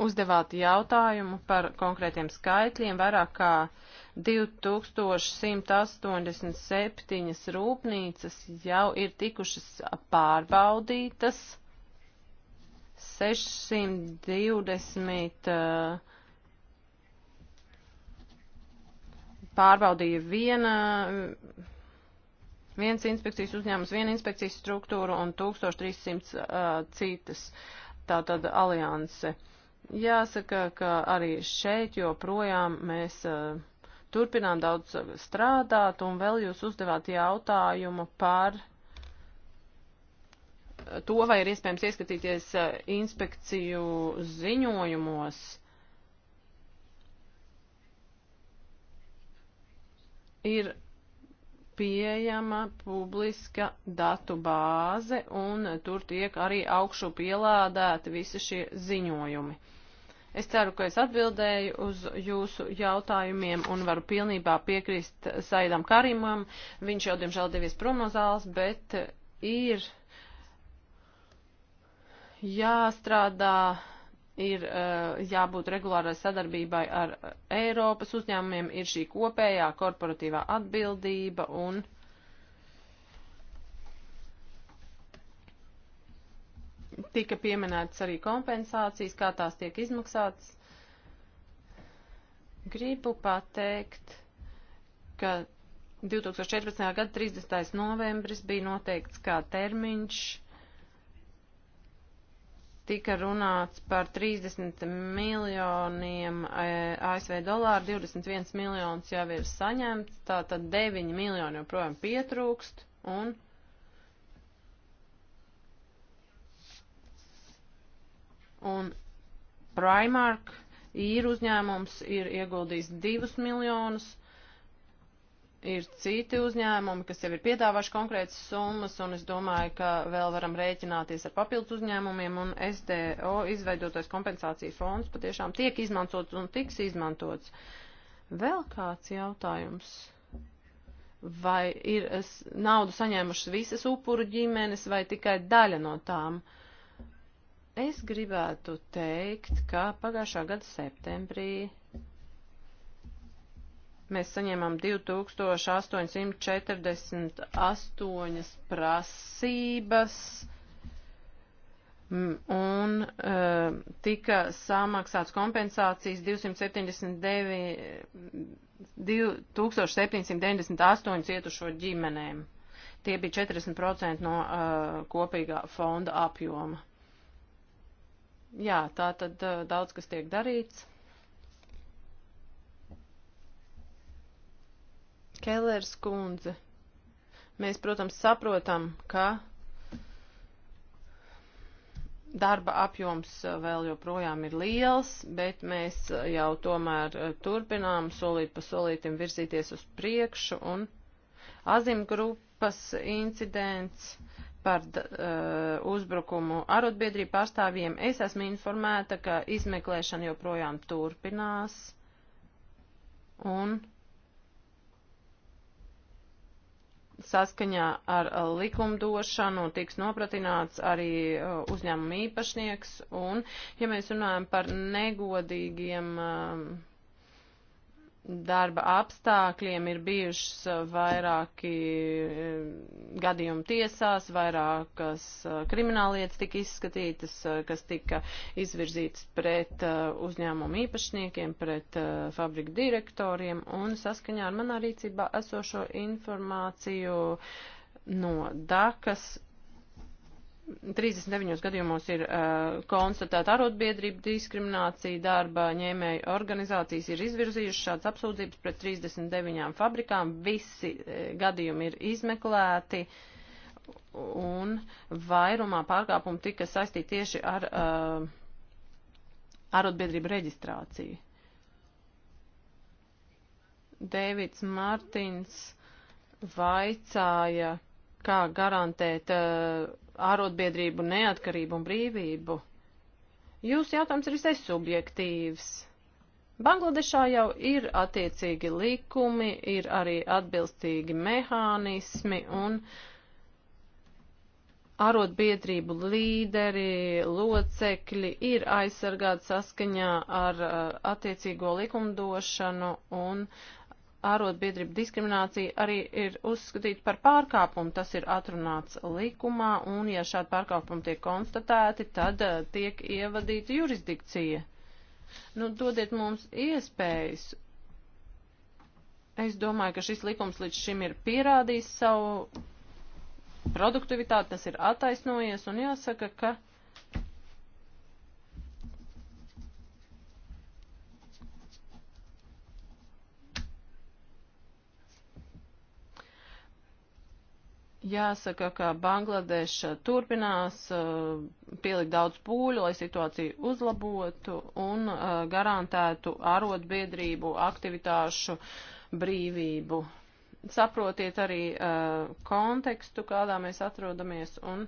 uzdevāt jautājumu par konkrētiem skaitļiem, vairāk kā 2187 rūpnīcas jau ir tikušas pārbaudītas, 620 uh, pārbaudīja viena, viens inspekcijas uzņēmums, viena inspekcijas struktūra un 1300 uh, citas, tātad alianse. Jāsaka, ka arī šeit joprojām mēs uh, turpinām daudz strādāt un vēl jūs uzdevāt jautājumu par uh, to, vai ir iespējams ieskatīties uh, inspekciju ziņojumos. ir pieejama publiska datu bāze, un tur tiek arī augšu pielādēti visi šie ziņojumi. Es ceru, ka es atbildēju uz jūsu jautājumiem un varu pilnībā piekrist Saidam Karimam. Viņš jau, diemžēl, devies prom no zāles, bet ir jāstrādā ir uh, jābūt regulārai sadarbībai ar Eiropas uzņēmumiem, ir šī kopējā korporatīvā atbildība un tika pieminētas arī kompensācijas, kā tās tiek izmaksātas. Gribu pateikt, ka 2014. gada 30. novembris bija noteikts kā termiņš tika runāts par 30 miljoniem e, ASV dolāru, 21 miljonus jau ir saņemts, tātad 9 miljoni joprojām pietrūkst un. Un Primark īru uzņēmums ir ieguldījis 2 miljonus ir citi uzņēmumi, kas jau ir piedāvājuši konkrētas summas, un es domāju, ka vēl varam rēķināties ar papildus uzņēmumiem, un SDO izveidotais kompensācija fonds patiešām tiek izmantots un tiks izmantots. Vēl kāds jautājums? Vai ir naudu saņēmušas visas upuru ģimenes vai tikai daļa no tām? Es gribētu teikt, ka pagājušā gada septembrī mēs saņēmām 2848 prasības un uh, tika samaksāts kompensācijas 279, 2798 cietušo ģimenēm. Tie bija 40% no uh, kopīgā fonda apjoma. Jā, tā tad uh, daudz kas tiek darīts. Kellers kundze, mēs, protams, saprotam, ka darba apjoms eh, vēl joprojām ir liels, bet mēs eh, jau tomēr eh, turpinām solīt pa solītim virzīties uz priekšu un azim grupas incidents par uh, uzbrukumu arotbiedrību pārstāvjiem. Es esmu informēta, ka izmeklēšana joprojām turpinās un saskaņā ar uh, likumdošanu tiks nopratināts arī uh, uzņēmuma īpašnieks, un, ja mēs runājam par negodīgiem uh, darba apstākļiem ir bijušas eh, vairāki eh, gadījumi tiesās, vairākas eh, krimināllietas tika izskatītas, kas tika izvirzītas pret uzņēmumu īpašniekiem, pret fabriku direktoriem un saskaņā ar manā rīcībā esošo informāciju no Dakas 39 gadījumos ir uh, konstatēta arotbiedrība diskriminācija, darba ņēmēju organizācijas ir izvirzījušas šādas apsūdzības pret 39 fabrikām, visi uh, gadījumi ir izmeklēti un vairumā pārkāpumi tika saistīti tieši ar uh, arotbiedrību reģistrāciju. Dēvids Martins vaicāja, kā garantēt uh, ārotbiedrību neatkarību un brīvību. Jūsu jautājums ir visai subjektīvs. Bangladešā jau ir attiecīgi likumi, ir arī atbilstīgi mehānismi un arotbiedrību līderi, locekļi ir aizsargāti saskaņā ar eh, attiecīgo likumdošanu un uh, arotbiedrību diskriminācija arī ir uzskatīta par pārkāpumu. Tas ir atrunāts likumā, un ja šādi pārkāpumi tiek konstatēti, tad uh, tiek ievadīta jurisdikcija. Nu, dodiet mums iespējas. Es domāju, ka šis likums līdz šim ir pierādījis savu produktivitāti, tas ir attaisnojies, un jāsaka, ka Jāsaka, ka Bangladeša turpinās uh, pielikt daudz pūļu, lai situāciju uzlabotu un uh, garantētu arotbiedrību aktivitāšu brīvību. Saprotiet arī uh, kontekstu, kādā mēs atrodamies un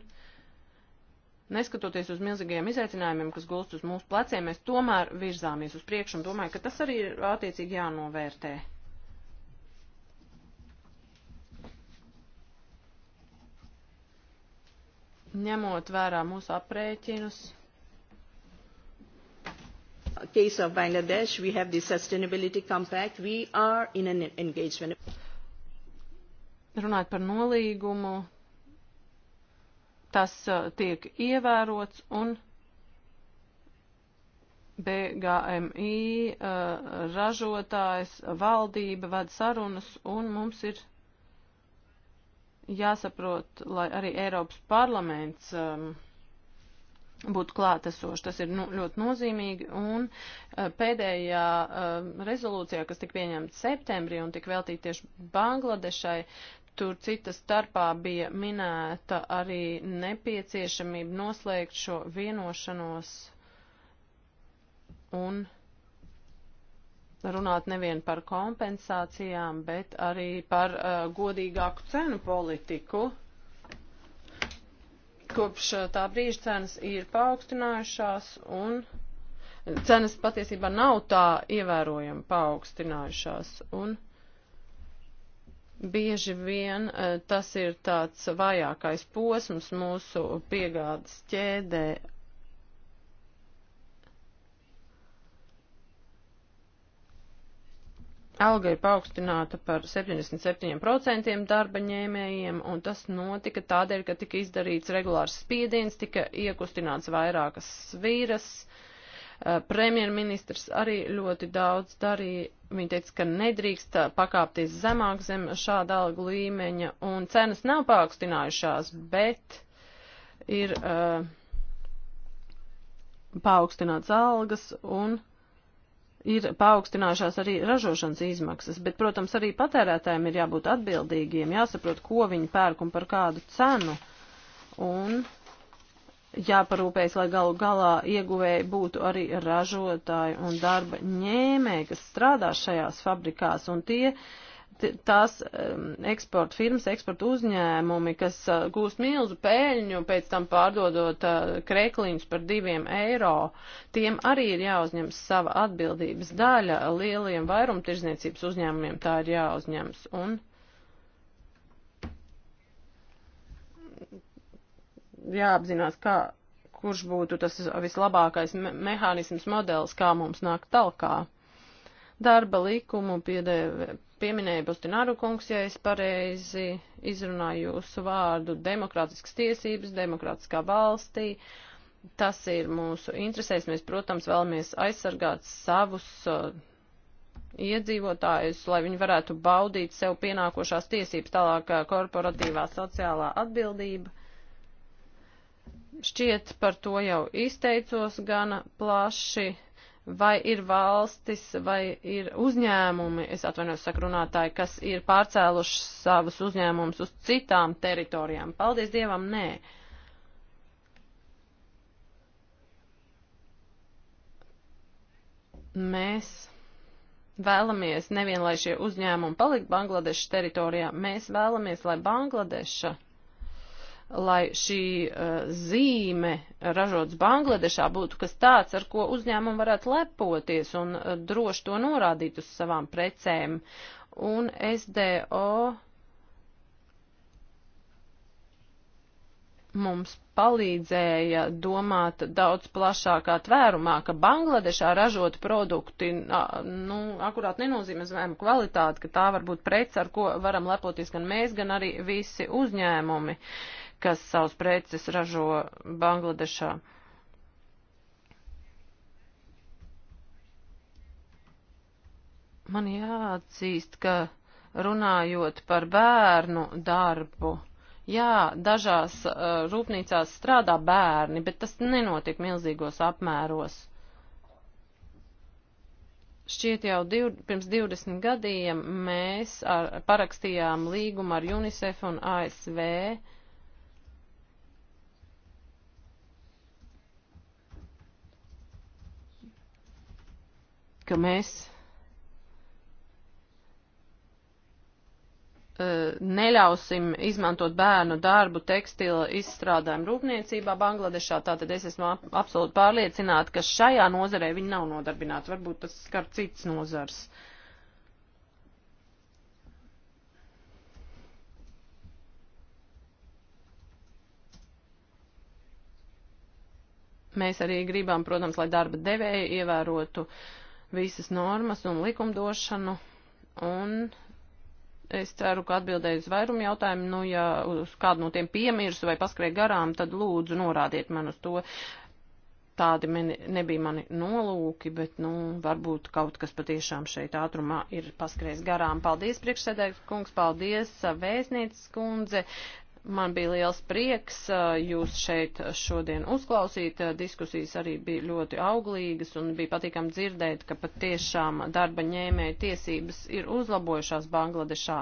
neskatoties uz milzīgiem izaicinājumiem, kas gulst uz mūsu pleciem, mēs tomēr virzāmies uz priekšu un domāju, ka tas arī ir attiecīgi jānovērtē. Ņemot vērā mūsu aprēķinus. Case of Bangladesh, we have the Sustainability Compact. We are in an engagement. Runājot par nolīgumu, tas uh, tiek ievērots un BGMI uh, ražotājs, valdība ved sarunas un mums ir jāsaprot, lai arī Eiropas parlaments um, būtu klātesošs. Tas ir nu, ļoti nozīmīgi. Un uh, pēdējā uh, rezolūcijā, kas tika pieņemta septembrī un tika veltīta tieši Bangladešai, tur cita starpā bija minēta arī nepieciešamība noslēgt šo vienošanos un runāt nevien par kompensācijām, bet arī par uh, godīgāku cenu politiku. Kopš uh, tā brīža cenas ir paaugstinājušās un cenas patiesībā nav tā ievērojami paaugstinājušās. Un bieži vien uh, tas ir tāds vajākais posms mūsu piegādes ķēdē Alga ir paaugstināta par 77% darba ņēmējiem, un tas notika tādēļ, ka tika izdarīts regulārs spiediens, tika iekustināts vairākas svīras. Eh, premjerministrs arī ļoti daudz darīja. Viņa teica, ka nedrīkst pakāpties zemāk zem šāda algu līmeņa, un cenas nav paaugstinājušās, bet ir uh, paaugstināts algas un ir paaugstinājušās arī ražošanas izmaksas, bet, protams, arī patērētājiem ir jābūt atbildīgiem, jāsaprot, ko viņi pērk un par kādu cenu, un jāparūpējas, lai galu galā ieguvēji būtu arī ražotāji un darba ņēmēji, kas strādā šajās fabrikās, un tie uh, tās eksporta firmas, eksporta uzņēmumi, kas eh, gūst milzu pēļņu, pēc tam pārdodot eh, krekliņus par diviem eiro, tiem arī ir jāuzņems sava atbildības daļa. Lieliem vairumtirdzniecības uzņēmumiem tā ir jāuzņems. Un jāapzinās, kā, kurš būtu tas vislabākais me mehānisms modelis, kā mums nāk talkā darba likumu piedēvē, pieminēja Bustināru kungs, ja es pareizi izrunāju jūsu vārdu, demokrātiskas tiesības, demokrātiskā valstī. Tas ir mūsu interesēs. Mēs, protams, vēlamies aizsargāt savus uh, iedzīvotājus, lai viņi varētu baudīt sev pienākošās tiesības, tālāk uh, korporatīvā sociālā atbildība. Šķiet, par to jau izteicos gana plaši vai ir valstis, vai ir uzņēmumi, es atvainojos sakrunātāji, kas ir pārcēluši savus uzņēmumus uz citām teritorijām. Paldies Dievam, nē. Mēs vēlamies nevien, lai šie uzņēmumi palikt Bangladešas teritorijā, mēs vēlamies, lai Bangladeša lai šī uh, zīme ražots Bangladešā būtu kas tāds, ar ko uzņēmumu varētu lepoties un uh, droši to norādīt uz savām precēm. Un SDO mums palīdzēja domāt daudz plašākā tvērumā, ka Bangladešā ražot produkti, nu, akurāt nenozīmē zvēmu kvalitāti, ka tā var būt prece, ar ko varam lepoties gan mēs, gan arī visi uzņēmumi. Uh, kas savus preces ražo Bangladešā. Man jāatzīst, ka runājot par bērnu darbu, jā, dažās uh, rūpnīcās strādā bērni, bet tas nenotiek milzīgos apmēros šķiet jau div, pirms 20 gadiem mēs ar, parakstījām līgumu ar UNICEF un ASV ka mēs e, neļausim izmantot bērnu darbu tekstila izstrādājumu rūpniecībā Bangladešā. Tātad es esmu absolūti pārliecināta, ka šajā nozarē viņi nav nodarbināti. Varbūt tas skar cits nozars. Mēs arī gribam, protams, lai darba devēja ievērotu uh, visas normas un likumdošanu. Un Es ceru, ka atbildēju uz vairumu jautājumu. Nu, ja uz kādu no tiem piemirsu vai paskrēju garām, tad lūdzu norādiet man uz to. Tādi mani, nebija mani nolūki, bet, nu, varbūt kaut kas patiešām šeit ātrumā ir paskrējis garām. Paldies, priekšsēdētājs kungs, paldies, vēstniecis kundze. Man bija liels prieks jūs šeit šodien uzklausīt. Diskusijas arī bija ļoti auglīgas un bija patīkam dzirdēt, ka pat tiešām darba ņēmēja tiesības ir uzlabojušās Bangladešā.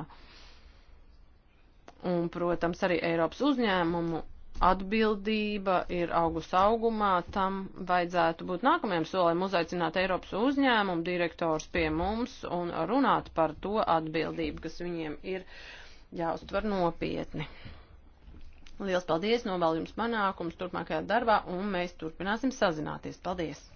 Un, protams, arī Eiropas uzņēmumu atbildība ir augus augumā, tam vajadzētu būt nākamajam solim uzaicināt Eiropas uzņēmumu direktors pie mums un runāt par to atbildību, kas viņiem ir jāuztver nopietni. Liels paldies, novēlu jums panākums turpmākajā darbā, un mēs turpināsim sazināties. Paldies!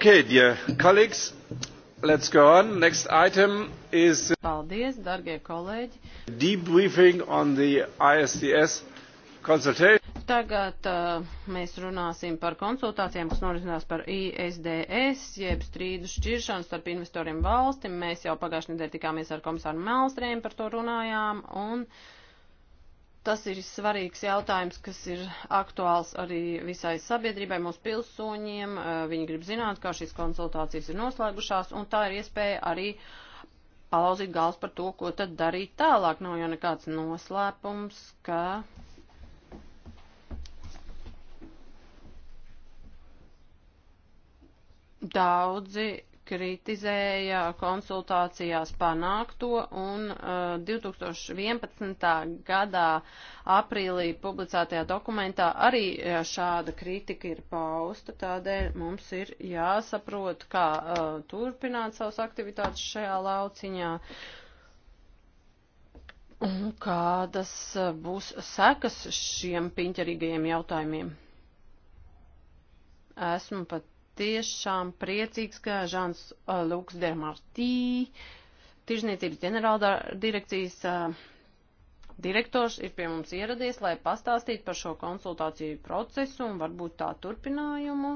Okay, dear colleagues, let's go on. Next item is Paldies, dargie kolēģi. Debriefing on the ISDS consultation. Tagad uh, mēs runāsim par konsultācijām, kas norisinās par ISDS, jeb strīdu šķiršanu starp investoriem valstim. Mēs jau pagājušajā nedēļā tikāmies ar komisāru Melstrēm par to runājām. Un, uh, Tas ir svarīgs jautājums, kas ir aktuāls arī visai sabiedrībai, mūsu pilsoņiem. Eh, viņi grib zināt, kā šīs konsultācijas ir noslēgušās, un tā ir iespēja arī palauzīt gals par to, ko tad darīt tālāk. Nav jau nekāds noslēpums, ka. Daudzi kritizēja konsultācijās panākto un uh, 2011. gadā aprīlī publicētajā dokumentā arī uh, šāda kritika ir pausta, tādēļ mums ir jāsaprot, kā uh, turpināt savas aktivitātes šajā lauciņā. Un kādas uh, būs sekas šiem piņķerīgajiem jautājumiem? Esmu pat tiešām priecīgs, ka Žans uh, Luks Dermartī, tirzniecības ģenerāldirekcijas uh, direktors, ir pie mums ieradies, lai pastāstītu par šo konsultāciju procesu un varbūt tā turpinājumu.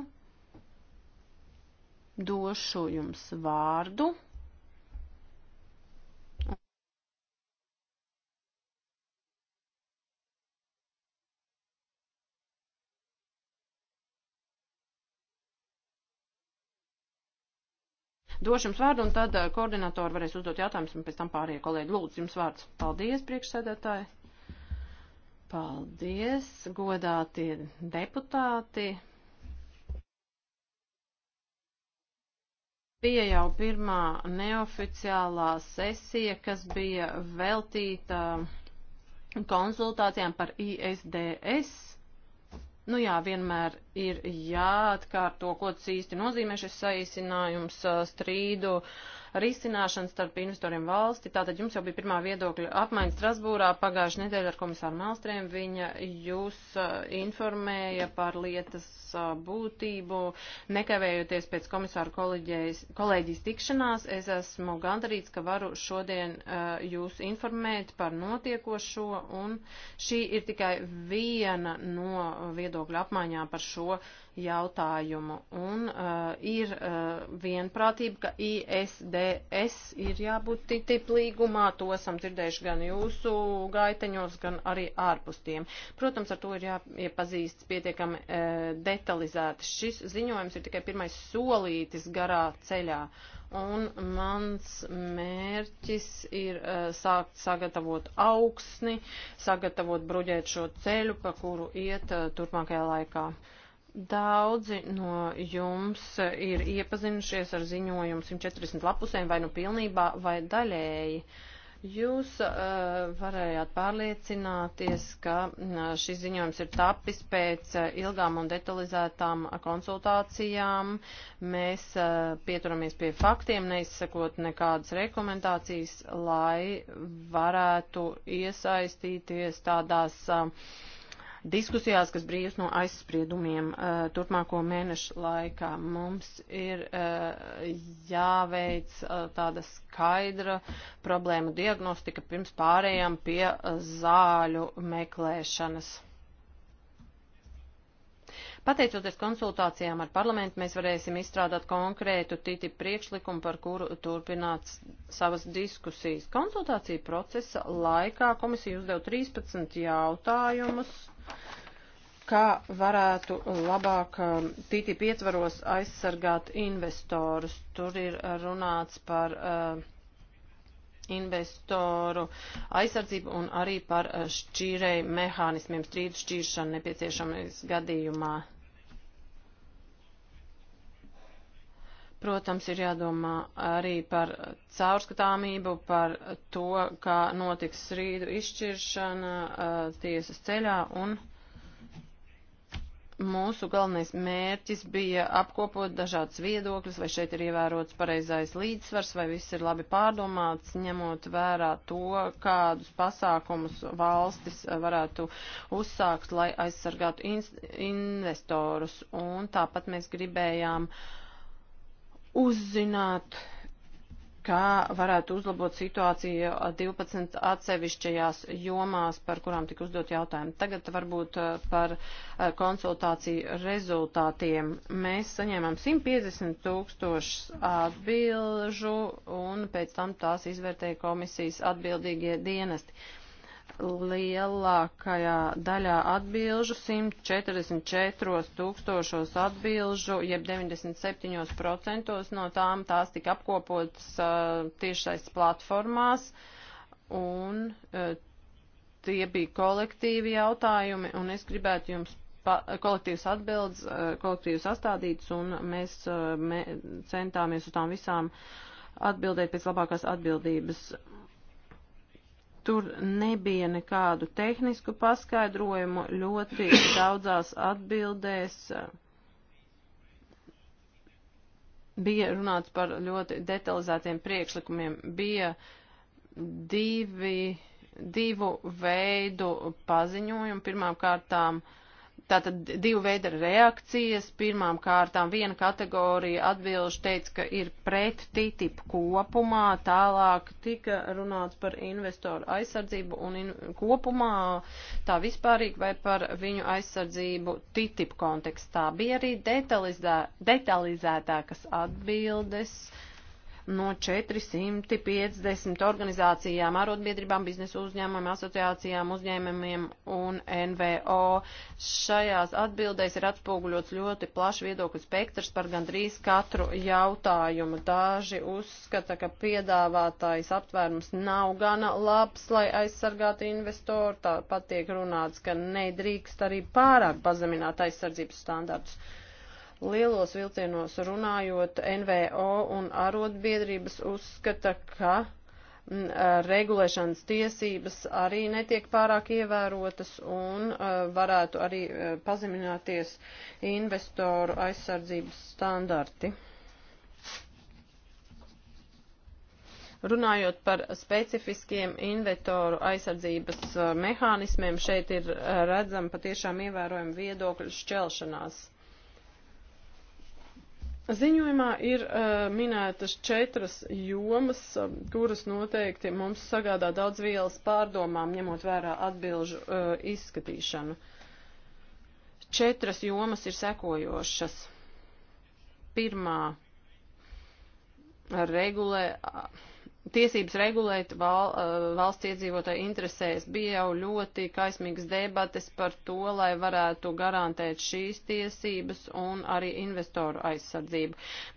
Došu jums vārdu, Došu jums vārdu, un tad eh, koordinatori varēs uzdot jautājumus, un pēc tam pārējie kolēģi. Lūdzu, jums vārds. Paldies, priekšsēdētāji. Paldies, godātie deputāti. bija jau pirmā neoficiālā sesija, kas bija veltīta konsultācijām par ISDS Nu jā, vienmēr ir jāatkārto, ko tas īsti nozīmē šis saīsinājums strīdu risināšanu starp investoriem valsti. Tātad jums jau bija pirmā viedokļa apmaiņa Strasbūrā pagājušajā nedēļā ar komisāru Malstrēm. Viņa jūs uh, informēja par lietas uh, būtību, nekavējoties pēc komisāru kolēģijas tikšanās. Es esmu gandarīts, ka varu šodien uh, jūs informēt par notiekošo, un šī ir tikai viena no viedokļa apmaiņām par šo jautājumu. Un uh, ir uh, vienprātība, ka ISDS ir jābūt TTIP līgumā, to esam dzirdējuši gan jūsu gaiteņos, gan arī ārpus tiem. Protams, ar to ir jāiepazīstas pietiekami uh, detalizēti. Šis ziņojums ir tikai pirmais solītis garā ceļā. Un mans mērķis ir uh, sākt sagatavot augsni, sagatavot bruģēt šo ceļu, pa kuru iet uh, turpmākajā laikā. Uh, Daudzi no jums ir iepazinušies ar ziņojumu 140 lapusēm vai nu pilnībā vai daļēji. Jūs uh, varējāt pārliecināties, ka uh, šis ziņojums ir tapis pēc uh, ilgām un detalizētām uh, konsultācijām. Mēs uh, pieturamies pie faktiem, neizsakot nekādas rekomendācijas, lai varētu iesaistīties tādās. Uh, diskusijās, kas brīvs no aizspriedumiem uh, turpmāko mēnešu laikā. Mums ir uh, jāveic uh, tāda skaidra problēmu diagnostika pirms pārējām pie zāļu meklēšanas. Pateicoties konsultācijām ar parlamentu, mēs varēsim izstrādāt konkrētu TTIP priekšlikumu, par kuru turpināt savas diskusijas. Konsultāciju procesa laikā komisija uzdev 13 jautājumus kā varētu labāk um, TTIP ietvaros aizsargāt investorus. Tur ir runāts par uh, investoru aizsardzību un arī par uh, šķīrēju mehānismiem, strīdu šķīršanu nepieciešamais gadījumā. Protams, ir jādomā arī par caurskatāmību, par to, kā notiks strīdu izšķiršana uh, tiesas ceļā un mūsu galvenais mērķis bija apkopot dažādas viedokļas, vai šeit ir ievērots pareizais līdzsvars, vai viss ir labi pārdomāts, ņemot vērā to, kādus pasākumus valstis varētu uzsākt, lai aizsargātu in investorus. Un tāpat mēs gribējām uh, uzzināt, kā varētu uzlabot situāciju 12 atsevišķajās jomās, par kurām tika uzdot jautājumi. Tagad varbūt eh, par eh, konsultāciju rezultātiem. Mēs saņēmām 150 tūkstošus atbilžu un pēc tam tās izvērtēja komisijas atbildīgie dienesti lielākajā daļā atbilžu, 144 tūkstošos atbilžu, jeb 97% no tām tās tika apkopotas uh, tiešais platformās, un uh, tie bija kolektīvi jautājumi, un es gribētu jums pa, kolektīvas atbildes, uh, kolektīvas astādītas, un mēs uh, me, centāmies uz tām visām atbildēt pēc labākās atbildības. Uh, Tur nebija nekādu tehnisku paskaidrojumu, ļoti daudzās atbildēs eh, bija runāts par ļoti detalizētiem priekšlikumiem, bija divi, divu veidu paziņojumu. Pirmām kārtām uh, Tātad divu veidu reakcijas. Pirmām kārtām viena kategorija atbilžu teica, ka ir pret TTIP kopumā, tālāk tika runāts par investoru aizsardzību un in kopumā tā vispārīgi vai par viņu aizsardzību TTIP kontekstā. Bija arī detalizē, detalizētākas atbildes. Uh, no 450 organizācijām, arotbiedrībām, biznesa uzņēmumiem, asociācijām, uzņēmumiem un NVO. Šajās atbildēs ir atspoguļots ļoti plašs viedokļu spektrs par gandrīz katru jautājumu. Daži uzskata, ka piedāvātājs aptvērums nav gana labs, lai aizsargātu investoru. Tāpat tiek runāts, ka nedrīkst arī pārāk pazemināt aizsardzības standartus. Lielos vilcienos runājot, NVO un arotbiedrības uzskata, ka mm, eh, regulēšanas tiesības arī netiek pārāk ievērotas un eh, varētu arī eh, pazemināties investoru aizsardzības standarti. Runājot par specifiskiem inventoru aizsardzības mehānismiem, šeit ir redzama patiešām ievērojama viedokļu šķelšanās. Ziņojumā ir uh, minētas četras jomas, uh, kuras noteikti mums sagādā daudz vielas pārdomām, ņemot vērā atbilžu uh, izskatīšanu. Četras jomas ir sekojošas. Pirmā regulē. Uh, tiesības regulēt val, eh, valsts iedzīvotāju interesēs. Bija jau ļoti kaismīgas debates par to, lai varētu garantēt šīs tiesības un arī investoru aizsardzību.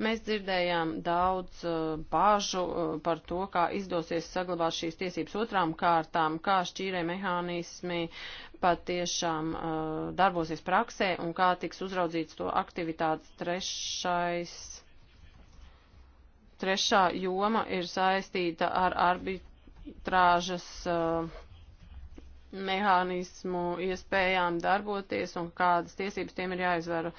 Mēs dzirdējām daudz eh, bāžu eh, par to, kā izdosies saglabāt šīs tiesības otrām kārtām, kā šķīrē mehānismi patiešām uh, darbosies praksē un kā tiks uzraudzīts to aktivitātes trešais Trešā joma ir saistīta ar arbitrāžas uh, mehānismu iespējām darboties un kādas tiesības tiem ir jāizvēro.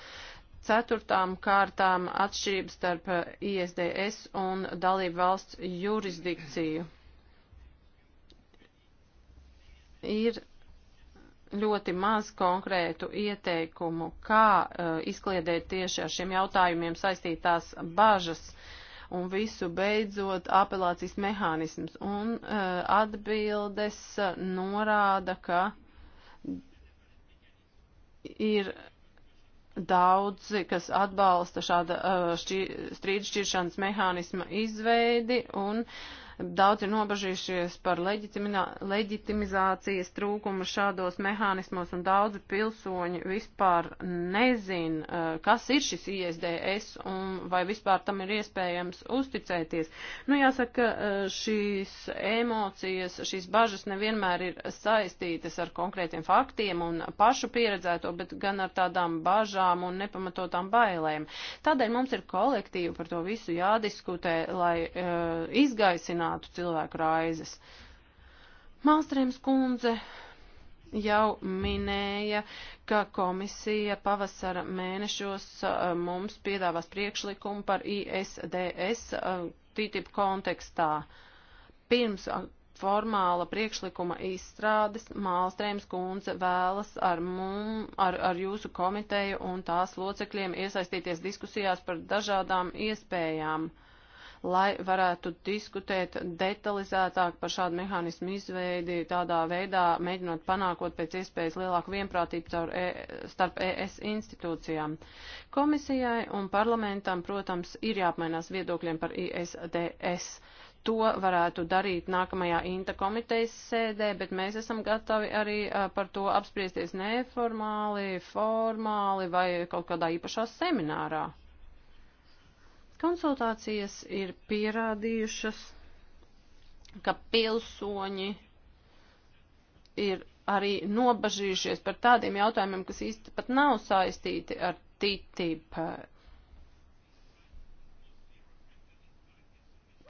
Ceturtām kārtām atšķirības starp uh, ISDS un dalību valsts jurisdikciju ir ļoti maz konkrētu ieteikumu, kā uh, izkliedēt tieši ar šiem jautājumiem saistītās bažas. Uh, un visu beidzot apelācijas mehānisms. Un uh, atbildes eh, norāda, ka ir daudzi, kas atbalsta šāda uh, eh, šķir, strīdu šķiršanas mehānisma izveidi un uh, Daudz ir nobažījušies par leģitimizācijas trūkumu šādos mehānismos, un daudzi pilsoņi vispār nezin, eh, kas ir šis ISDS un vai vispār tam ir iespējams uzticēties. Nu, jāsaka, eh, šīs emocijas, šīs bažas nevienmēr ir saistītas ar konkrētiem faktiem un pašu pieredzēto, bet gan ar tādām bažām un nepamatotām bailēm. Tādēļ mums ir kolektīvi par to visu jādiskutē, lai uh, izgaisinātu mazinātu cilvēku raizes. Mālstrēms kundze jau minēja, ka komisija pavasara mēnešos mums piedāvās priekšlikumu par ISDS TTIP kontekstā. Pirms formāla priekšlikuma izstrādes Mālstrēms kundze vēlas ar, mum, ar, ar jūsu komiteju un tās locekļiem iesaistīties diskusijās par dažādām iespējām. Uh, lai varētu diskutēt detalizētāk par šādu mehānismu izveidi, tādā veidā mēģinot panākot pēc iespējas lielāku vienprātību caur, e, starp ES institūcijām. Komisijai un parlamentam, protams, ir jāapmainās viedokļiem par ISDS to varētu darīt nākamajā Inta komitejas sēdē, bet mēs esam gatavi arī par to apspriesties neformāli, formāli vai kaut kādā īpašā seminārā. Konsultācijas ir pierādījušas, ka pilsoņi ir arī nobažījušies par tādiem jautājumiem, kas īsti pat nav saistīti ar TTIP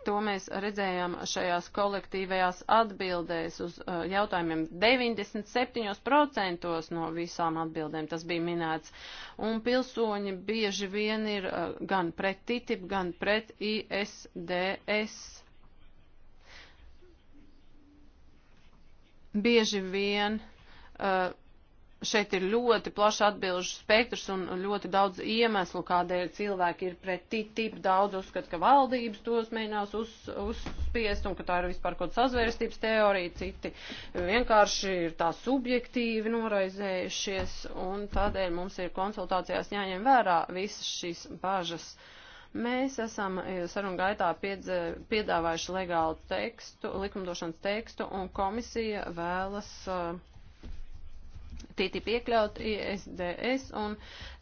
To mēs redzējām šajās kolektīvajās atbildēs uz uh, jautājumiem. 97% no visām atbildēm tas bija minēts. Un pilsoņi bieži vien ir uh, gan pret TTIP, gan pret ISDS. Bieži vien. Uh, šeit ir ļoti plašs atbilžu spektrs un ļoti daudz iemeslu, kādēļ cilvēki ir pret TTIP. Daudz uzskata, ka valdības tos mēģinās uz, uzspiest un ka tā ir vispār kaut sazvērstības teorija. Citi vienkārši ir tā subjektīvi noraizējušies un tādēļ mums ir konsultācijās jāņem vērā visas šīs bažas. Mēs esam e, sarunu gaitā piedz, piedāvājuši legālu tekstu, likumdošanas tekstu, un komisija vēlas uh, TTIP iekļaut ISDS, un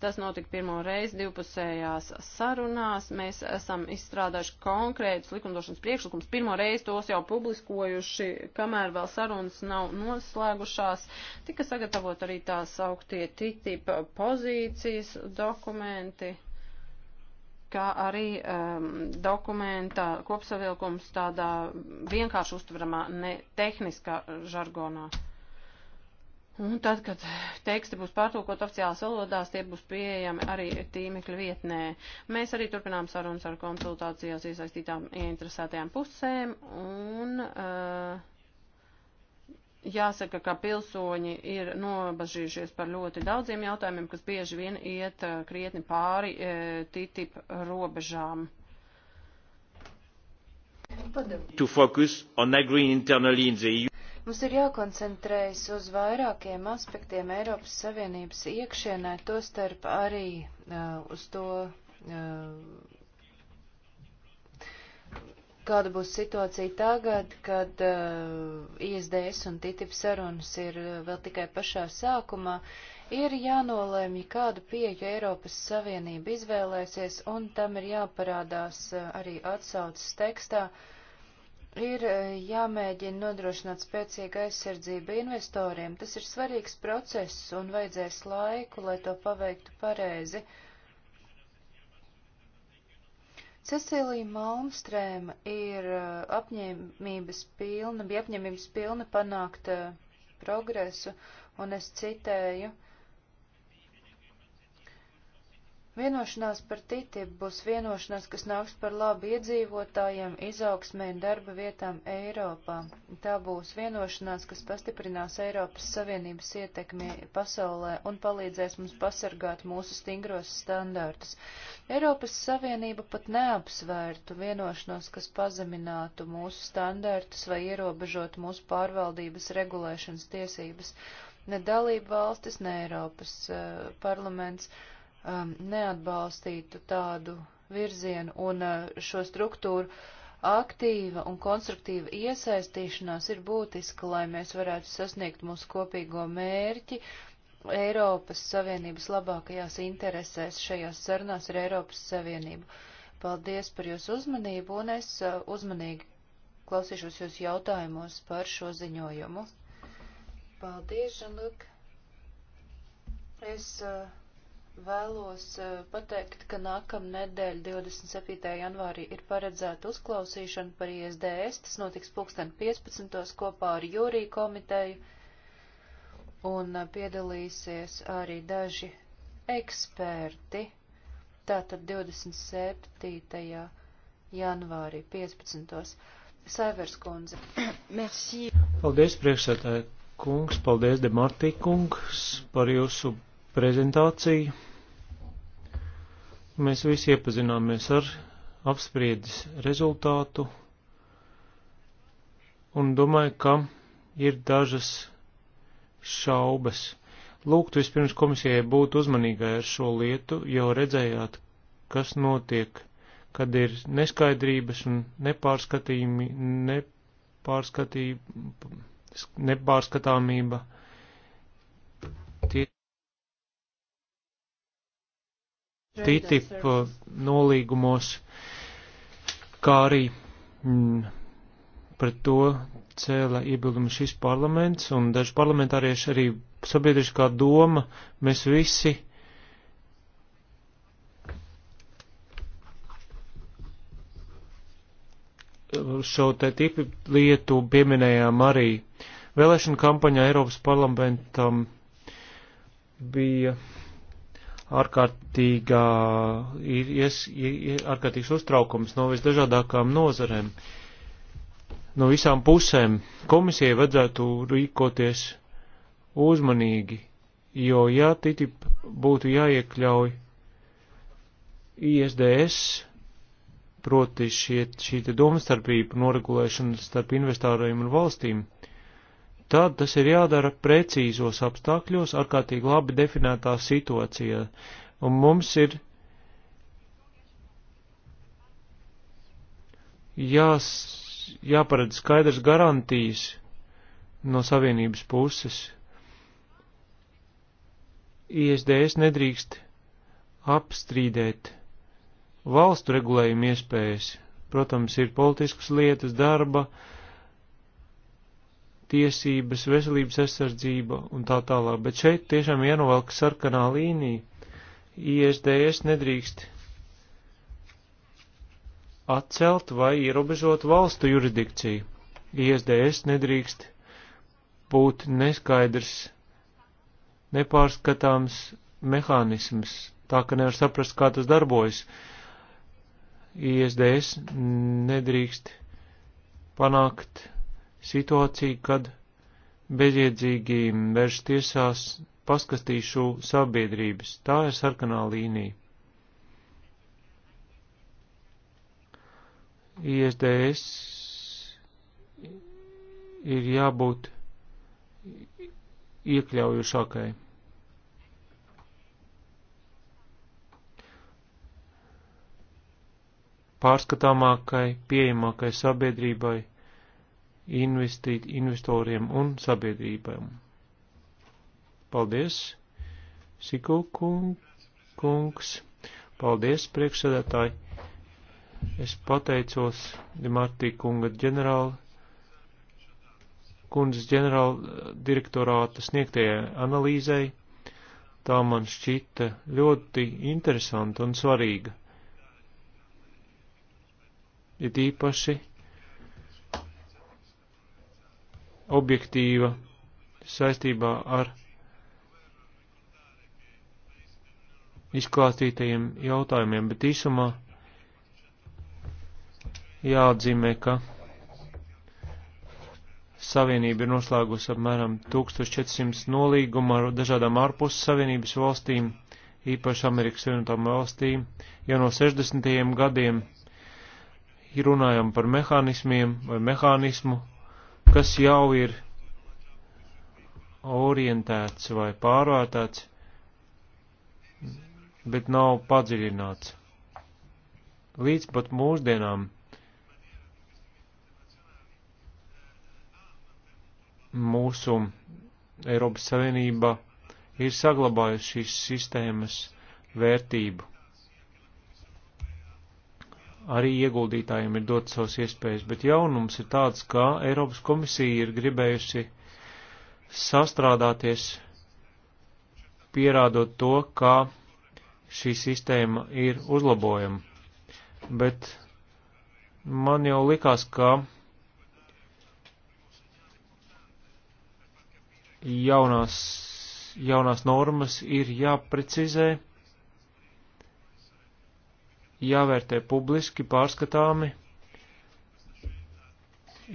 tas notika pirmo reizi divpusējās sarunās. Mēs esam izstrādājuši konkrētus likumdošanas priekšlikumus, pirmo reizi tos jau publiskojuši, kamēr vēl sarunas nav noslēgušās. Tika sagatavot arī tās augtie TTIP pozīcijas dokumenti kā arī um, dokumenta kopsavilkums tādā vienkārši uztveramā, ne tehniskā žargonā. Uh, Un tad, kad teksti būs pārtulkot oficiālās valodās, tie būs pieejami arī tīmekļa vietnē. Mēs arī turpinām sarunas ar konsultācijās iesaistītām ieinteresētajām pusēm un uh, jāsaka, ka pilsoņi ir nobažījušies par ļoti daudziem jautājumiem, kas bieži vien iet eh, krietni pāri e, TTIP robežām. Padam. Mums ir jākoncentrējas uz vairākiem aspektiem Eiropas Savienības iekšienē, tostarp arī uh, uz to, uh, kāda būs situācija tagad, kad uh, ISDS un TTIP sarunas ir uh, vēl tikai pašā sākumā. Uh, ir jānolēmj, kādu pieeju Eiropas Savienība izvēlēsies, un tam ir jāparādās uh, arī atsaucas tekstā, uh, ir e, jāmēģina nodrošināt spēcīgu aizsardzību investoriem. Tas ir svarīgs process un vajadzēs laiku, lai to paveiktu pareizi. Cecīlija Malmstrēma ir e, apņēmības pilna, bija apņēmības pilna panākt e, progresu, un es citēju, uh, Vienošanās par TTIP būs vienošanās, kas nāks par labu iedzīvotājiem, izaugsmē un darba vietām Eiropā. Tā būs vienošanās, kas pastiprinās Eiropas Savienības ietekmi pasaulē un palīdzēs mums pasargāt mūsu stingros standārtus. Eiropas Savienība pat neapsvērtu vienošanos, kas pazeminātu mūsu standārtus vai ierobežotu mūsu pārvaldības regulēšanas tiesības. Ne dalība valstis, ne Eiropas uh, parlaments. Uh, um, neatbalstītu tādu virzienu un uh, šo struktūru aktīva un konstruktīva iesaistīšanās ir būtiska, lai mēs varētu sasniegt mūsu kopīgo mērķi Eiropas Savienības labākajās interesēs šajās sarunās ar Eiropas Savienību. Paldies par jūsu uzmanību un es uh, uzmanīgi klausīšos jūs jautājumos par šo ziņojumu. Paldies, Žanluk. Es uh, Vēlos eh, pateikt, ka nākamnedēļ 27. janvārī ir paredzēta uzklausīšana par ISDS. Tas notiks pulksten 15. kopā ar jūriju komiteju un eh, piedalīsies arī daži eksperti. Tātad 27. janvārī 15. Saivers kundze. Merci. Paldies, priekšsētāji kungs, paldies, Demartī kungs, par jūsu prezentāciju. Mēs visi iepazināmies ar apspriedes rezultātu un domāju, ka ir dažas šaubas. Lūgtu vispirms komisijai būt uzmanīgai ar šo lietu, jo redzējāt, kas notiek, kad ir neskaidrības un nepārskatījumi, nepārskatī, nepārskatāmība TTIP uh, nolīgumos, kā arī m, mm, pret to cēla iebildumu šis parlaments un daži parlamentārieši arī sabiedriskā doma, mēs visi šo te tipu lietu pieminējām arī. Vēlēšana kampaņā Eiropas parlamentam bija ārkārtīgā, ir, ies, ir, ir ārkārtīgs uztraukums no visdažādākām nozarēm, no visām pusēm. Komisijai vajadzētu rīkoties uzmanīgi, jo ja TTIP būtu jāiekļauj ISDS, proti šie, šī domstarpība noregulēšana starp investāriem un valstīm, tad tas ir jādara precīzos apstākļos, ārkārtīgi labi definētā situācijā. Un mums ir jās, jāparedz skaidrs garantijas no savienības puses. ISDS nedrīkst apstrīdēt valstu regulējumu iespējas. Protams, ir politiskas lietas, darba, uh, tiesības, veselības aizsardzība un tā tālāk. Bet šeit tiešām jānovelk sarkanā līnija. ISDS nedrīkst atcelt vai ierobežot valstu juridikciju. ISDS nedrīkst būt neskaidrs, nepārskatāms mehānisms, tā ka nevar saprast, kā tas darbojas. ISDS nedrīkst panākt situāciju, kad bezjēdzīgi vērš tiesās paskatīšu sabiedrības. Tā ir sarkanā līnija. ISDS ir jābūt iekļaujušākai. Pārskatāmākai, pieejamākai sabiedrībai investīt investoriem un sabiedrībām. Paldies, Siku kungs, paldies, priekšsēdētāji. Es pateicos Dimartī kunga ģenerāla, kundzes ģenerāla direktorāta sniegtajai analīzei. Tā man šķita ļoti interesanta un svarīga. Ir īpaši objektīva saistībā ar izklāstītajiem jautājumiem, bet īsumā jāatzīmē, ka Savienība ir noslēgusi apmēram 1400 nolīgumu ar dažādām ārpus Savienības valstīm, īpaši Amerikas Savienotām valstīm, jau no 60. gadiem runājam par mehānismiem vai mehānismu, kas jau ir orientēts vai pārvērtēts, bet nav padziļināts. Līdz pat mūsdienām mūsu Eiropas Savienība ir saglabājusi šīs sistēmas vērtību arī ieguldītājiem ir dot savas iespējas, bet jaunums ir tāds, ka Eiropas komisija ir gribējusi sastrādāties, pierādot to, ka šī sistēma ir uzlabojama. Bet man jau likās, ka jaunās, jaunās normas ir jāprecizē jāvērtē publiski, pārskatāmi,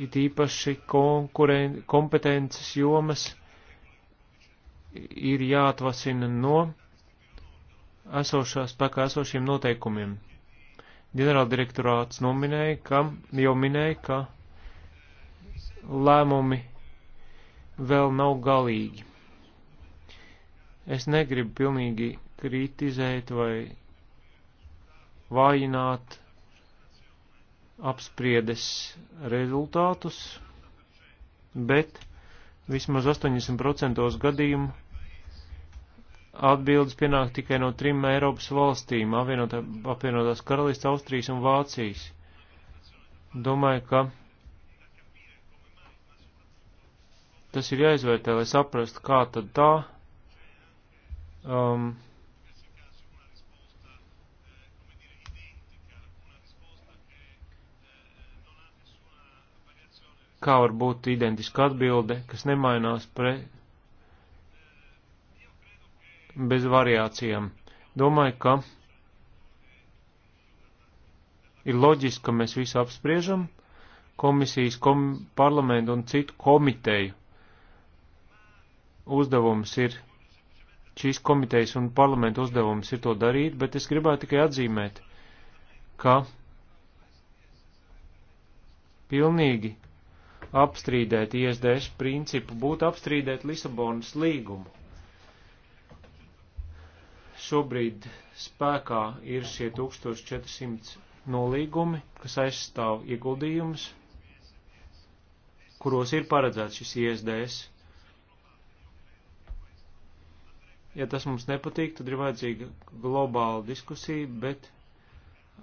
it īpaši konkuren, kompetences jomas ir jāatvasina no esošā spēkā esošiem noteikumiem. Ģenerāldirektorāts nominēja, ka jau minēja, ka lēmumi vēl nav galīgi. Es negribu pilnīgi kritizēt vai vājināt apspriedes rezultātus, bet vismaz 80% gadījumu atbildes pienāk tikai no trim Eiropas valstīm apvienotā, - apvienotās karalists, Austrijas un Vācijas. Domāju, ka tas ir jāizvērtē, lai saprastu, kā tad tā. Um, kā var būt identiska atbilde, kas nemainās pre... bez variācijām. Domāju, ka ir loģiski, ka mēs visu apspriežam komisijas, kom, parlamentu un citu komiteju. Uzdevums ir, šīs komitejas un parlamentu uzdevums ir to darīt, bet es gribētu tikai atzīmēt, ka pilnīgi apstrīdēt ISDS principu, būtu apstrīdēt Lisabonas līgumu. Šobrīd spēkā ir šie 1400 nolīgumi, kas aizstāv ieguldījumus, kuros ir paredzēts šis ISDS. Ja tas mums nepatīk, tad ir vajadzīga globāla diskusija, bet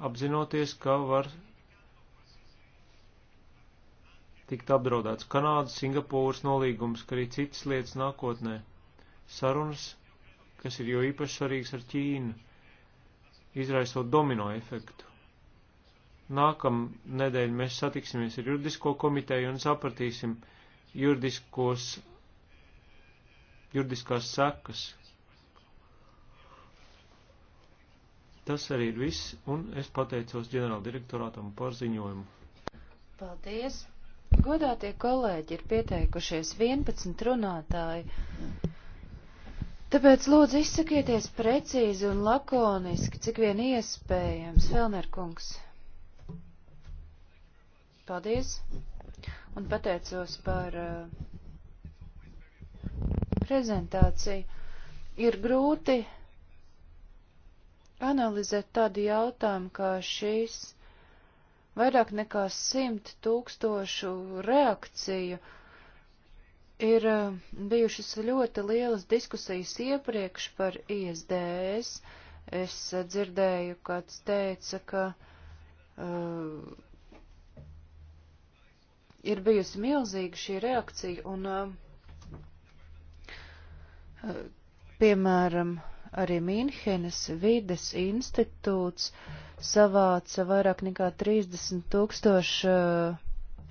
apzinoties, ka var tiktu apdraudēts Kanādas, Singapūras nolīgums, kā arī citas lietas nākotnē. Sarunas, kas ir jo īpaši svarīgas ar Ķīnu, izraisot domino efektu. Nākam nedēļ mēs satiksimies ar juridisko komiteju un sapratīsim juridiskos, juridiskās sekas. Tas arī ir viss, un es pateicos ģenerāldirektorātam par ziņojumu. Paldies! Godātie kolēģi ir pieteikušies 11 runātāji. Tāpēc lūdzu izsakieties precīzi un lakoniski, cik vien iespējams, Felnerkungs. Paldies un pateicos par uh, prezentāciju. Ir grūti analizēt tādu jautājumu kā šīs Vairāk nekā simt tūkstošu reakciju ir eh, bijušas ļoti lielas diskusijas iepriekš par ISDS. Es eh, dzirdēju, kāds teica, ka uh, ir bijusi milzīga šī reakcija un, uh, piemēram, arī Mīnhenes vides institūts uh, savāca vairāk nekā 30 tūkstošu eh,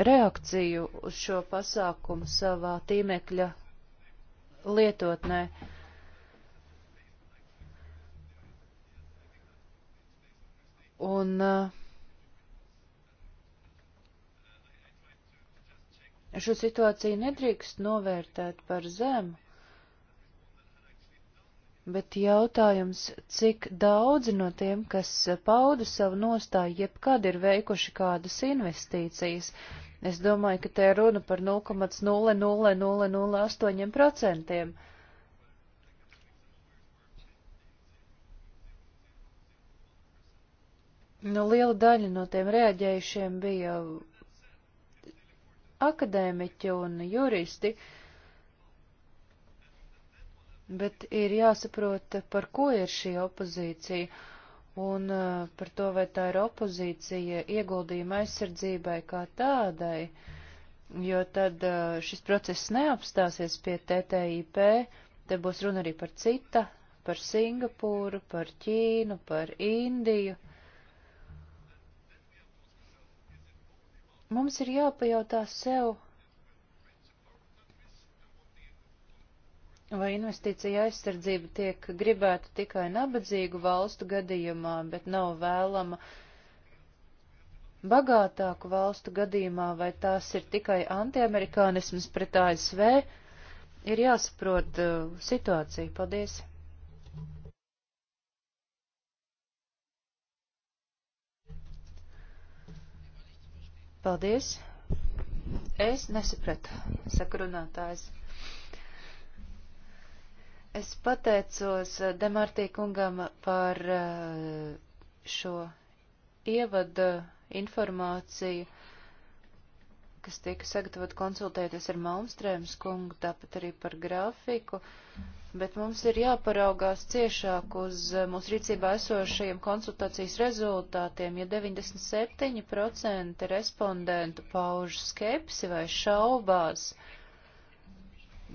reakciju uz šo pasākumu savā tīmekļa lietotnē. Un eh, šo situāciju nedrīkst novērtēt par zemu bet jautājums, cik daudzi no tiem, kas pauda savu nostāju, jebkad ir veikuši kādas investīcijas. Es domāju, ka te ir runa par 0,00008%. Nu, liela daļa no tiem reaģējušiem bija akadēmiķi un juristi. Uh, bet ir jāsaprot, par ko ir šī opozīcija, un uh, par to, vai tā ir opozīcija ieguldījuma aizsardzībai kā tādai, jo tad uh, šis process neapstāsies pie TTIP, te būs runa arī par cita, par Singapūru, par Ķīnu, par Indiju. Mums ir jāpajautā sev, Vai investīcija aizsardzība tiek gribēta tikai nabadzīgu valstu gadījumā, bet nav vēlama bagātāku valstu gadījumā, vai tās ir tikai antiamerikānisms pret ASV? Ir jāsaprot uh, situācija. Paldies! Paldies! Es nesapratu, saka runātājs. Es pateicos eh, Demartī kungam par eh, šo ievada informāciju, kas tika sagatavot konsultēties ar Malmstrēmas kungu, tāpat arī par grafiku, bet mums ir jāparaugās ciešāk uz eh, mūsu rīcībā esošajiem konsultācijas rezultātiem, ja 97% respondentu pauž skepsi vai šaubās. Uh,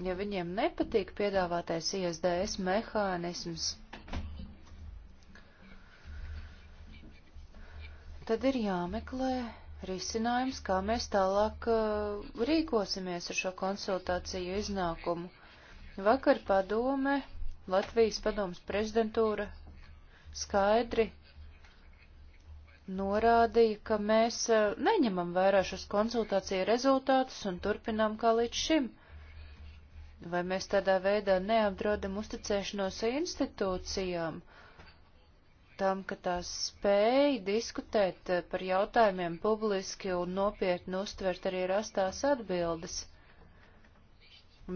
ja viņiem nepatīk piedāvātais ISDS mehānisms, tad ir jāmeklē risinājums, kā mēs tālāk uh, rīkosimies ar šo konsultāciju iznākumu. Vakar padome, Latvijas padomas prezidentūra skaidri norādīja, ka mēs uh, neņemam vērā šos konsultāciju rezultātus un turpinām kā līdz šim. Vai mēs tādā veidā neapdraudam uzticēšanos institūcijām, tam, ka tās spēja diskutēt eh, par jautājumiem publiski un nopietni uztvert arī rastās atbildes?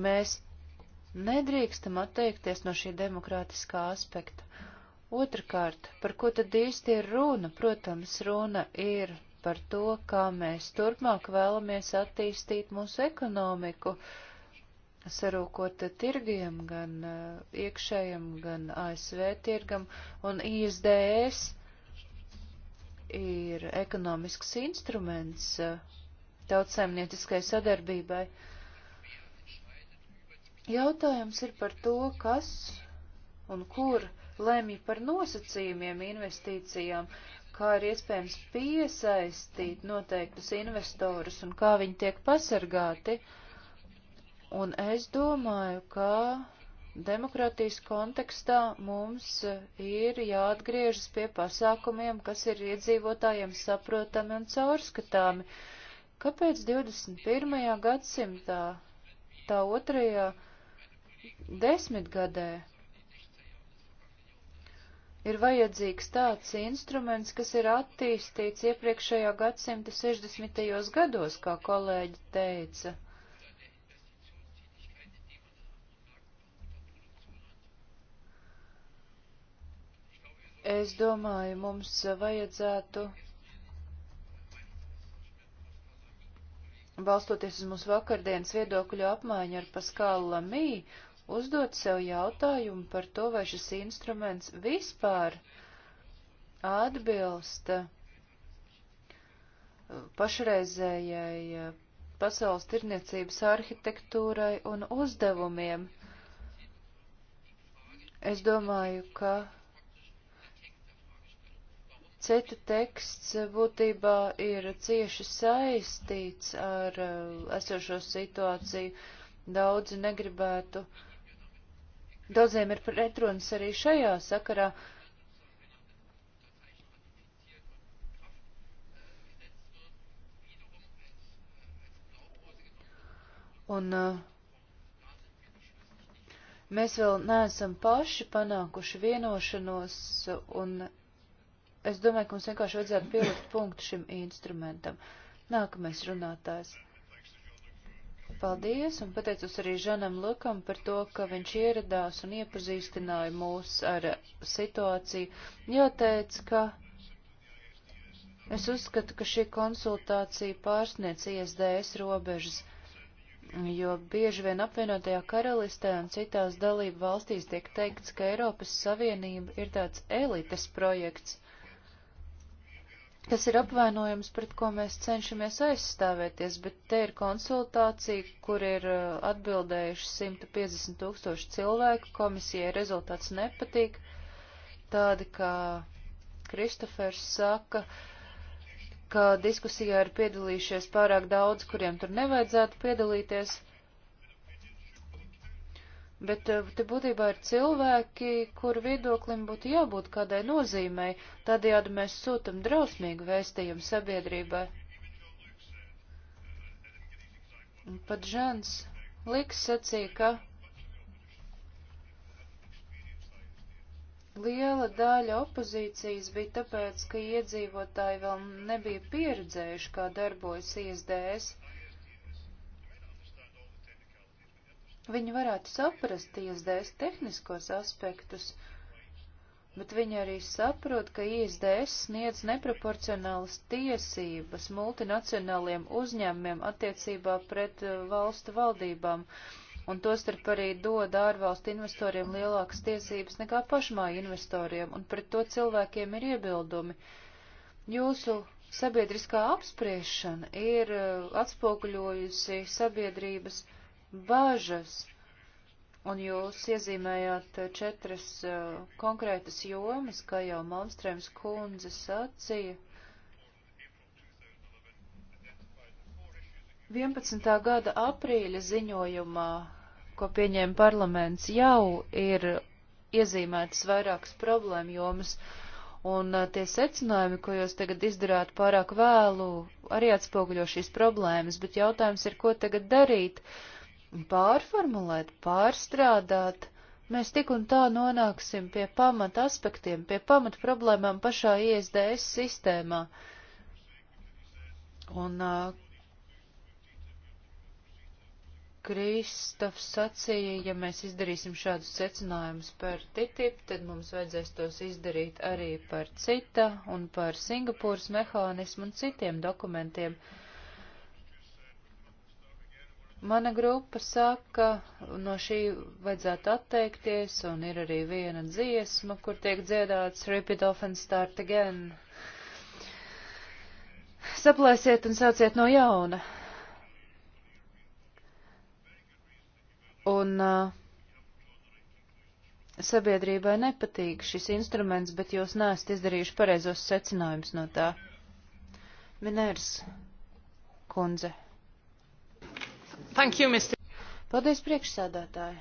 Mēs nedrīkstam atteikties no šī demokrātiskā aspekta. Otrakārt, par ko tad īsti ir runa? Protams, runa ir par to, kā mēs turpmāk vēlamies attīstīt mūsu ekonomiku. Uh, sarūkot tirgiem, gan eh, iekšējam, gan ASV tirgam, un ISDS ir ekonomisks instruments eh, tautsēmnieciskai sadarbībai. Jautājums ir par to, kas un kur lemj par nosacījumiem investīcijām, kā ir iespējams piesaistīt noteiktus investorus un kā viņi tiek pasargāti. Uh, Un es domāju, ka demokrātijas kontekstā mums ir jāatgriežas pie pasākumiem, kas ir iedzīvotājiem saprotami un caurskatāmi. Kāpēc 21. gadsimtā, tā otrajā desmitgadē ir vajadzīgs tāds instruments, kas ir attīstīts iepriekšējā gadsimta 60. gados, kā kolēģi teica? Es domāju, mums vajadzētu, balstoties uz mūsu vakardienas viedokļu apmaiņu ar Paskālu Lamī, uzdot sev jautājumu par to, vai šis instruments vispār atbilsta uh, pašreizējai uh, pasaules tirniecības arhitektūrai un uzdevumiem. Es domāju, ka CETA teksts būtībā ir cieši saistīts ar uh, esošo situāciju. Daudzi negribētu, daudziem ir pretrunas arī šajā sakarā. Un uh, mēs vēl neesam paši panākuši vienošanos, un Es domāju, ka mums vienkārši vajadzētu pielikt punktu šim instrumentam. Nākamais runātājs. Paldies, un pateicos arī Žanam Lukam par to, ka viņš ieradās un iepazīstināja mūs ar situāciju. Jāteic, ka es uzskatu, ka šī konsultācija pārsniec ISDS robežas, jo bieži vien apvienotajā karalistē un citās dalību valstīs tiek teikts, ka Eiropas Savienība ir tāds elites projekts. Tas ir apvainojums, pret ko mēs cenšamies aizstāvēties, bet te ir konsultācija, kur ir uh, atbildējuši 150 tūkstoši cilvēku, komisijai rezultāts nepatīk, tādi kā Kristofers saka, ka diskusijā ir piedalījušies pārāk daudz, kuriem tur nevajadzētu piedalīties. Bet eh, te būtībā ir cilvēki, kur viedoklim būtu jābūt kādai nozīmei, tādējādi mēs sūtam drausmīgu vēstījumu sabiedrībai. Pat Žans Liks sacīja, ka liela daļa opozīcijas bija tāpēc, ka iedzīvotāji vēl nebija pieredzējuši, kā darbojas ISDS. Viņi varētu saprast ISDS tehniskos aspektus, bet viņi arī saprot, ka ISDS sniedz neproporcionālas tiesības multinacionāliem uzņēmumiem attiecībā pret uh, valstu valdībām, un tostarp arī dod ārvalstu investoriem lielākas tiesības nekā pašmāju investoriem, un pret to cilvēkiem ir iebildumi. Jūsu sabiedriskā apspriešana ir uh, atspoguļojusi sabiedrības bažas, un jūs iezīmējāt eh, četras uh, konkrētas jomas, kā jau Malmstrēms kundze sacīja. 11. gada aprīļa ziņojumā, ko pieņēma parlaments, jau ir iezīmētas vairākas problēma jomas, un eh, tie secinājumi, ko jūs tagad izdarāt pārāk vēlu, arī atspoguļo šīs problēmas, bet jautājums ir, ko tagad darīt. Uh, pārformulēt, pārstrādāt, mēs tik un tā nonāksim pie pamata aspektiem, pie pamata problēmām pašā ISDS sistēmā. Un uh, Kristofs sacīja, ja mēs izdarīsim šādus secinājumus par TTIP, tad mums vajadzēs tos izdarīt arī par CITA un par Singapūras mehānismu un citiem dokumentiem. Uh, Mana grupa saka, no šī vajadzētu atteikties, un ir arī viena dziesma, kur tiek dziedāts Repeat off and start again. Saplēsiet un sāciet no jauna. Un uh, sabiedrībai nepatīk šis instruments, bet jūs neesat izdarījuši pareizos secinājumus no tā. Minērs kundze. Thank you, Mr. Paldies, priekšsēdētāji.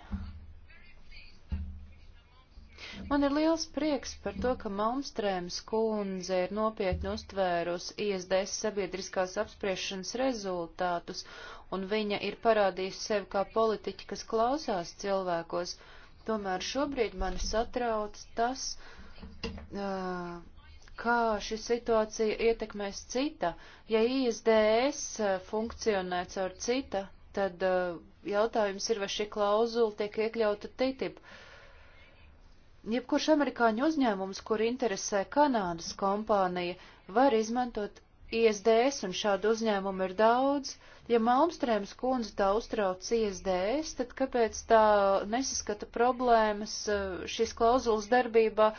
Man ir liels prieks par to, ka Malmstrēms kundze ir nopietni uztvērusi ISDS sabiedriskās apspriešanas rezultātus, un viņa ir parādījusi sevi kā politiķi, kas klausās cilvēkos. Tomēr šobrīd mani satrauc tas, kā šī situācija ietekmēs cita. Ja ISDS funkcionē caur cita tad uh, jautājums ir, vai šī klauzula tiek iekļauta TTIP. Jebkurš amerikāņu uzņēmums, kur interesē Kanādas kompānija, var izmantot ISDS, un šādu uzņēmumu ir daudz. Ja Malmstrēms kundze tā uztrauc ISDS, tad kāpēc tā nesaskata problēmas eh, šīs klauzulas darbībā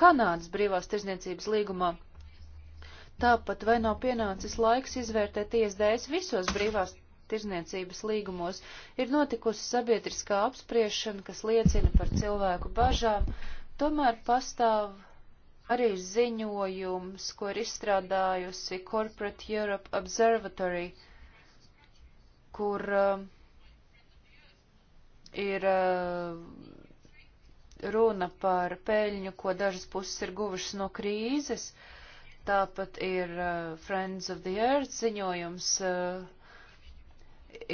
Kanādas brīvās tirzniecības līgumā? Tāpat vai nav pienācis laiks izvērtēt ISDS visos brīvās tirzniecības līgumos, ir notikusi sabiedriskā apspriešana, kas liecina par cilvēku bažām, tomēr pastāv arī ziņojums, ko ir izstrādājusi Corporate Europe Observatory, kur uh, ir uh, runa par peļņu, ko dažas puses ir guvušas no krīzes. Tāpat ir uh, Friends of the Earth ziņojums, uh,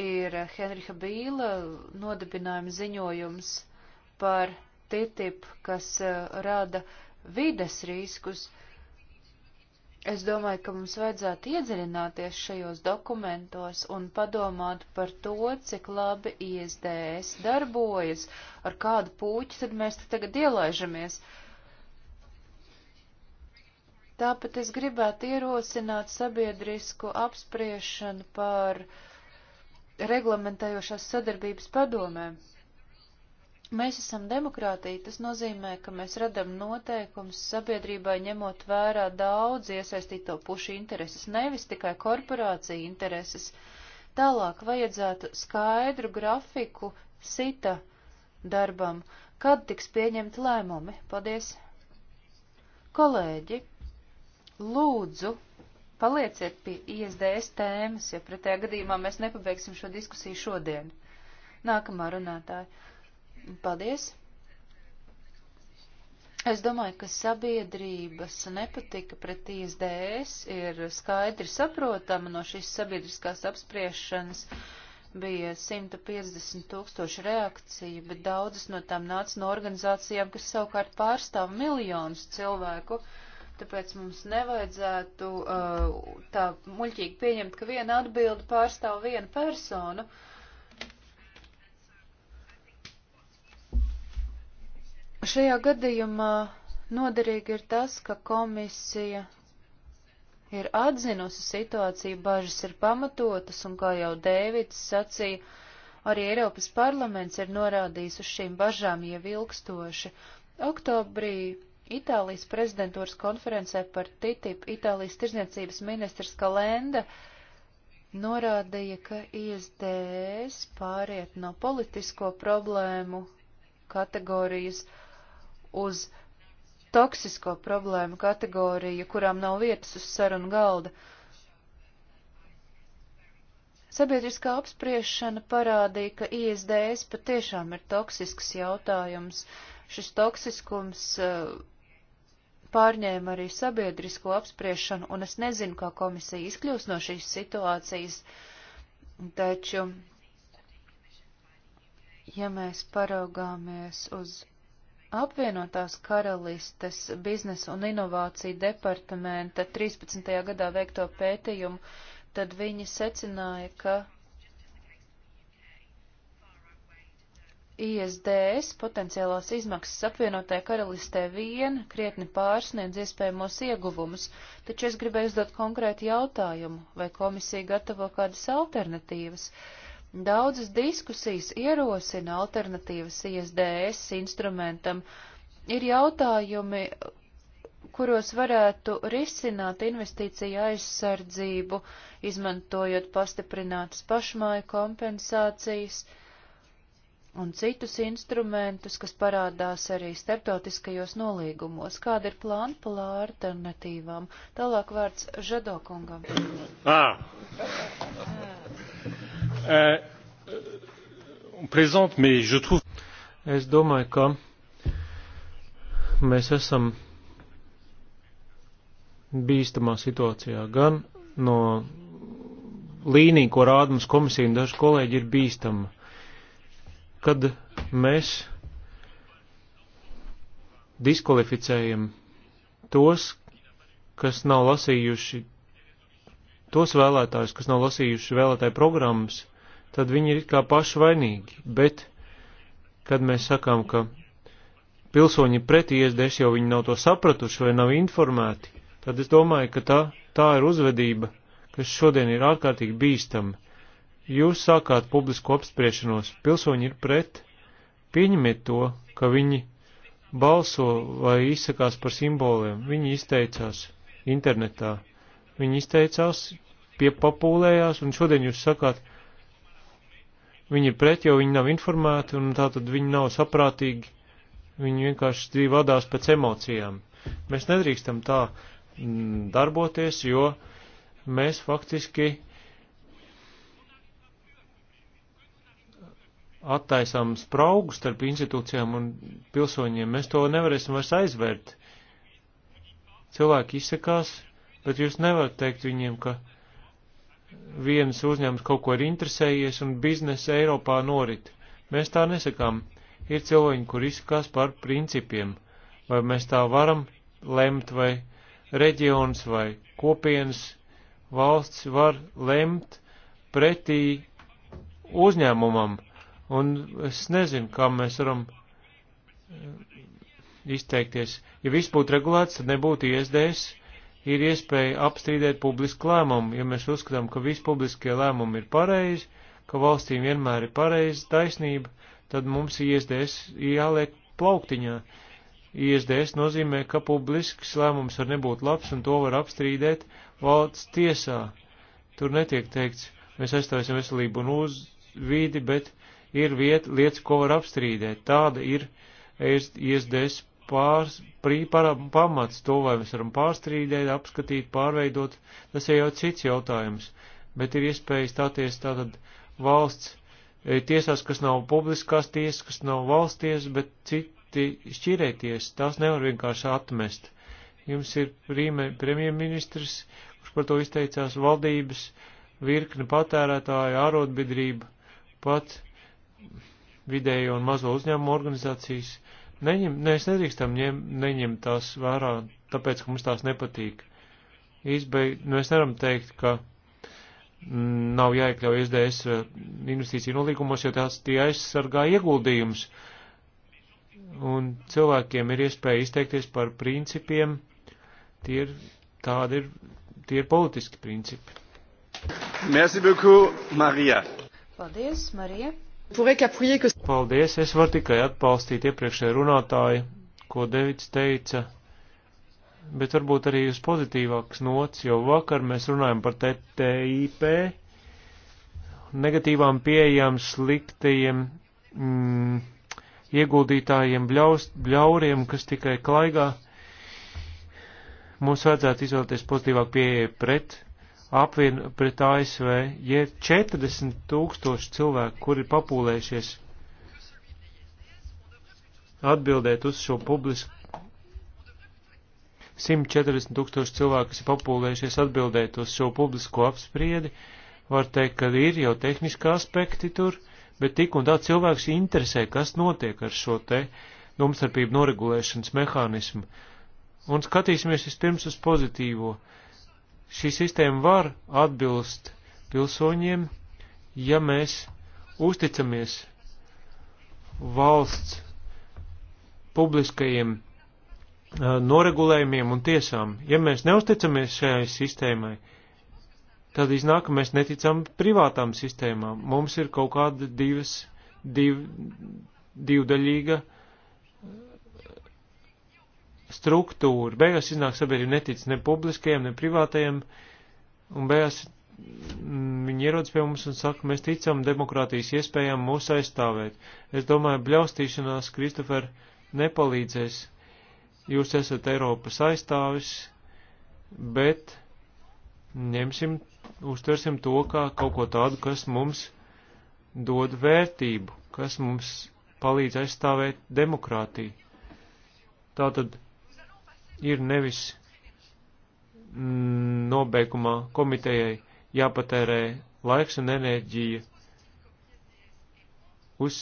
ir Henriha Bīla nodibinājuma ziņojums par TTIP, kas e, rada vides riskus. Es domāju, ka mums vajadzētu iedziļināties šajos dokumentos un padomāt par to, cik labi ISDS darbojas, ar kādu pūķi tad mēs te tagad ielaižamies. Tāpat es gribētu ierosināt sabiedrisku apspriešanu par uh, reglamentējošās sadarbības padomē. Mēs esam demokrātija, tas nozīmē, ka mēs radam noteikums sabiedrībai ņemot vērā daudz iesaistīto pušu intereses, nevis tikai korporāciju intereses. Tālāk vajadzētu skaidru grafiku sita darbam, kad tiks pieņemti lēmumi. Paldies! Kolēģi, lūdzu, palieciet pie ISDS tēmas, ja pretējā gadījumā mēs nepabeigsim šo diskusiju šodien. Nākamā runātāja. Paldies! Es domāju, ka sabiedrības nepatika pret ISDS ir skaidri saprotama no šīs sabiedriskās apspriešanas. Bija 150 tūkstoši reakciju, bet daudzas no tām nāca no organizācijām, kas savukārt pārstāv miljonus cilvēku. Uh, Tāpēc mums nevajadzētu uh, tā muļķīgi pieņemt, ka viena atbilde pārstāv vienu personu. Šajā gadījumā noderīgi ir tas, ka komisija ir atzinusi situāciju, bažas ir pamatotas, un kā jau Dēvids sacīja, arī Eiropas parlaments ir norādījis uz šīm bažām ievilkstoši. Oktobrī Itālijas prezidentūras konferencē par TTIP Itālijas tirzniecības ministrs Kalenda norādīja, ka ISDS pāriet no politisko problēmu kategorijas uz toksisko problēmu kategoriju, kurām nav vietas uz sarunu galda. Sabiedriskā apspriešana parādīja, ka ISDS patiešām ir toksisks jautājums. Šis toksiskums uh, pārņēma arī sabiedrisko apspriešanu, un es nezinu, kā komisija izkļūs no šīs situācijas, taču, ja mēs paraugāmies uz apvienotās karalistes biznesa un inovāciju departamenta 13. gadā veikto pētījumu, tad viņi secināja, ka ISDS potenciālās izmaksas apvienotajā karalistē vien krietni pārsniedz iespējamos ieguvumus, taču es gribēju uzdot konkrētu jautājumu, vai komisija gatavo kādas alternatīvas. Daudzas diskusijas ierosina alternatīvas ISDS instrumentam. Ir jautājumi, kuros varētu risināt investīciju aizsardzību, izmantojot pastiprinātas pašmāju kompensācijas, uh, un citus instrumentus, kas parādās arī starptautiskajos nolīgumos. Kāda ir plāna plā alternatīvām? Tālāk vārds Žadokungam. Ah. ah. Es domāju, ka mēs esam bīstamā situācijā gan no līnija, ko rāda mums komisija un daži kolēģi ir bīstama kad mēs diskvalificējam tos, kas nav lasījuši, tos vēlētājus, kas nav lasījuši vēlētāju programmas, tad viņi ir kā paši vainīgi. Bet, kad mēs sakām, ka pilsoņi pretī iesdēs, jo viņi nav to sapratuši vai nav informēti, tad es domāju, ka tā, tā ir uzvedība, kas šodien ir ārkārtīgi bīstama. Jūs sākāt publisku apspriešanos, pilsoņi ir pret, pieņemiet to, ka viņi balso vai izsakās par simboliem, viņi izteicās internetā, viņi izteicās, piepapūlējās, un šodien jūs sakāt, viņi ir pret, jo viņi nav informēti, un tā tad viņi nav saprātīgi, viņi vienkārši vadās pēc emocijām. Mēs nedrīkstam tā mm, darboties, jo mēs faktiski attaisām spraugu starp institūcijām un pilsoņiem, mēs to nevarēsim vairs aizvērt. Cilvēki izsakās, bet jūs nevarat teikt viņiem, ka viens uzņēmums kaut ko ir interesējies un biznesa Eiropā norit. Mēs tā nesakām. Ir cilvēki, kur izsakās par principiem. Vai mēs tā varam lemt, vai reģions, vai kopienas valsts var lemt pretī uzņēmumam. Un es nezinu, kā mēs varam eh, izteikties. Ja viss būtu regulēts, tad nebūtu ISDS. Ir iespēja apstrīdēt publisku lēmumu, ja mēs uzskatām, ka visi publiskie lēmumi ir pareizi, ka valstīm vienmēr ir pareiza taisnība, tad mums ISDS jāliek plauktiņā. ISDS nozīmē, ka publisks lēmums var nebūt labs un to var apstrīdēt valsts tiesā. Tur netiek teikts, mēs aizstāvēsim veselību un uz vīdi, bet ir viet, lietas, ko var apstrīdēt. Tāda ir ISDS pārs, prī, par, pamats, to vai mēs varam pārstrīdēt, apskatīt, pārveidot, tas ir jau cits jautājums, bet ir iespēja stāties tātad valsts e, tiesās, kas nav publiskās tiesas, kas nav valsts tiesas, bet citi šķirēties, tās nevar vienkārši atmest. Jums ir premjerministrs, kurš par to izteicās valdības, virkne patērētāju, ārotbiedrība, pat vidējo un mazo uzņēmumu organizācijas. Neņem, mēs nedrīkstam ņem, neņemt tās vērā, tāpēc, ka mums tās nepatīk. Izbeig, mēs nu, nevaram teikt, ka mm, nav jāiekļauj SDS eh, investīciju nolīgumos, jo tās tie aizsargā ieguldījumus. Un cilvēkiem ir iespēja izteikties par principiem, tie ir, tādi ir, tie ir politiski principi. Merci beaucoup, Marija. Paldies, Marija. Paldies, es varu tikai atbalstīt iepriekšēju runātāju, ko Devits teica, bet varbūt arī uz pozitīvāks nots, jo vakar mēs runājam par TTIP, negatīvām pieejām sliktajiem mm, ieguldītājiem bļaus, bļauriem, kas tikai klaigā. Mums vajadzētu izvēlēties pozitīvāk pieeja pret apvien pret ASV, ja ir 40 tūkstoši cilvēku, kuri ir papūlējušies atbildēt uz šo publisku. 140 tūkstoši cilvēku, kas ir papūlējušies atbildēt uz šo publisko apspriedi, var teikt, ka ir jau tehniski aspekti tur, bet tik un tā cilvēks interesē, kas notiek ar šo te domstarpību noregulēšanas mehānismu. Un skatīsimies vispirms uz pozitīvo. Uh, šī sistēma var atbilst pilsoņiem, ja mēs uzticamies valsts publiskajiem noregulējumiem un tiesām. Ja mēs neusticamies šai sistēmai, tad iznāk, ka mēs neticam privātām sistēmām. Mums ir kaut kāda divas, div, divdaļīga uh, struktūru. Beigās iznāk sabiedrība netic ne publiskajiem, ne privātajiem, un beigās mm, viņi ierodas pie mums un saka, mēs ticam demokrātijas iespējām mūs aizstāvēt. Es domāju, bļaustīšanās, Kristofer, nepalīdzēs. Jūs esat Eiropas aizstāvis, bet ņemsim, uztversim to kā kaut ko tādu, kas mums dod vērtību, kas mums palīdz aizstāvēt demokrātiju. Tātad ir nevis nobeigumā komitejai jāpatērē laiks un enerģija uz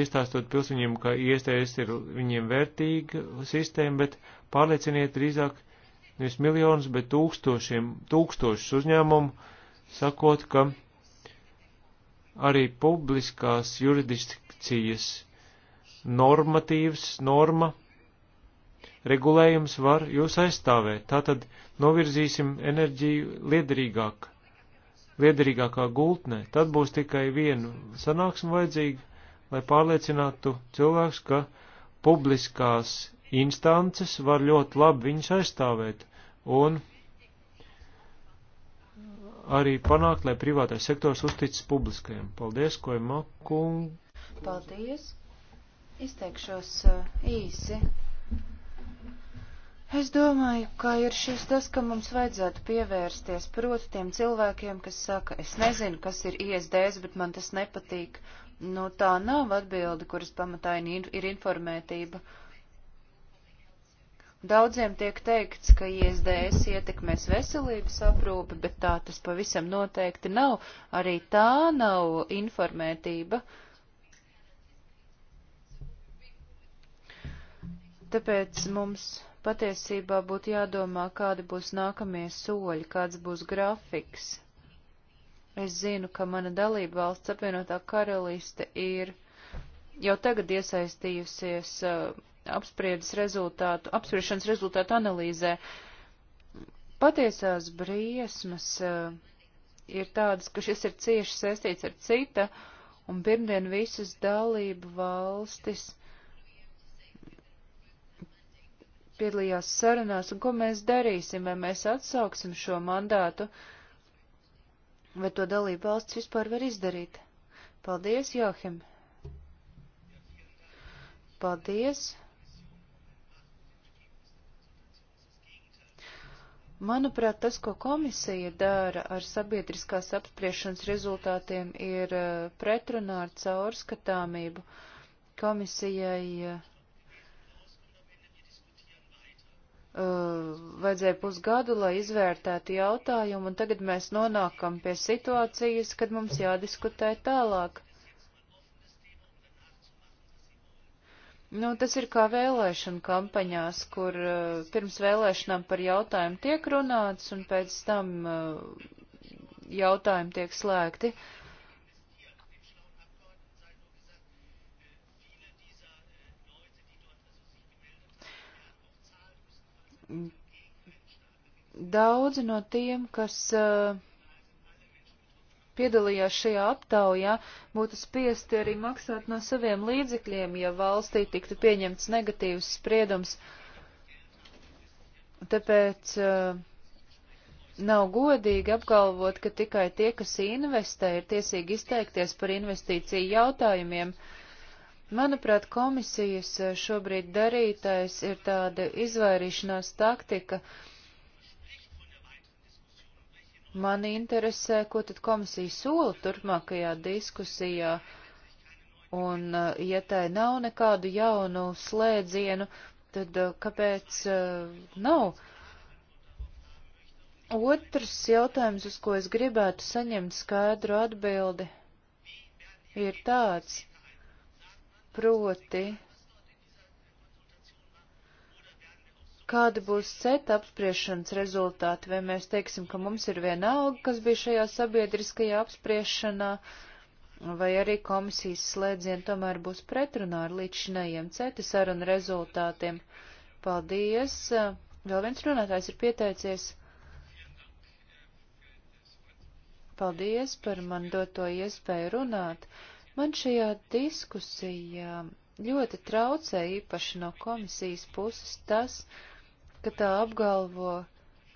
iestāstot pilsoņiem, ka iestājas ir viņiem vērtīga sistēma, bet pārlieciniet drīzāk nevis miljonus, bet tūkstošiem, tūkstošus uzņēmumu, sakot, ka arī publiskās jurisdikcijas normatīvs norma regulējums var jūs aizstāvēt. Tātad novirzīsim enerģiju liederīgāk, liederīgākā gultnē. Tad būs tikai vienu sanāksmu vajadzīga, lai pārliecinātu cilvēks, ka publiskās instances var ļoti labi viņus aizstāvēt un arī panākt, lai privātais sektors uzticas publiskajam. Paldies, ko ir makung. Paldies. Izteikšos uh, īsi. Es domāju, ka ir šis tas, ka mums vajadzētu pievērsties proti tiem cilvēkiem, kas saka, es nezinu, kas ir ISDS, bet man tas nepatīk. Nu, tā nav atbilde, kuras pamatā ir informētība. Daudziem tiek teikts, ka ISDS ietekmēs veselības aprūpi, bet tā tas pavisam noteikti nav. Arī tā nav informētība. Tāpēc mums Patiesībā būtu jādomā, kādi būs nākamie soļi, kāds būs grafiks. Es zinu, ka mana dalība valsts apvienotā karaliste ir jau tagad iesaistījusies uh, apspriedas rezultātu, apspriešanas rezultātu analīzē. Patiesās briesmas uh, ir tādas, ka šis ir cieši saistīts ar cita, un pirmdien visas dalību valstis piedalījās sarunās, un ko mēs darīsim, vai mēs atsauksim šo mandātu, vai to dalību valsts vispār var izdarīt. Paldies, Johim! Paldies! Manuprāt, tas, ko komisija dara ar sabiedriskās apspriešanas rezultātiem, ir eh, pretrunā ar caurskatāmību. Komisijai uh, Eh, vajadzēja pusgadu, lai izvērtētu jautājumu, un tagad mēs nonākam pie situācijas, kad mums jādiskutē tālāk. Nu, tas ir kā vēlēšana kampaņās, kur uh, pirms vēlēšanām par jautājumu tiek runāts, un pēc tam uh, jautājumi tiek slēgti. Uh, Daudzi no tiem, kas uh, piedalījās šajā aptaujā, būtu spiesti arī maksāt no saviem līdzekļiem, ja valstī tiktu pieņemts negatīvs spriedums. Tāpēc uh, nav godīgi apgalvot, ka tikai tie, kas investē, ir tiesīgi izteikties par investīciju jautājumiem. Uh, Manuprāt, komisijas eh, šobrīd darītais ir tāda izvairīšanās taktika. Mani interesē, ko tad komisija sola turpmākajā diskusijā, un eh, ja tai nav nekādu jaunu slēdzienu, tad eh, kāpēc nav? Otrs jautājums, uz ko es gribētu saņemt skaidru atbildi, ir tāds Proti, kāda būs seta apspriešanas rezultāti, vai mēs teiksim, ka mums ir viena alga, kas bija šajā sabiedriskajā apspriešanā, vai arī komisijas slēdzieni tomēr būs pretrunā ar līdzšinējiem ceta sarunu rezultātiem. Paldies! Vēl viens runātājs ir pieteicies. Paldies par man doto iespēju runāt. Man šajā diskusijā ļoti traucē īpaši no komisijas puses tas, ka tā apgalvo,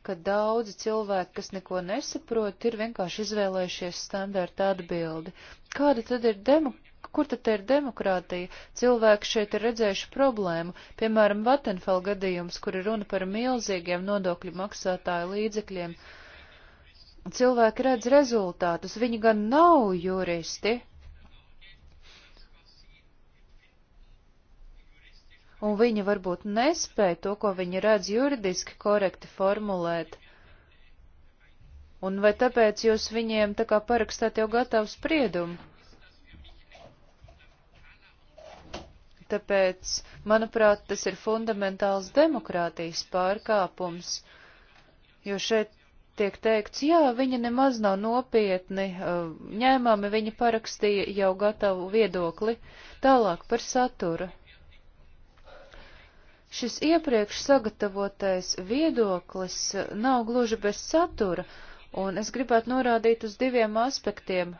ka daudzi cilvēki, kas neko nesaprot, ir vienkārši izvēlējušies standarta atbildi. Kāda tad ir demokrātija? Kur tad ir demokrātija? Cilvēki šeit ir redzējuši problēmu, piemēram, Vatenfel gadījums, kur ir runa par milzīgiem nodokļu maksātāju līdzekļiem. Cilvēki redz rezultātus, viņi gan nav juristi, un viņi varbūt nespēja to, ko viņi redz juridiski korekti formulēt. Un vai tāpēc jūs viņiem tā kā parakstāt jau gatavu spriedumu? Tāpēc, manuprāt, tas ir fundamentāls demokrātijas pārkāpums, jo šeit tiek teikts, jā, viņa nemaz nav nopietni ņēmami, viņa parakstīja jau gatavu viedokli. Tālāk par saturu. Šis iepriekš sagatavotais viedoklis nav gluži bez satura, un es gribētu norādīt uz diviem aspektiem.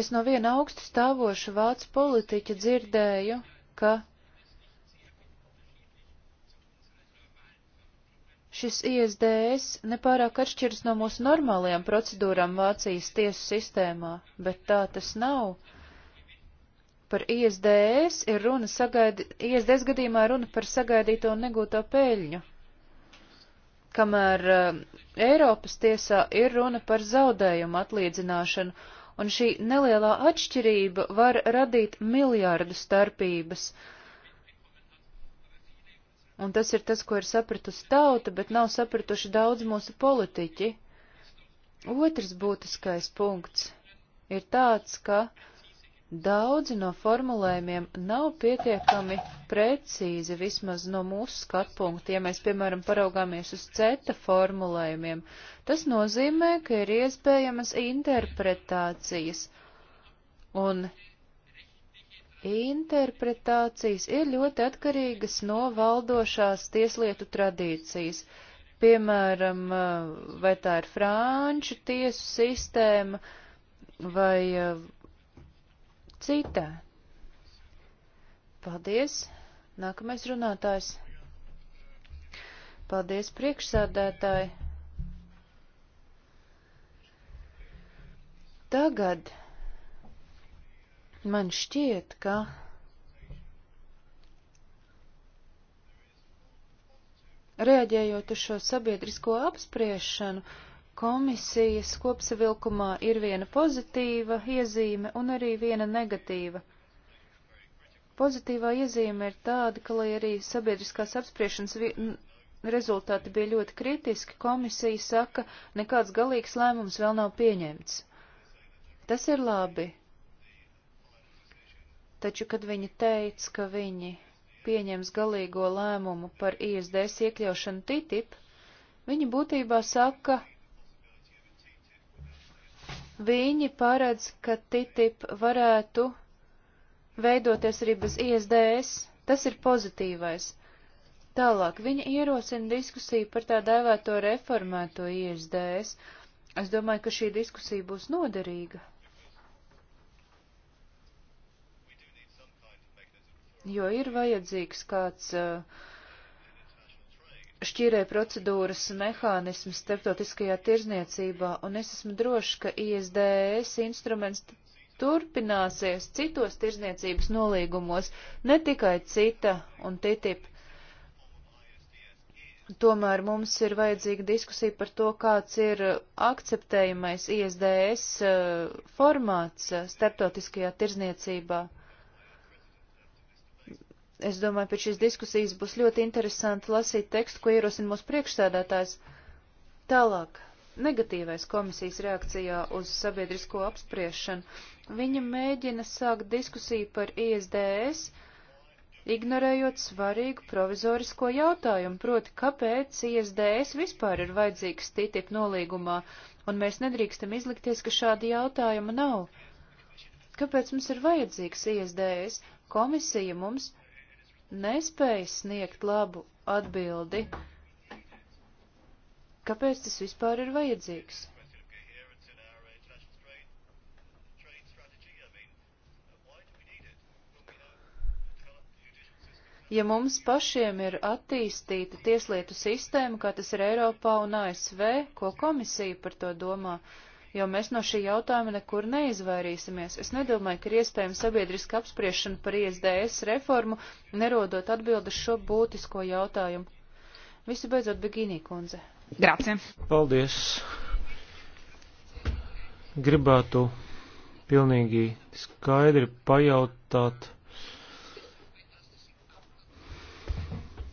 Es no viena augstu stāvoša vācu politiķa dzirdēju, ka šis ISDS nepārāk atšķiras no mūsu normālajām procedūrām Vācijas tiesu sistēmā, bet tā tas nav par ISDS, ir runa sagaidi, ISDS gadījumā runa par sagaidīto un negūto peļņu, kamēr uh, Eiropas tiesā ir runa par zaudējumu atlīdzināšanu, un šī nelielā atšķirība var radīt miljārdu starpības. Un tas ir tas, ko ir sapratusi tauta, bet nav sapratuši daudz mūsu politiķi. Otrs būtiskais punkts ir tāds, ka uh, Daudzi no formulējumiem nav pietiekami precīzi, vismaz no mūsu skatpunkta, ja mēs, piemēram, paraugāmies uz ceta formulējumiem. Tas nozīmē, ka ir iespējamas interpretācijas, un interpretācijas ir ļoti atkarīgas no valdošās tieslietu tradīcijas piemēram, vai tā ir franču tiesu sistēma vai citā. Paldies. Nākamais runātājs. Paldies, priekšsādētāji. Tagad man šķiet, ka reaģējot uz šo sabiedrisko apspriešanu, komisijas kopsavilkumā ir viena pozitīva iezīme un arī viena negatīva. Pozitīvā iezīme ir tāda, ka, lai arī sabiedriskās apspriešanas rezultāti bija ļoti kritiski, komisija saka, nekāds galīgs lēmums vēl nav pieņemts. Tas ir labi. Taču, kad viņi teica, ka viņi pieņems galīgo lēmumu par ISDS iekļaušanu TTIP, viņi būtībā saka, Viņi paredz, ka TTIP varētu veidoties arī bez ISDS. Tas ir pozitīvais. Tālāk viņa ierosina diskusiju par tā dēvēto reformēto ISDS. Es domāju, ka šī diskusija būs noderīga. Jo ir vajadzīgs kāds uh, šķīrē procedūras mehānisms starptautiskajā tirzniecībā, un es esmu drošs, ka ISDS instruments turpināsies citos tirzniecības nolīgumos, ne tikai cita un TTIP. Tomēr mums ir vajadzīga diskusija par to, kāds ir akceptējamais ISDS eh, formāts eh, starptautiskajā tirzniecībā. Es domāju, pēc šīs diskusijas būs ļoti interesanti lasīt tekstu, ko ierosina mūsu priekšsēdētājs. Tālāk, negatīvais komisijas reakcijā uz sabiedrisko apspriešanu. Viņa mēģina sākt diskusiju par ISDS, ignorējot svarīgu provizorisko jautājumu, proti, kāpēc ISDS vispār ir vajadzīgs TTIP nolīgumā, un mēs nedrīkstam izlikties, ka šādi jautājumi nav. Kāpēc mums ir vajadzīgs ISDS? Komisija mums nespēja sniegt labu atbildi, kāpēc tas vispār ir vajadzīgs? ja mums pašiem ir attīstīta tieslietu sistēma, kā tas ir Eiropā un ASV, ko komisija par to domā, jo mēs no šī jautājuma nekur neizvairīsimies. Es nedomāju, ka ir iespējams sabiedriska apspriešana par ISDS reformu, nerodot atbildes šo būtisko jautājumu. Visu beidzot, Begīnī kundze. Grācie. Paldies. Gribētu pilnīgi skaidri pajautāt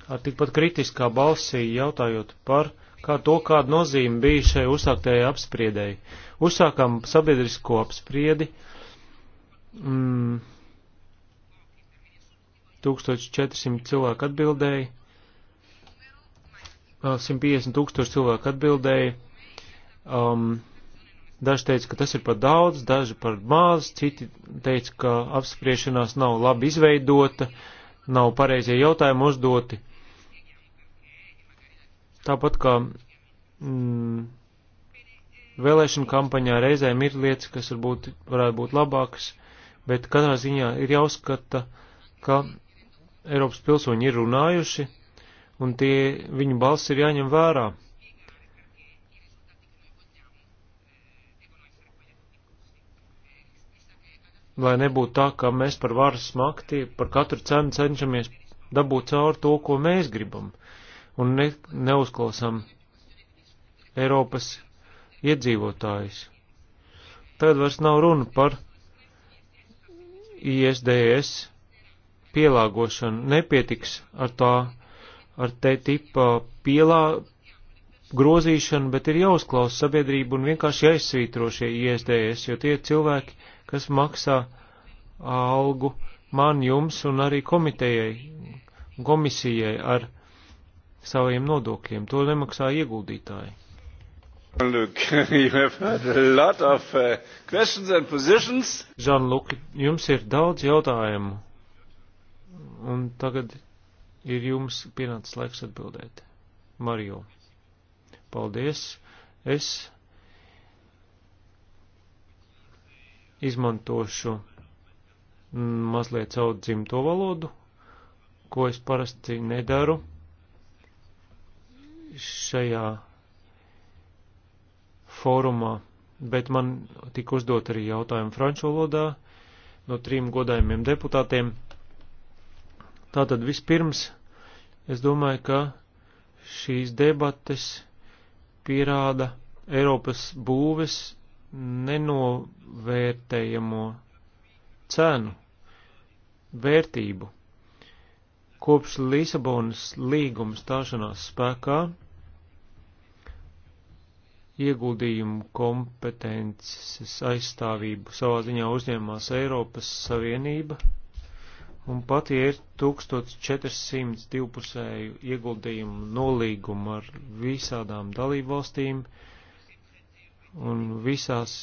ar tikpat kritiskā balsī jautājot par kā to, kāda nozīme bija šai uzsāktējai apspriedēji uzsākām sabiedrisko apspriedi. Mm, 1400 cilvēku atbildēja, 150 tūkstoši cilvēku atbildēja. Um, daži teica, ka tas ir par daudz, daži par maz, citi teica, ka apspriešanās nav labi izveidota, nav pareizie jautājumi uzdoti. Tāpat kā mm, Vēlēšana kampaņā reizēm ir lietas, kas varbūt varētu būt labākas, bet katrā ziņā ir jāuzskata, ka Eiropas pilsoņi ir runājuši, un tie viņu balss ir jāņem vērā. Lai nebūtu tā, ka mēs par varas smakti par katru cenu cenšamies dabūt cauri to, ko mēs gribam, un ne, neuzklausam Eiropas iedzīvotājus. Tad vairs nav runa par ISDS pielāgošanu. Nepietiks ar tā, ar te tipa pielā, grozīšanu, bet ir jāuzklausa sabiedrību un vienkārši jāizsvītro šie ISDS, jo tie ir cilvēki, kas maksā algu man, jums un arī komitejai, komisijai ar saviem nodokļiem. To nemaksā ieguldītāji. Look, you have had a lot of uh, questions and positions. Žanluk, jums ir daudz jautājumu, un tagad ir jums pienācis laiks atbildēt. Mario, paldies. Es izmantošu mazliet savu dzimto valodu, ko es parasti nedaru šajā fórumā, bet man tika uzdot arī jautājumu franču valodā no trim godājumiem deputātiem. Tātad vispirms es domāju, ka šīs debates pierāda Eiropas būves nenovērtējamo cenu, vērtību. Kopš Lisabonas līguma stāšanās spēkā ieguldījumu kompetences aizstāvību savā ziņā uzņēmās Eiropas Savienība, un pat ja ir 1400 divpusēju ieguldījumu nolīgumu ar visādām dalībvalstīm, un visās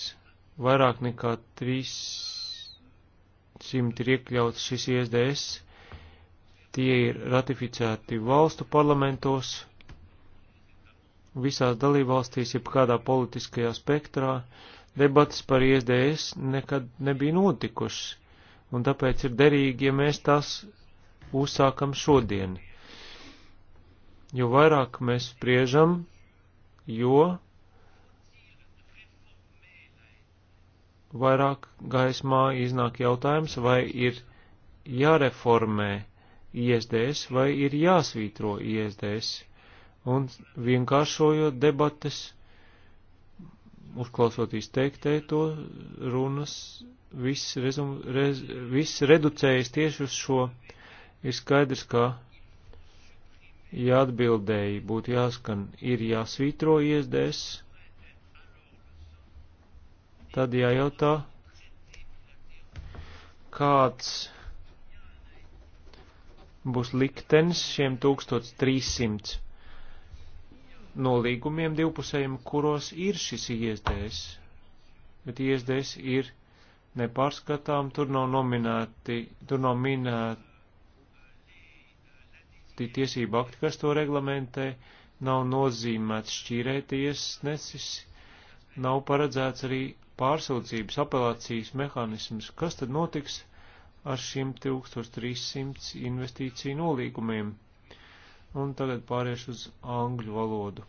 vairāk nekā 300 ir iekļauts šis ISDS, tie ir ratificēti valstu parlamentos, visās dalībvalstīs, jeb kādā politiskajā spektrā, debatas par ISDS nekad nebija notikušas, un tāpēc ir derīgi, ja mēs tās uzsākam šodien. Jo vairāk mēs spriežam, jo vairāk gaismā iznāk jautājums, vai ir jāreformē ISDS vai ir jāsvītro ISDS un vienkāršojot debates, uzklausot izteiktēji to runas, viss, rezum, rez, viss reducējas tieši uz šo. Ir skaidrs, ka, ja atbildēji būtu jāskan, ir jāsvītro iesdēs, tad jājautā, kāds būs liktenis šiem 1300 nolīgumiem divpusējiem, kuros ir šis ISDS, bet ISDS ir nepārskatām, tur nav nominēti, tur nav minēti tiesību akti, kas to reglamentē, nav nozīmēts šķīrēties nesis, nav paredzēts arī pārsaucības apelācijas mehānisms. Kas tad notiks ar šiem 1300 investīciju nolīgumiem? Un tagad pāriešu uz angļu valodu.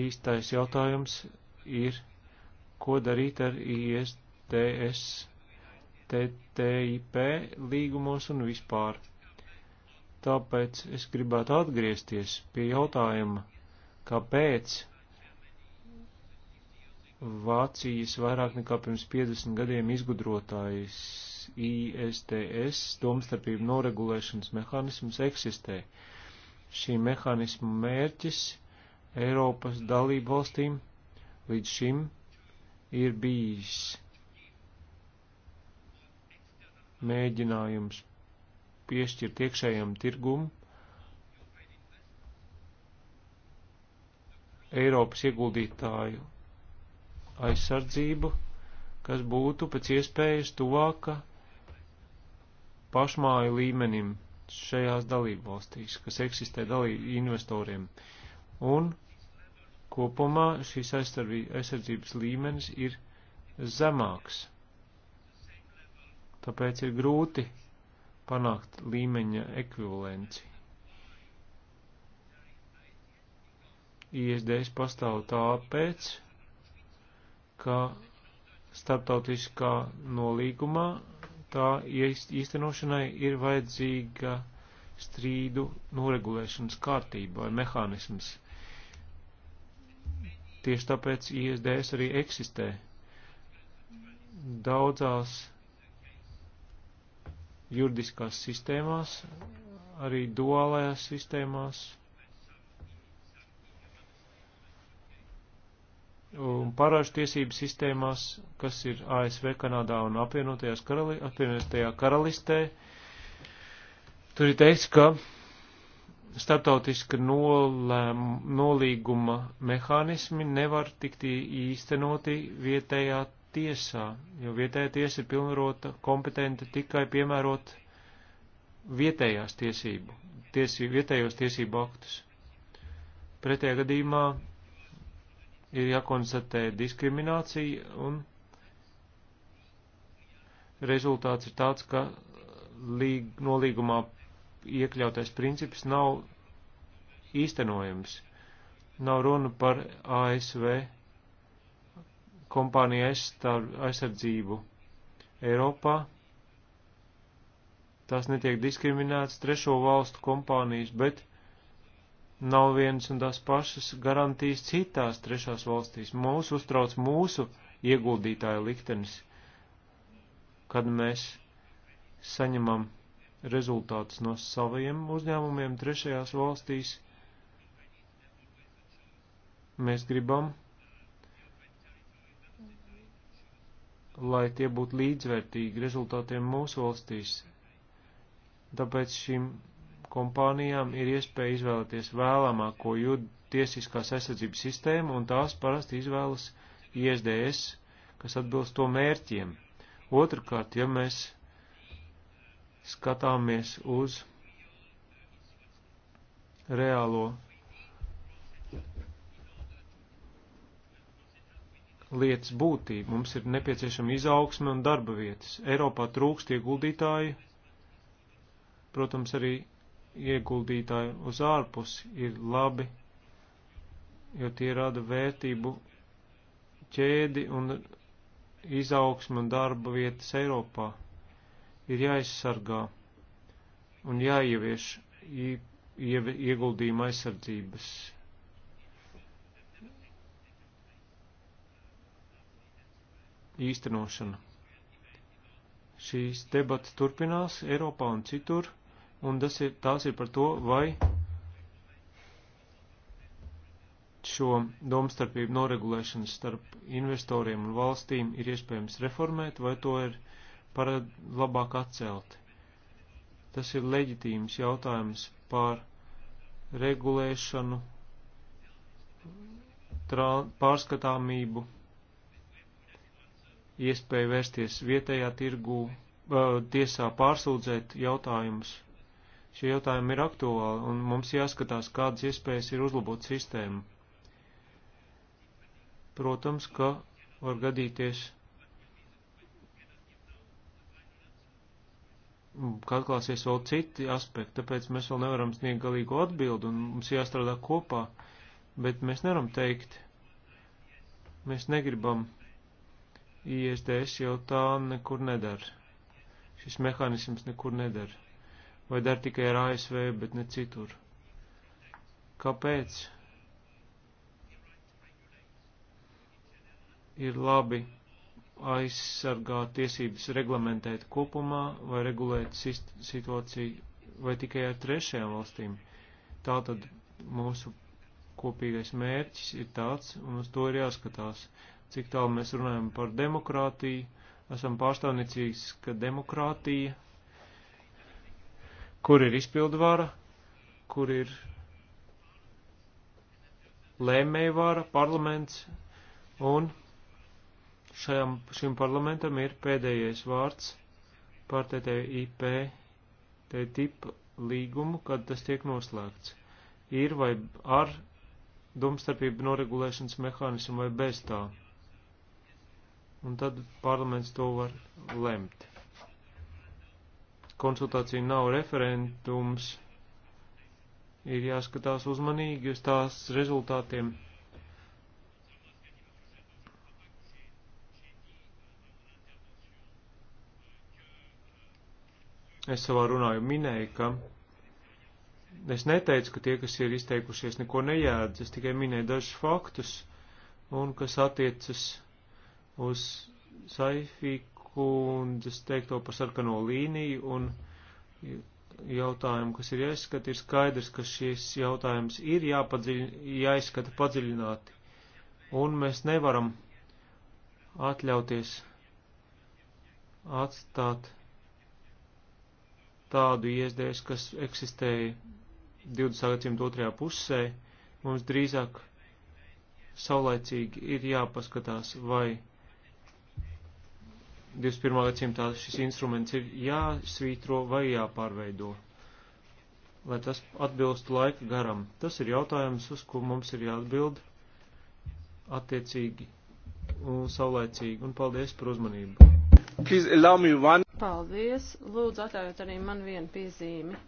Īstais jautājums ir, ko darīt ar ISDS, TTIP līgumos un vispār. Tāpēc es gribētu atgriezties pie jautājuma, kāpēc Vācijas vairāk nekā pirms 50 gadiem izgudrotājas ISTS domstarpību noregulēšanas mehānisms eksistē. Šī mehānisma mērķis Eiropas dalību valstīm līdz šim ir bijis mēģinājums piešķirt iekšējam tirgum Eiropas ieguldītāju aizsardzību, kas būtu pēc iespējas tuvāka pašmāju līmenim šajās dalībvalstīs, kas eksistē dalību investoriem. Un kopumā šīs aizsardzības līmenis ir zemāks. Tāpēc ir grūti panākt līmeņa ekvivalenci. ISDS pastāv tāpēc, ka starptautiskā nolīgumā tā īstenošanai ir vajadzīga strīdu noregulēšanas kārtība vai mehānisms. Tieši tāpēc ISDS arī eksistē. Daudzās juridiskās sistēmās, arī duālajās sistēmās un parāžu tiesību sistēmās, kas ir ASV, Kanādā un apvienotajās karali, apvienotajā karalistē. Tur ir teikts, ka starptautiska nolēm, nolīguma mehānismi nevar tikt īstenoti vietējā tiesā, jo vietējā tiesa ir pilnvarota kompetenta tikai piemērot vietējās tiesību, tiesi, vietējos tiesību aktus. Pretējā gadījumā ir jākonstatē diskriminācija un rezultāts ir tāds, ka līg, nolīgumā iekļautais princips nav īstenojams. Nav runa par ASV kompāniju aizsardzību Eiropā. Tās netiek diskriminētas trešo valstu kompānijas, bet nav vienas un tās pašas garantijas citās trešās valstīs. Mūs uztrauc mūsu ieguldītāja liktenis, kad mēs saņemam rezultātus no saviem uzņēmumiem trešajās valstīs. Mēs gribam, lai tie būtu līdzvērtīgi rezultātiem mūsu valstīs. Tāpēc šim kompānijām ir iespēja izvēlēties vēlamāko jūdu tiesiskās aizsardzības sistēmu, un tās parasti izvēlas ISDS, kas atbilst to mērķiem. Otrakārt, ja mēs skatāmies uz reālo lietas būtību, mums ir nepieciešama izaugsme un darba vietas. Eiropā trūkst ieguldītāji, protams, arī ieguldītāji uz ārpusi ir labi, jo tie rada vērtību ķēdi un izaugsmu un darba vietas Eiropā. Ir jāizsargā un jāievieš ieguldījuma aizsardzības. Īstenošana. Šīs debatas turpinās Eiropā un citur un tas ir, tās ir par to, vai šo domstarpību noregulēšanu starp investoriem un valstīm ir iespējams reformēt, vai to ir parad labāk atcelt. Tas ir leģitīms jautājums par regulēšanu, pārskatāmību, iespēju vērsties vietējā tirgū, tiesā pārsūdzēt jautājumus šie jautājumi ir aktuāli, un mums jāskatās, kādas iespējas ir uzlabot sistēmu. Protams, ka var gadīties, ka atklāsies vēl citi aspekti, tāpēc mēs vēl nevaram sniegt galīgu atbildi, un mums jāstrādā kopā, bet mēs nevaram teikt, mēs negribam ISDS jau tā nekur nedara. Šis mehānisms nekur nedara vai dar tikai ar ASV, bet ne citur. Kāpēc? Ir labi aizsargāt tiesības reglamentēt kopumā vai regulēt situāciju vai tikai ar trešajām valstīm. Tātad mūsu kopīgais mērķis ir tāds, un uz to ir jāskatās, cik tālu mēs runājam par demokrātiju, esam pārstāvniecīgs, ka demokrātija kur ir izpildvara, kur ir lēmējvara, parlaments, un šajam, šim parlamentam ir pēdējais vārds par TTIP, TTIP līgumu, kad tas tiek noslēgts. Ir vai ar domstarpību noregulēšanas mehānismu vai bez tā. Un tad parlaments to var lemt konsultācija nav referendums, ir jāskatās uzmanīgi uz tās rezultātiem. Es savā runāju minēju, ka es neteicu, ka tie, kas ir izteikušies, neko nejēdz, es tikai minēju dažus faktus, un kas attiecas uz Saifī kundzes teikto par sarkano līniju un jautājumu, kas ir jāizskata, ir skaidrs, ka šis jautājums ir jāpadziļ, jāizskata padziļināti. Un mēs nevaram atļauties atstāt tādu iesdēs, kas eksistēja 20. gadsimta otrajā pusē. Mums drīzāk saulaicīgi ir jāpaskatās, vai 21. gadsimtā šis instruments ir jāsvītro vai jāpārveido, lai tas atbilstu laika garam. Tas ir jautājums, uz ko mums ir jāatbild attiecīgi un saulēcīgi, un paldies par uzmanību. Paldies, lūdzu atļaujot arī man vienu piezīmi.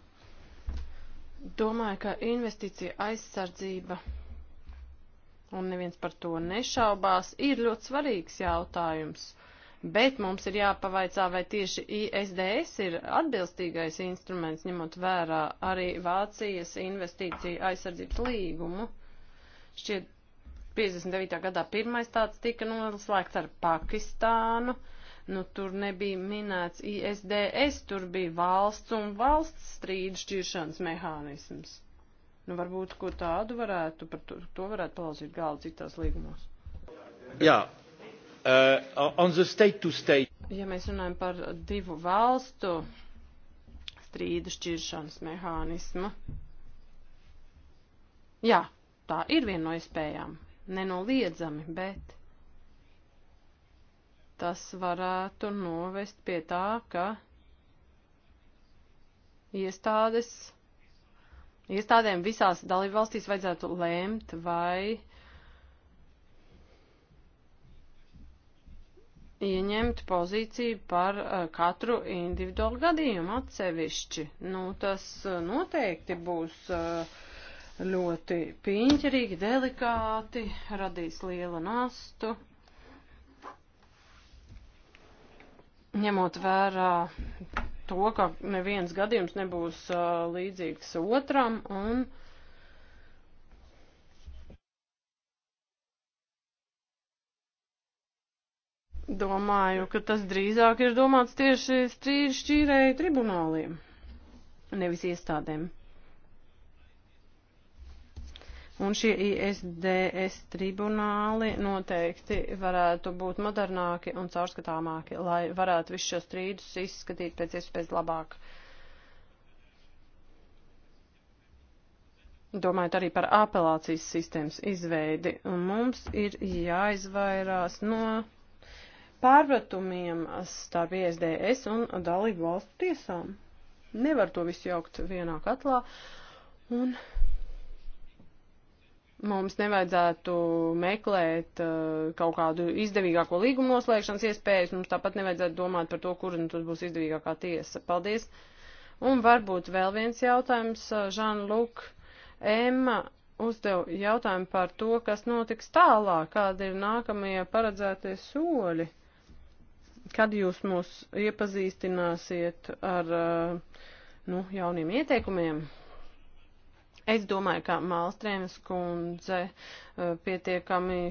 Domāju, ka investīcija aizsardzība, un neviens par to nešaubās, ir ļoti svarīgs jautājums bet mums ir jāpavaicā, vai tieši ISDS ir atbilstīgais instruments, ņemot vērā arī Vācijas investīciju aizsardzības līgumu. Šķiet, 59. gadā pirmais tāds tika noslēgts ar Pakistānu. Nu, tur nebija minēts ISDS, tur bija valsts un valsts strīdu šķiršanas mehānisms. Nu, varbūt ko tādu varētu, par to, to varētu palauzīt galdu citās līgumos. Jā, Uh, state state. Ja mēs runājam par divu valstu strīdu šķiršanas mehānismu, jā, tā ir viena no iespējām, nenoliedzami, bet tas varētu novest pie tā, ka iestādes, iestādēm visās dalībvalstīs vajadzētu lēmt, vai ieņemt pozīciju par e, katru individuālu gadījumu atsevišķi. Nu, tas e, noteikti būs e, ļoti piņķerīgi, delikāti, radīs lielu nastu. Ņemot vērā to, ka neviens gadījums nebūs līdzīgs otram un uh, Domāju, ka tas drīzāk ir domāts tieši strīdu šķīrēju tribunāliem, nevis iestādēm. Un šie ISDS tribunāli noteikti varētu būt modernāki un caurskatāmāki, lai varētu visus šos strīdus izskatīt pēc iespējas labāk. Domājot arī par apelācijas sistēmas izveidi, un mums ir jāizvairās no pārpratumiem starp ISDS un dalību valstu tiesām. Nevar to visu jaukt vienā katlā. Un mums nevajadzētu meklēt uh, kaut kādu izdevīgāko līgumu noslēgšanas iespējas, mums tāpat nevajadzētu domāt par to, kur nu, tad būs izdevīgākā tiesa. Paldies! Un varbūt vēl viens jautājums, Žanluk, uh, Emma uzdev jautājumu par to, kas notiks tālāk, kādi ir nākamie paredzētie soļi kad jūs mūs iepazīstināsiet ar eh, nu, jauniem ieteikumiem. Es domāju, ka Mālstrēmas kundze eh, pietiekami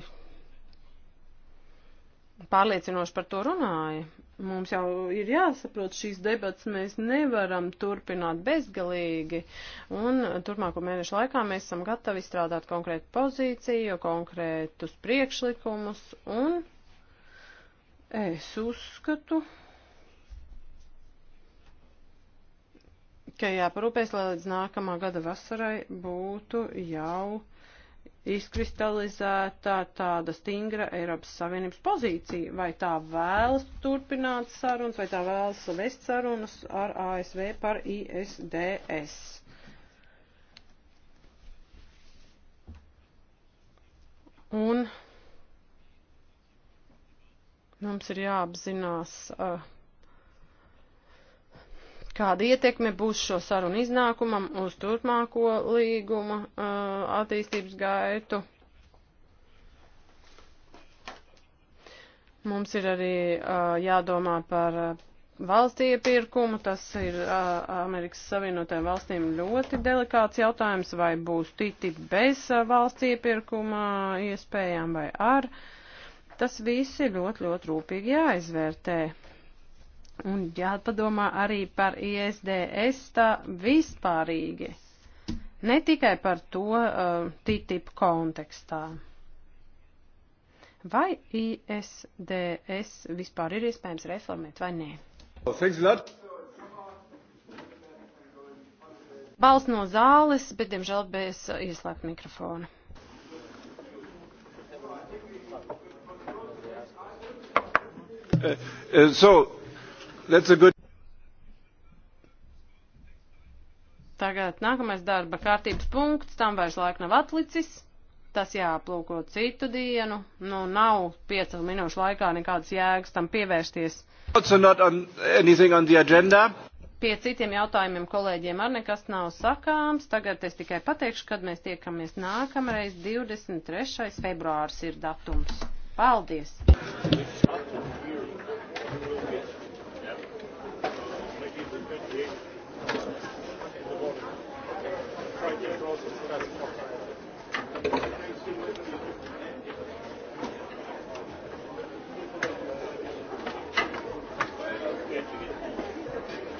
pārliecinoši par to runāja. Mums jau ir jāsaprot šīs debats, mēs nevaram turpināt bezgalīgi, un turpmāko mēnešu laikā mēs esam gatavi strādāt konkrētu pozīciju, konkrētus priekšlikumus, un Es uzskatu, ka jāparūpēs, lai līdz nākamā gada vasarai būtu jau izkristalizēta tāda stingra Eiropas Savienības pozīcija, vai tā vēlas turpināt sarunas, vai tā vēlas vest sarunas ar ASV par ISDS. Un Mums ir jāapzinās, eh, kāda ietekme būs šo sarunu iznākumam uz turpmāko līguma eh, attīstības gaitu. Mums ir arī eh, jādomā par valstī iepirkumu. Tas ir uh, Amerikas Savienotajām valstīm ļoti delikāts jautājums, vai būs TTIP bez uh, valsts iepirkuma iespējām vai ar. Uh, Tas viss ir ļoti, ļoti rūpīgi jāizvērtē. Un jāpadomā arī par ISDS tā vispārīgi, ne tikai par to uh, TTIP kontekstā. Vai ISDS vispār ir iespējams reformēt vai nē? Well, Balsts no zāles, bet diemžēl bez ieslēgt mikrofona. Uh, uh, so, that's a good. Tagad nākamais darba kārtības punkts, tam vairs laika nav atlicis. Tas jāaplūko citu dienu. Nu, nav piecu minūšu laikā nekādas jēgas tam pievērsties. Pie citiem jautājumiem kolēģiem ar nekas nav sakāms. Tagad es tikai pateikšu, kad mēs tiekamies nākamreiz. 23. februārs ir datums. Paldies!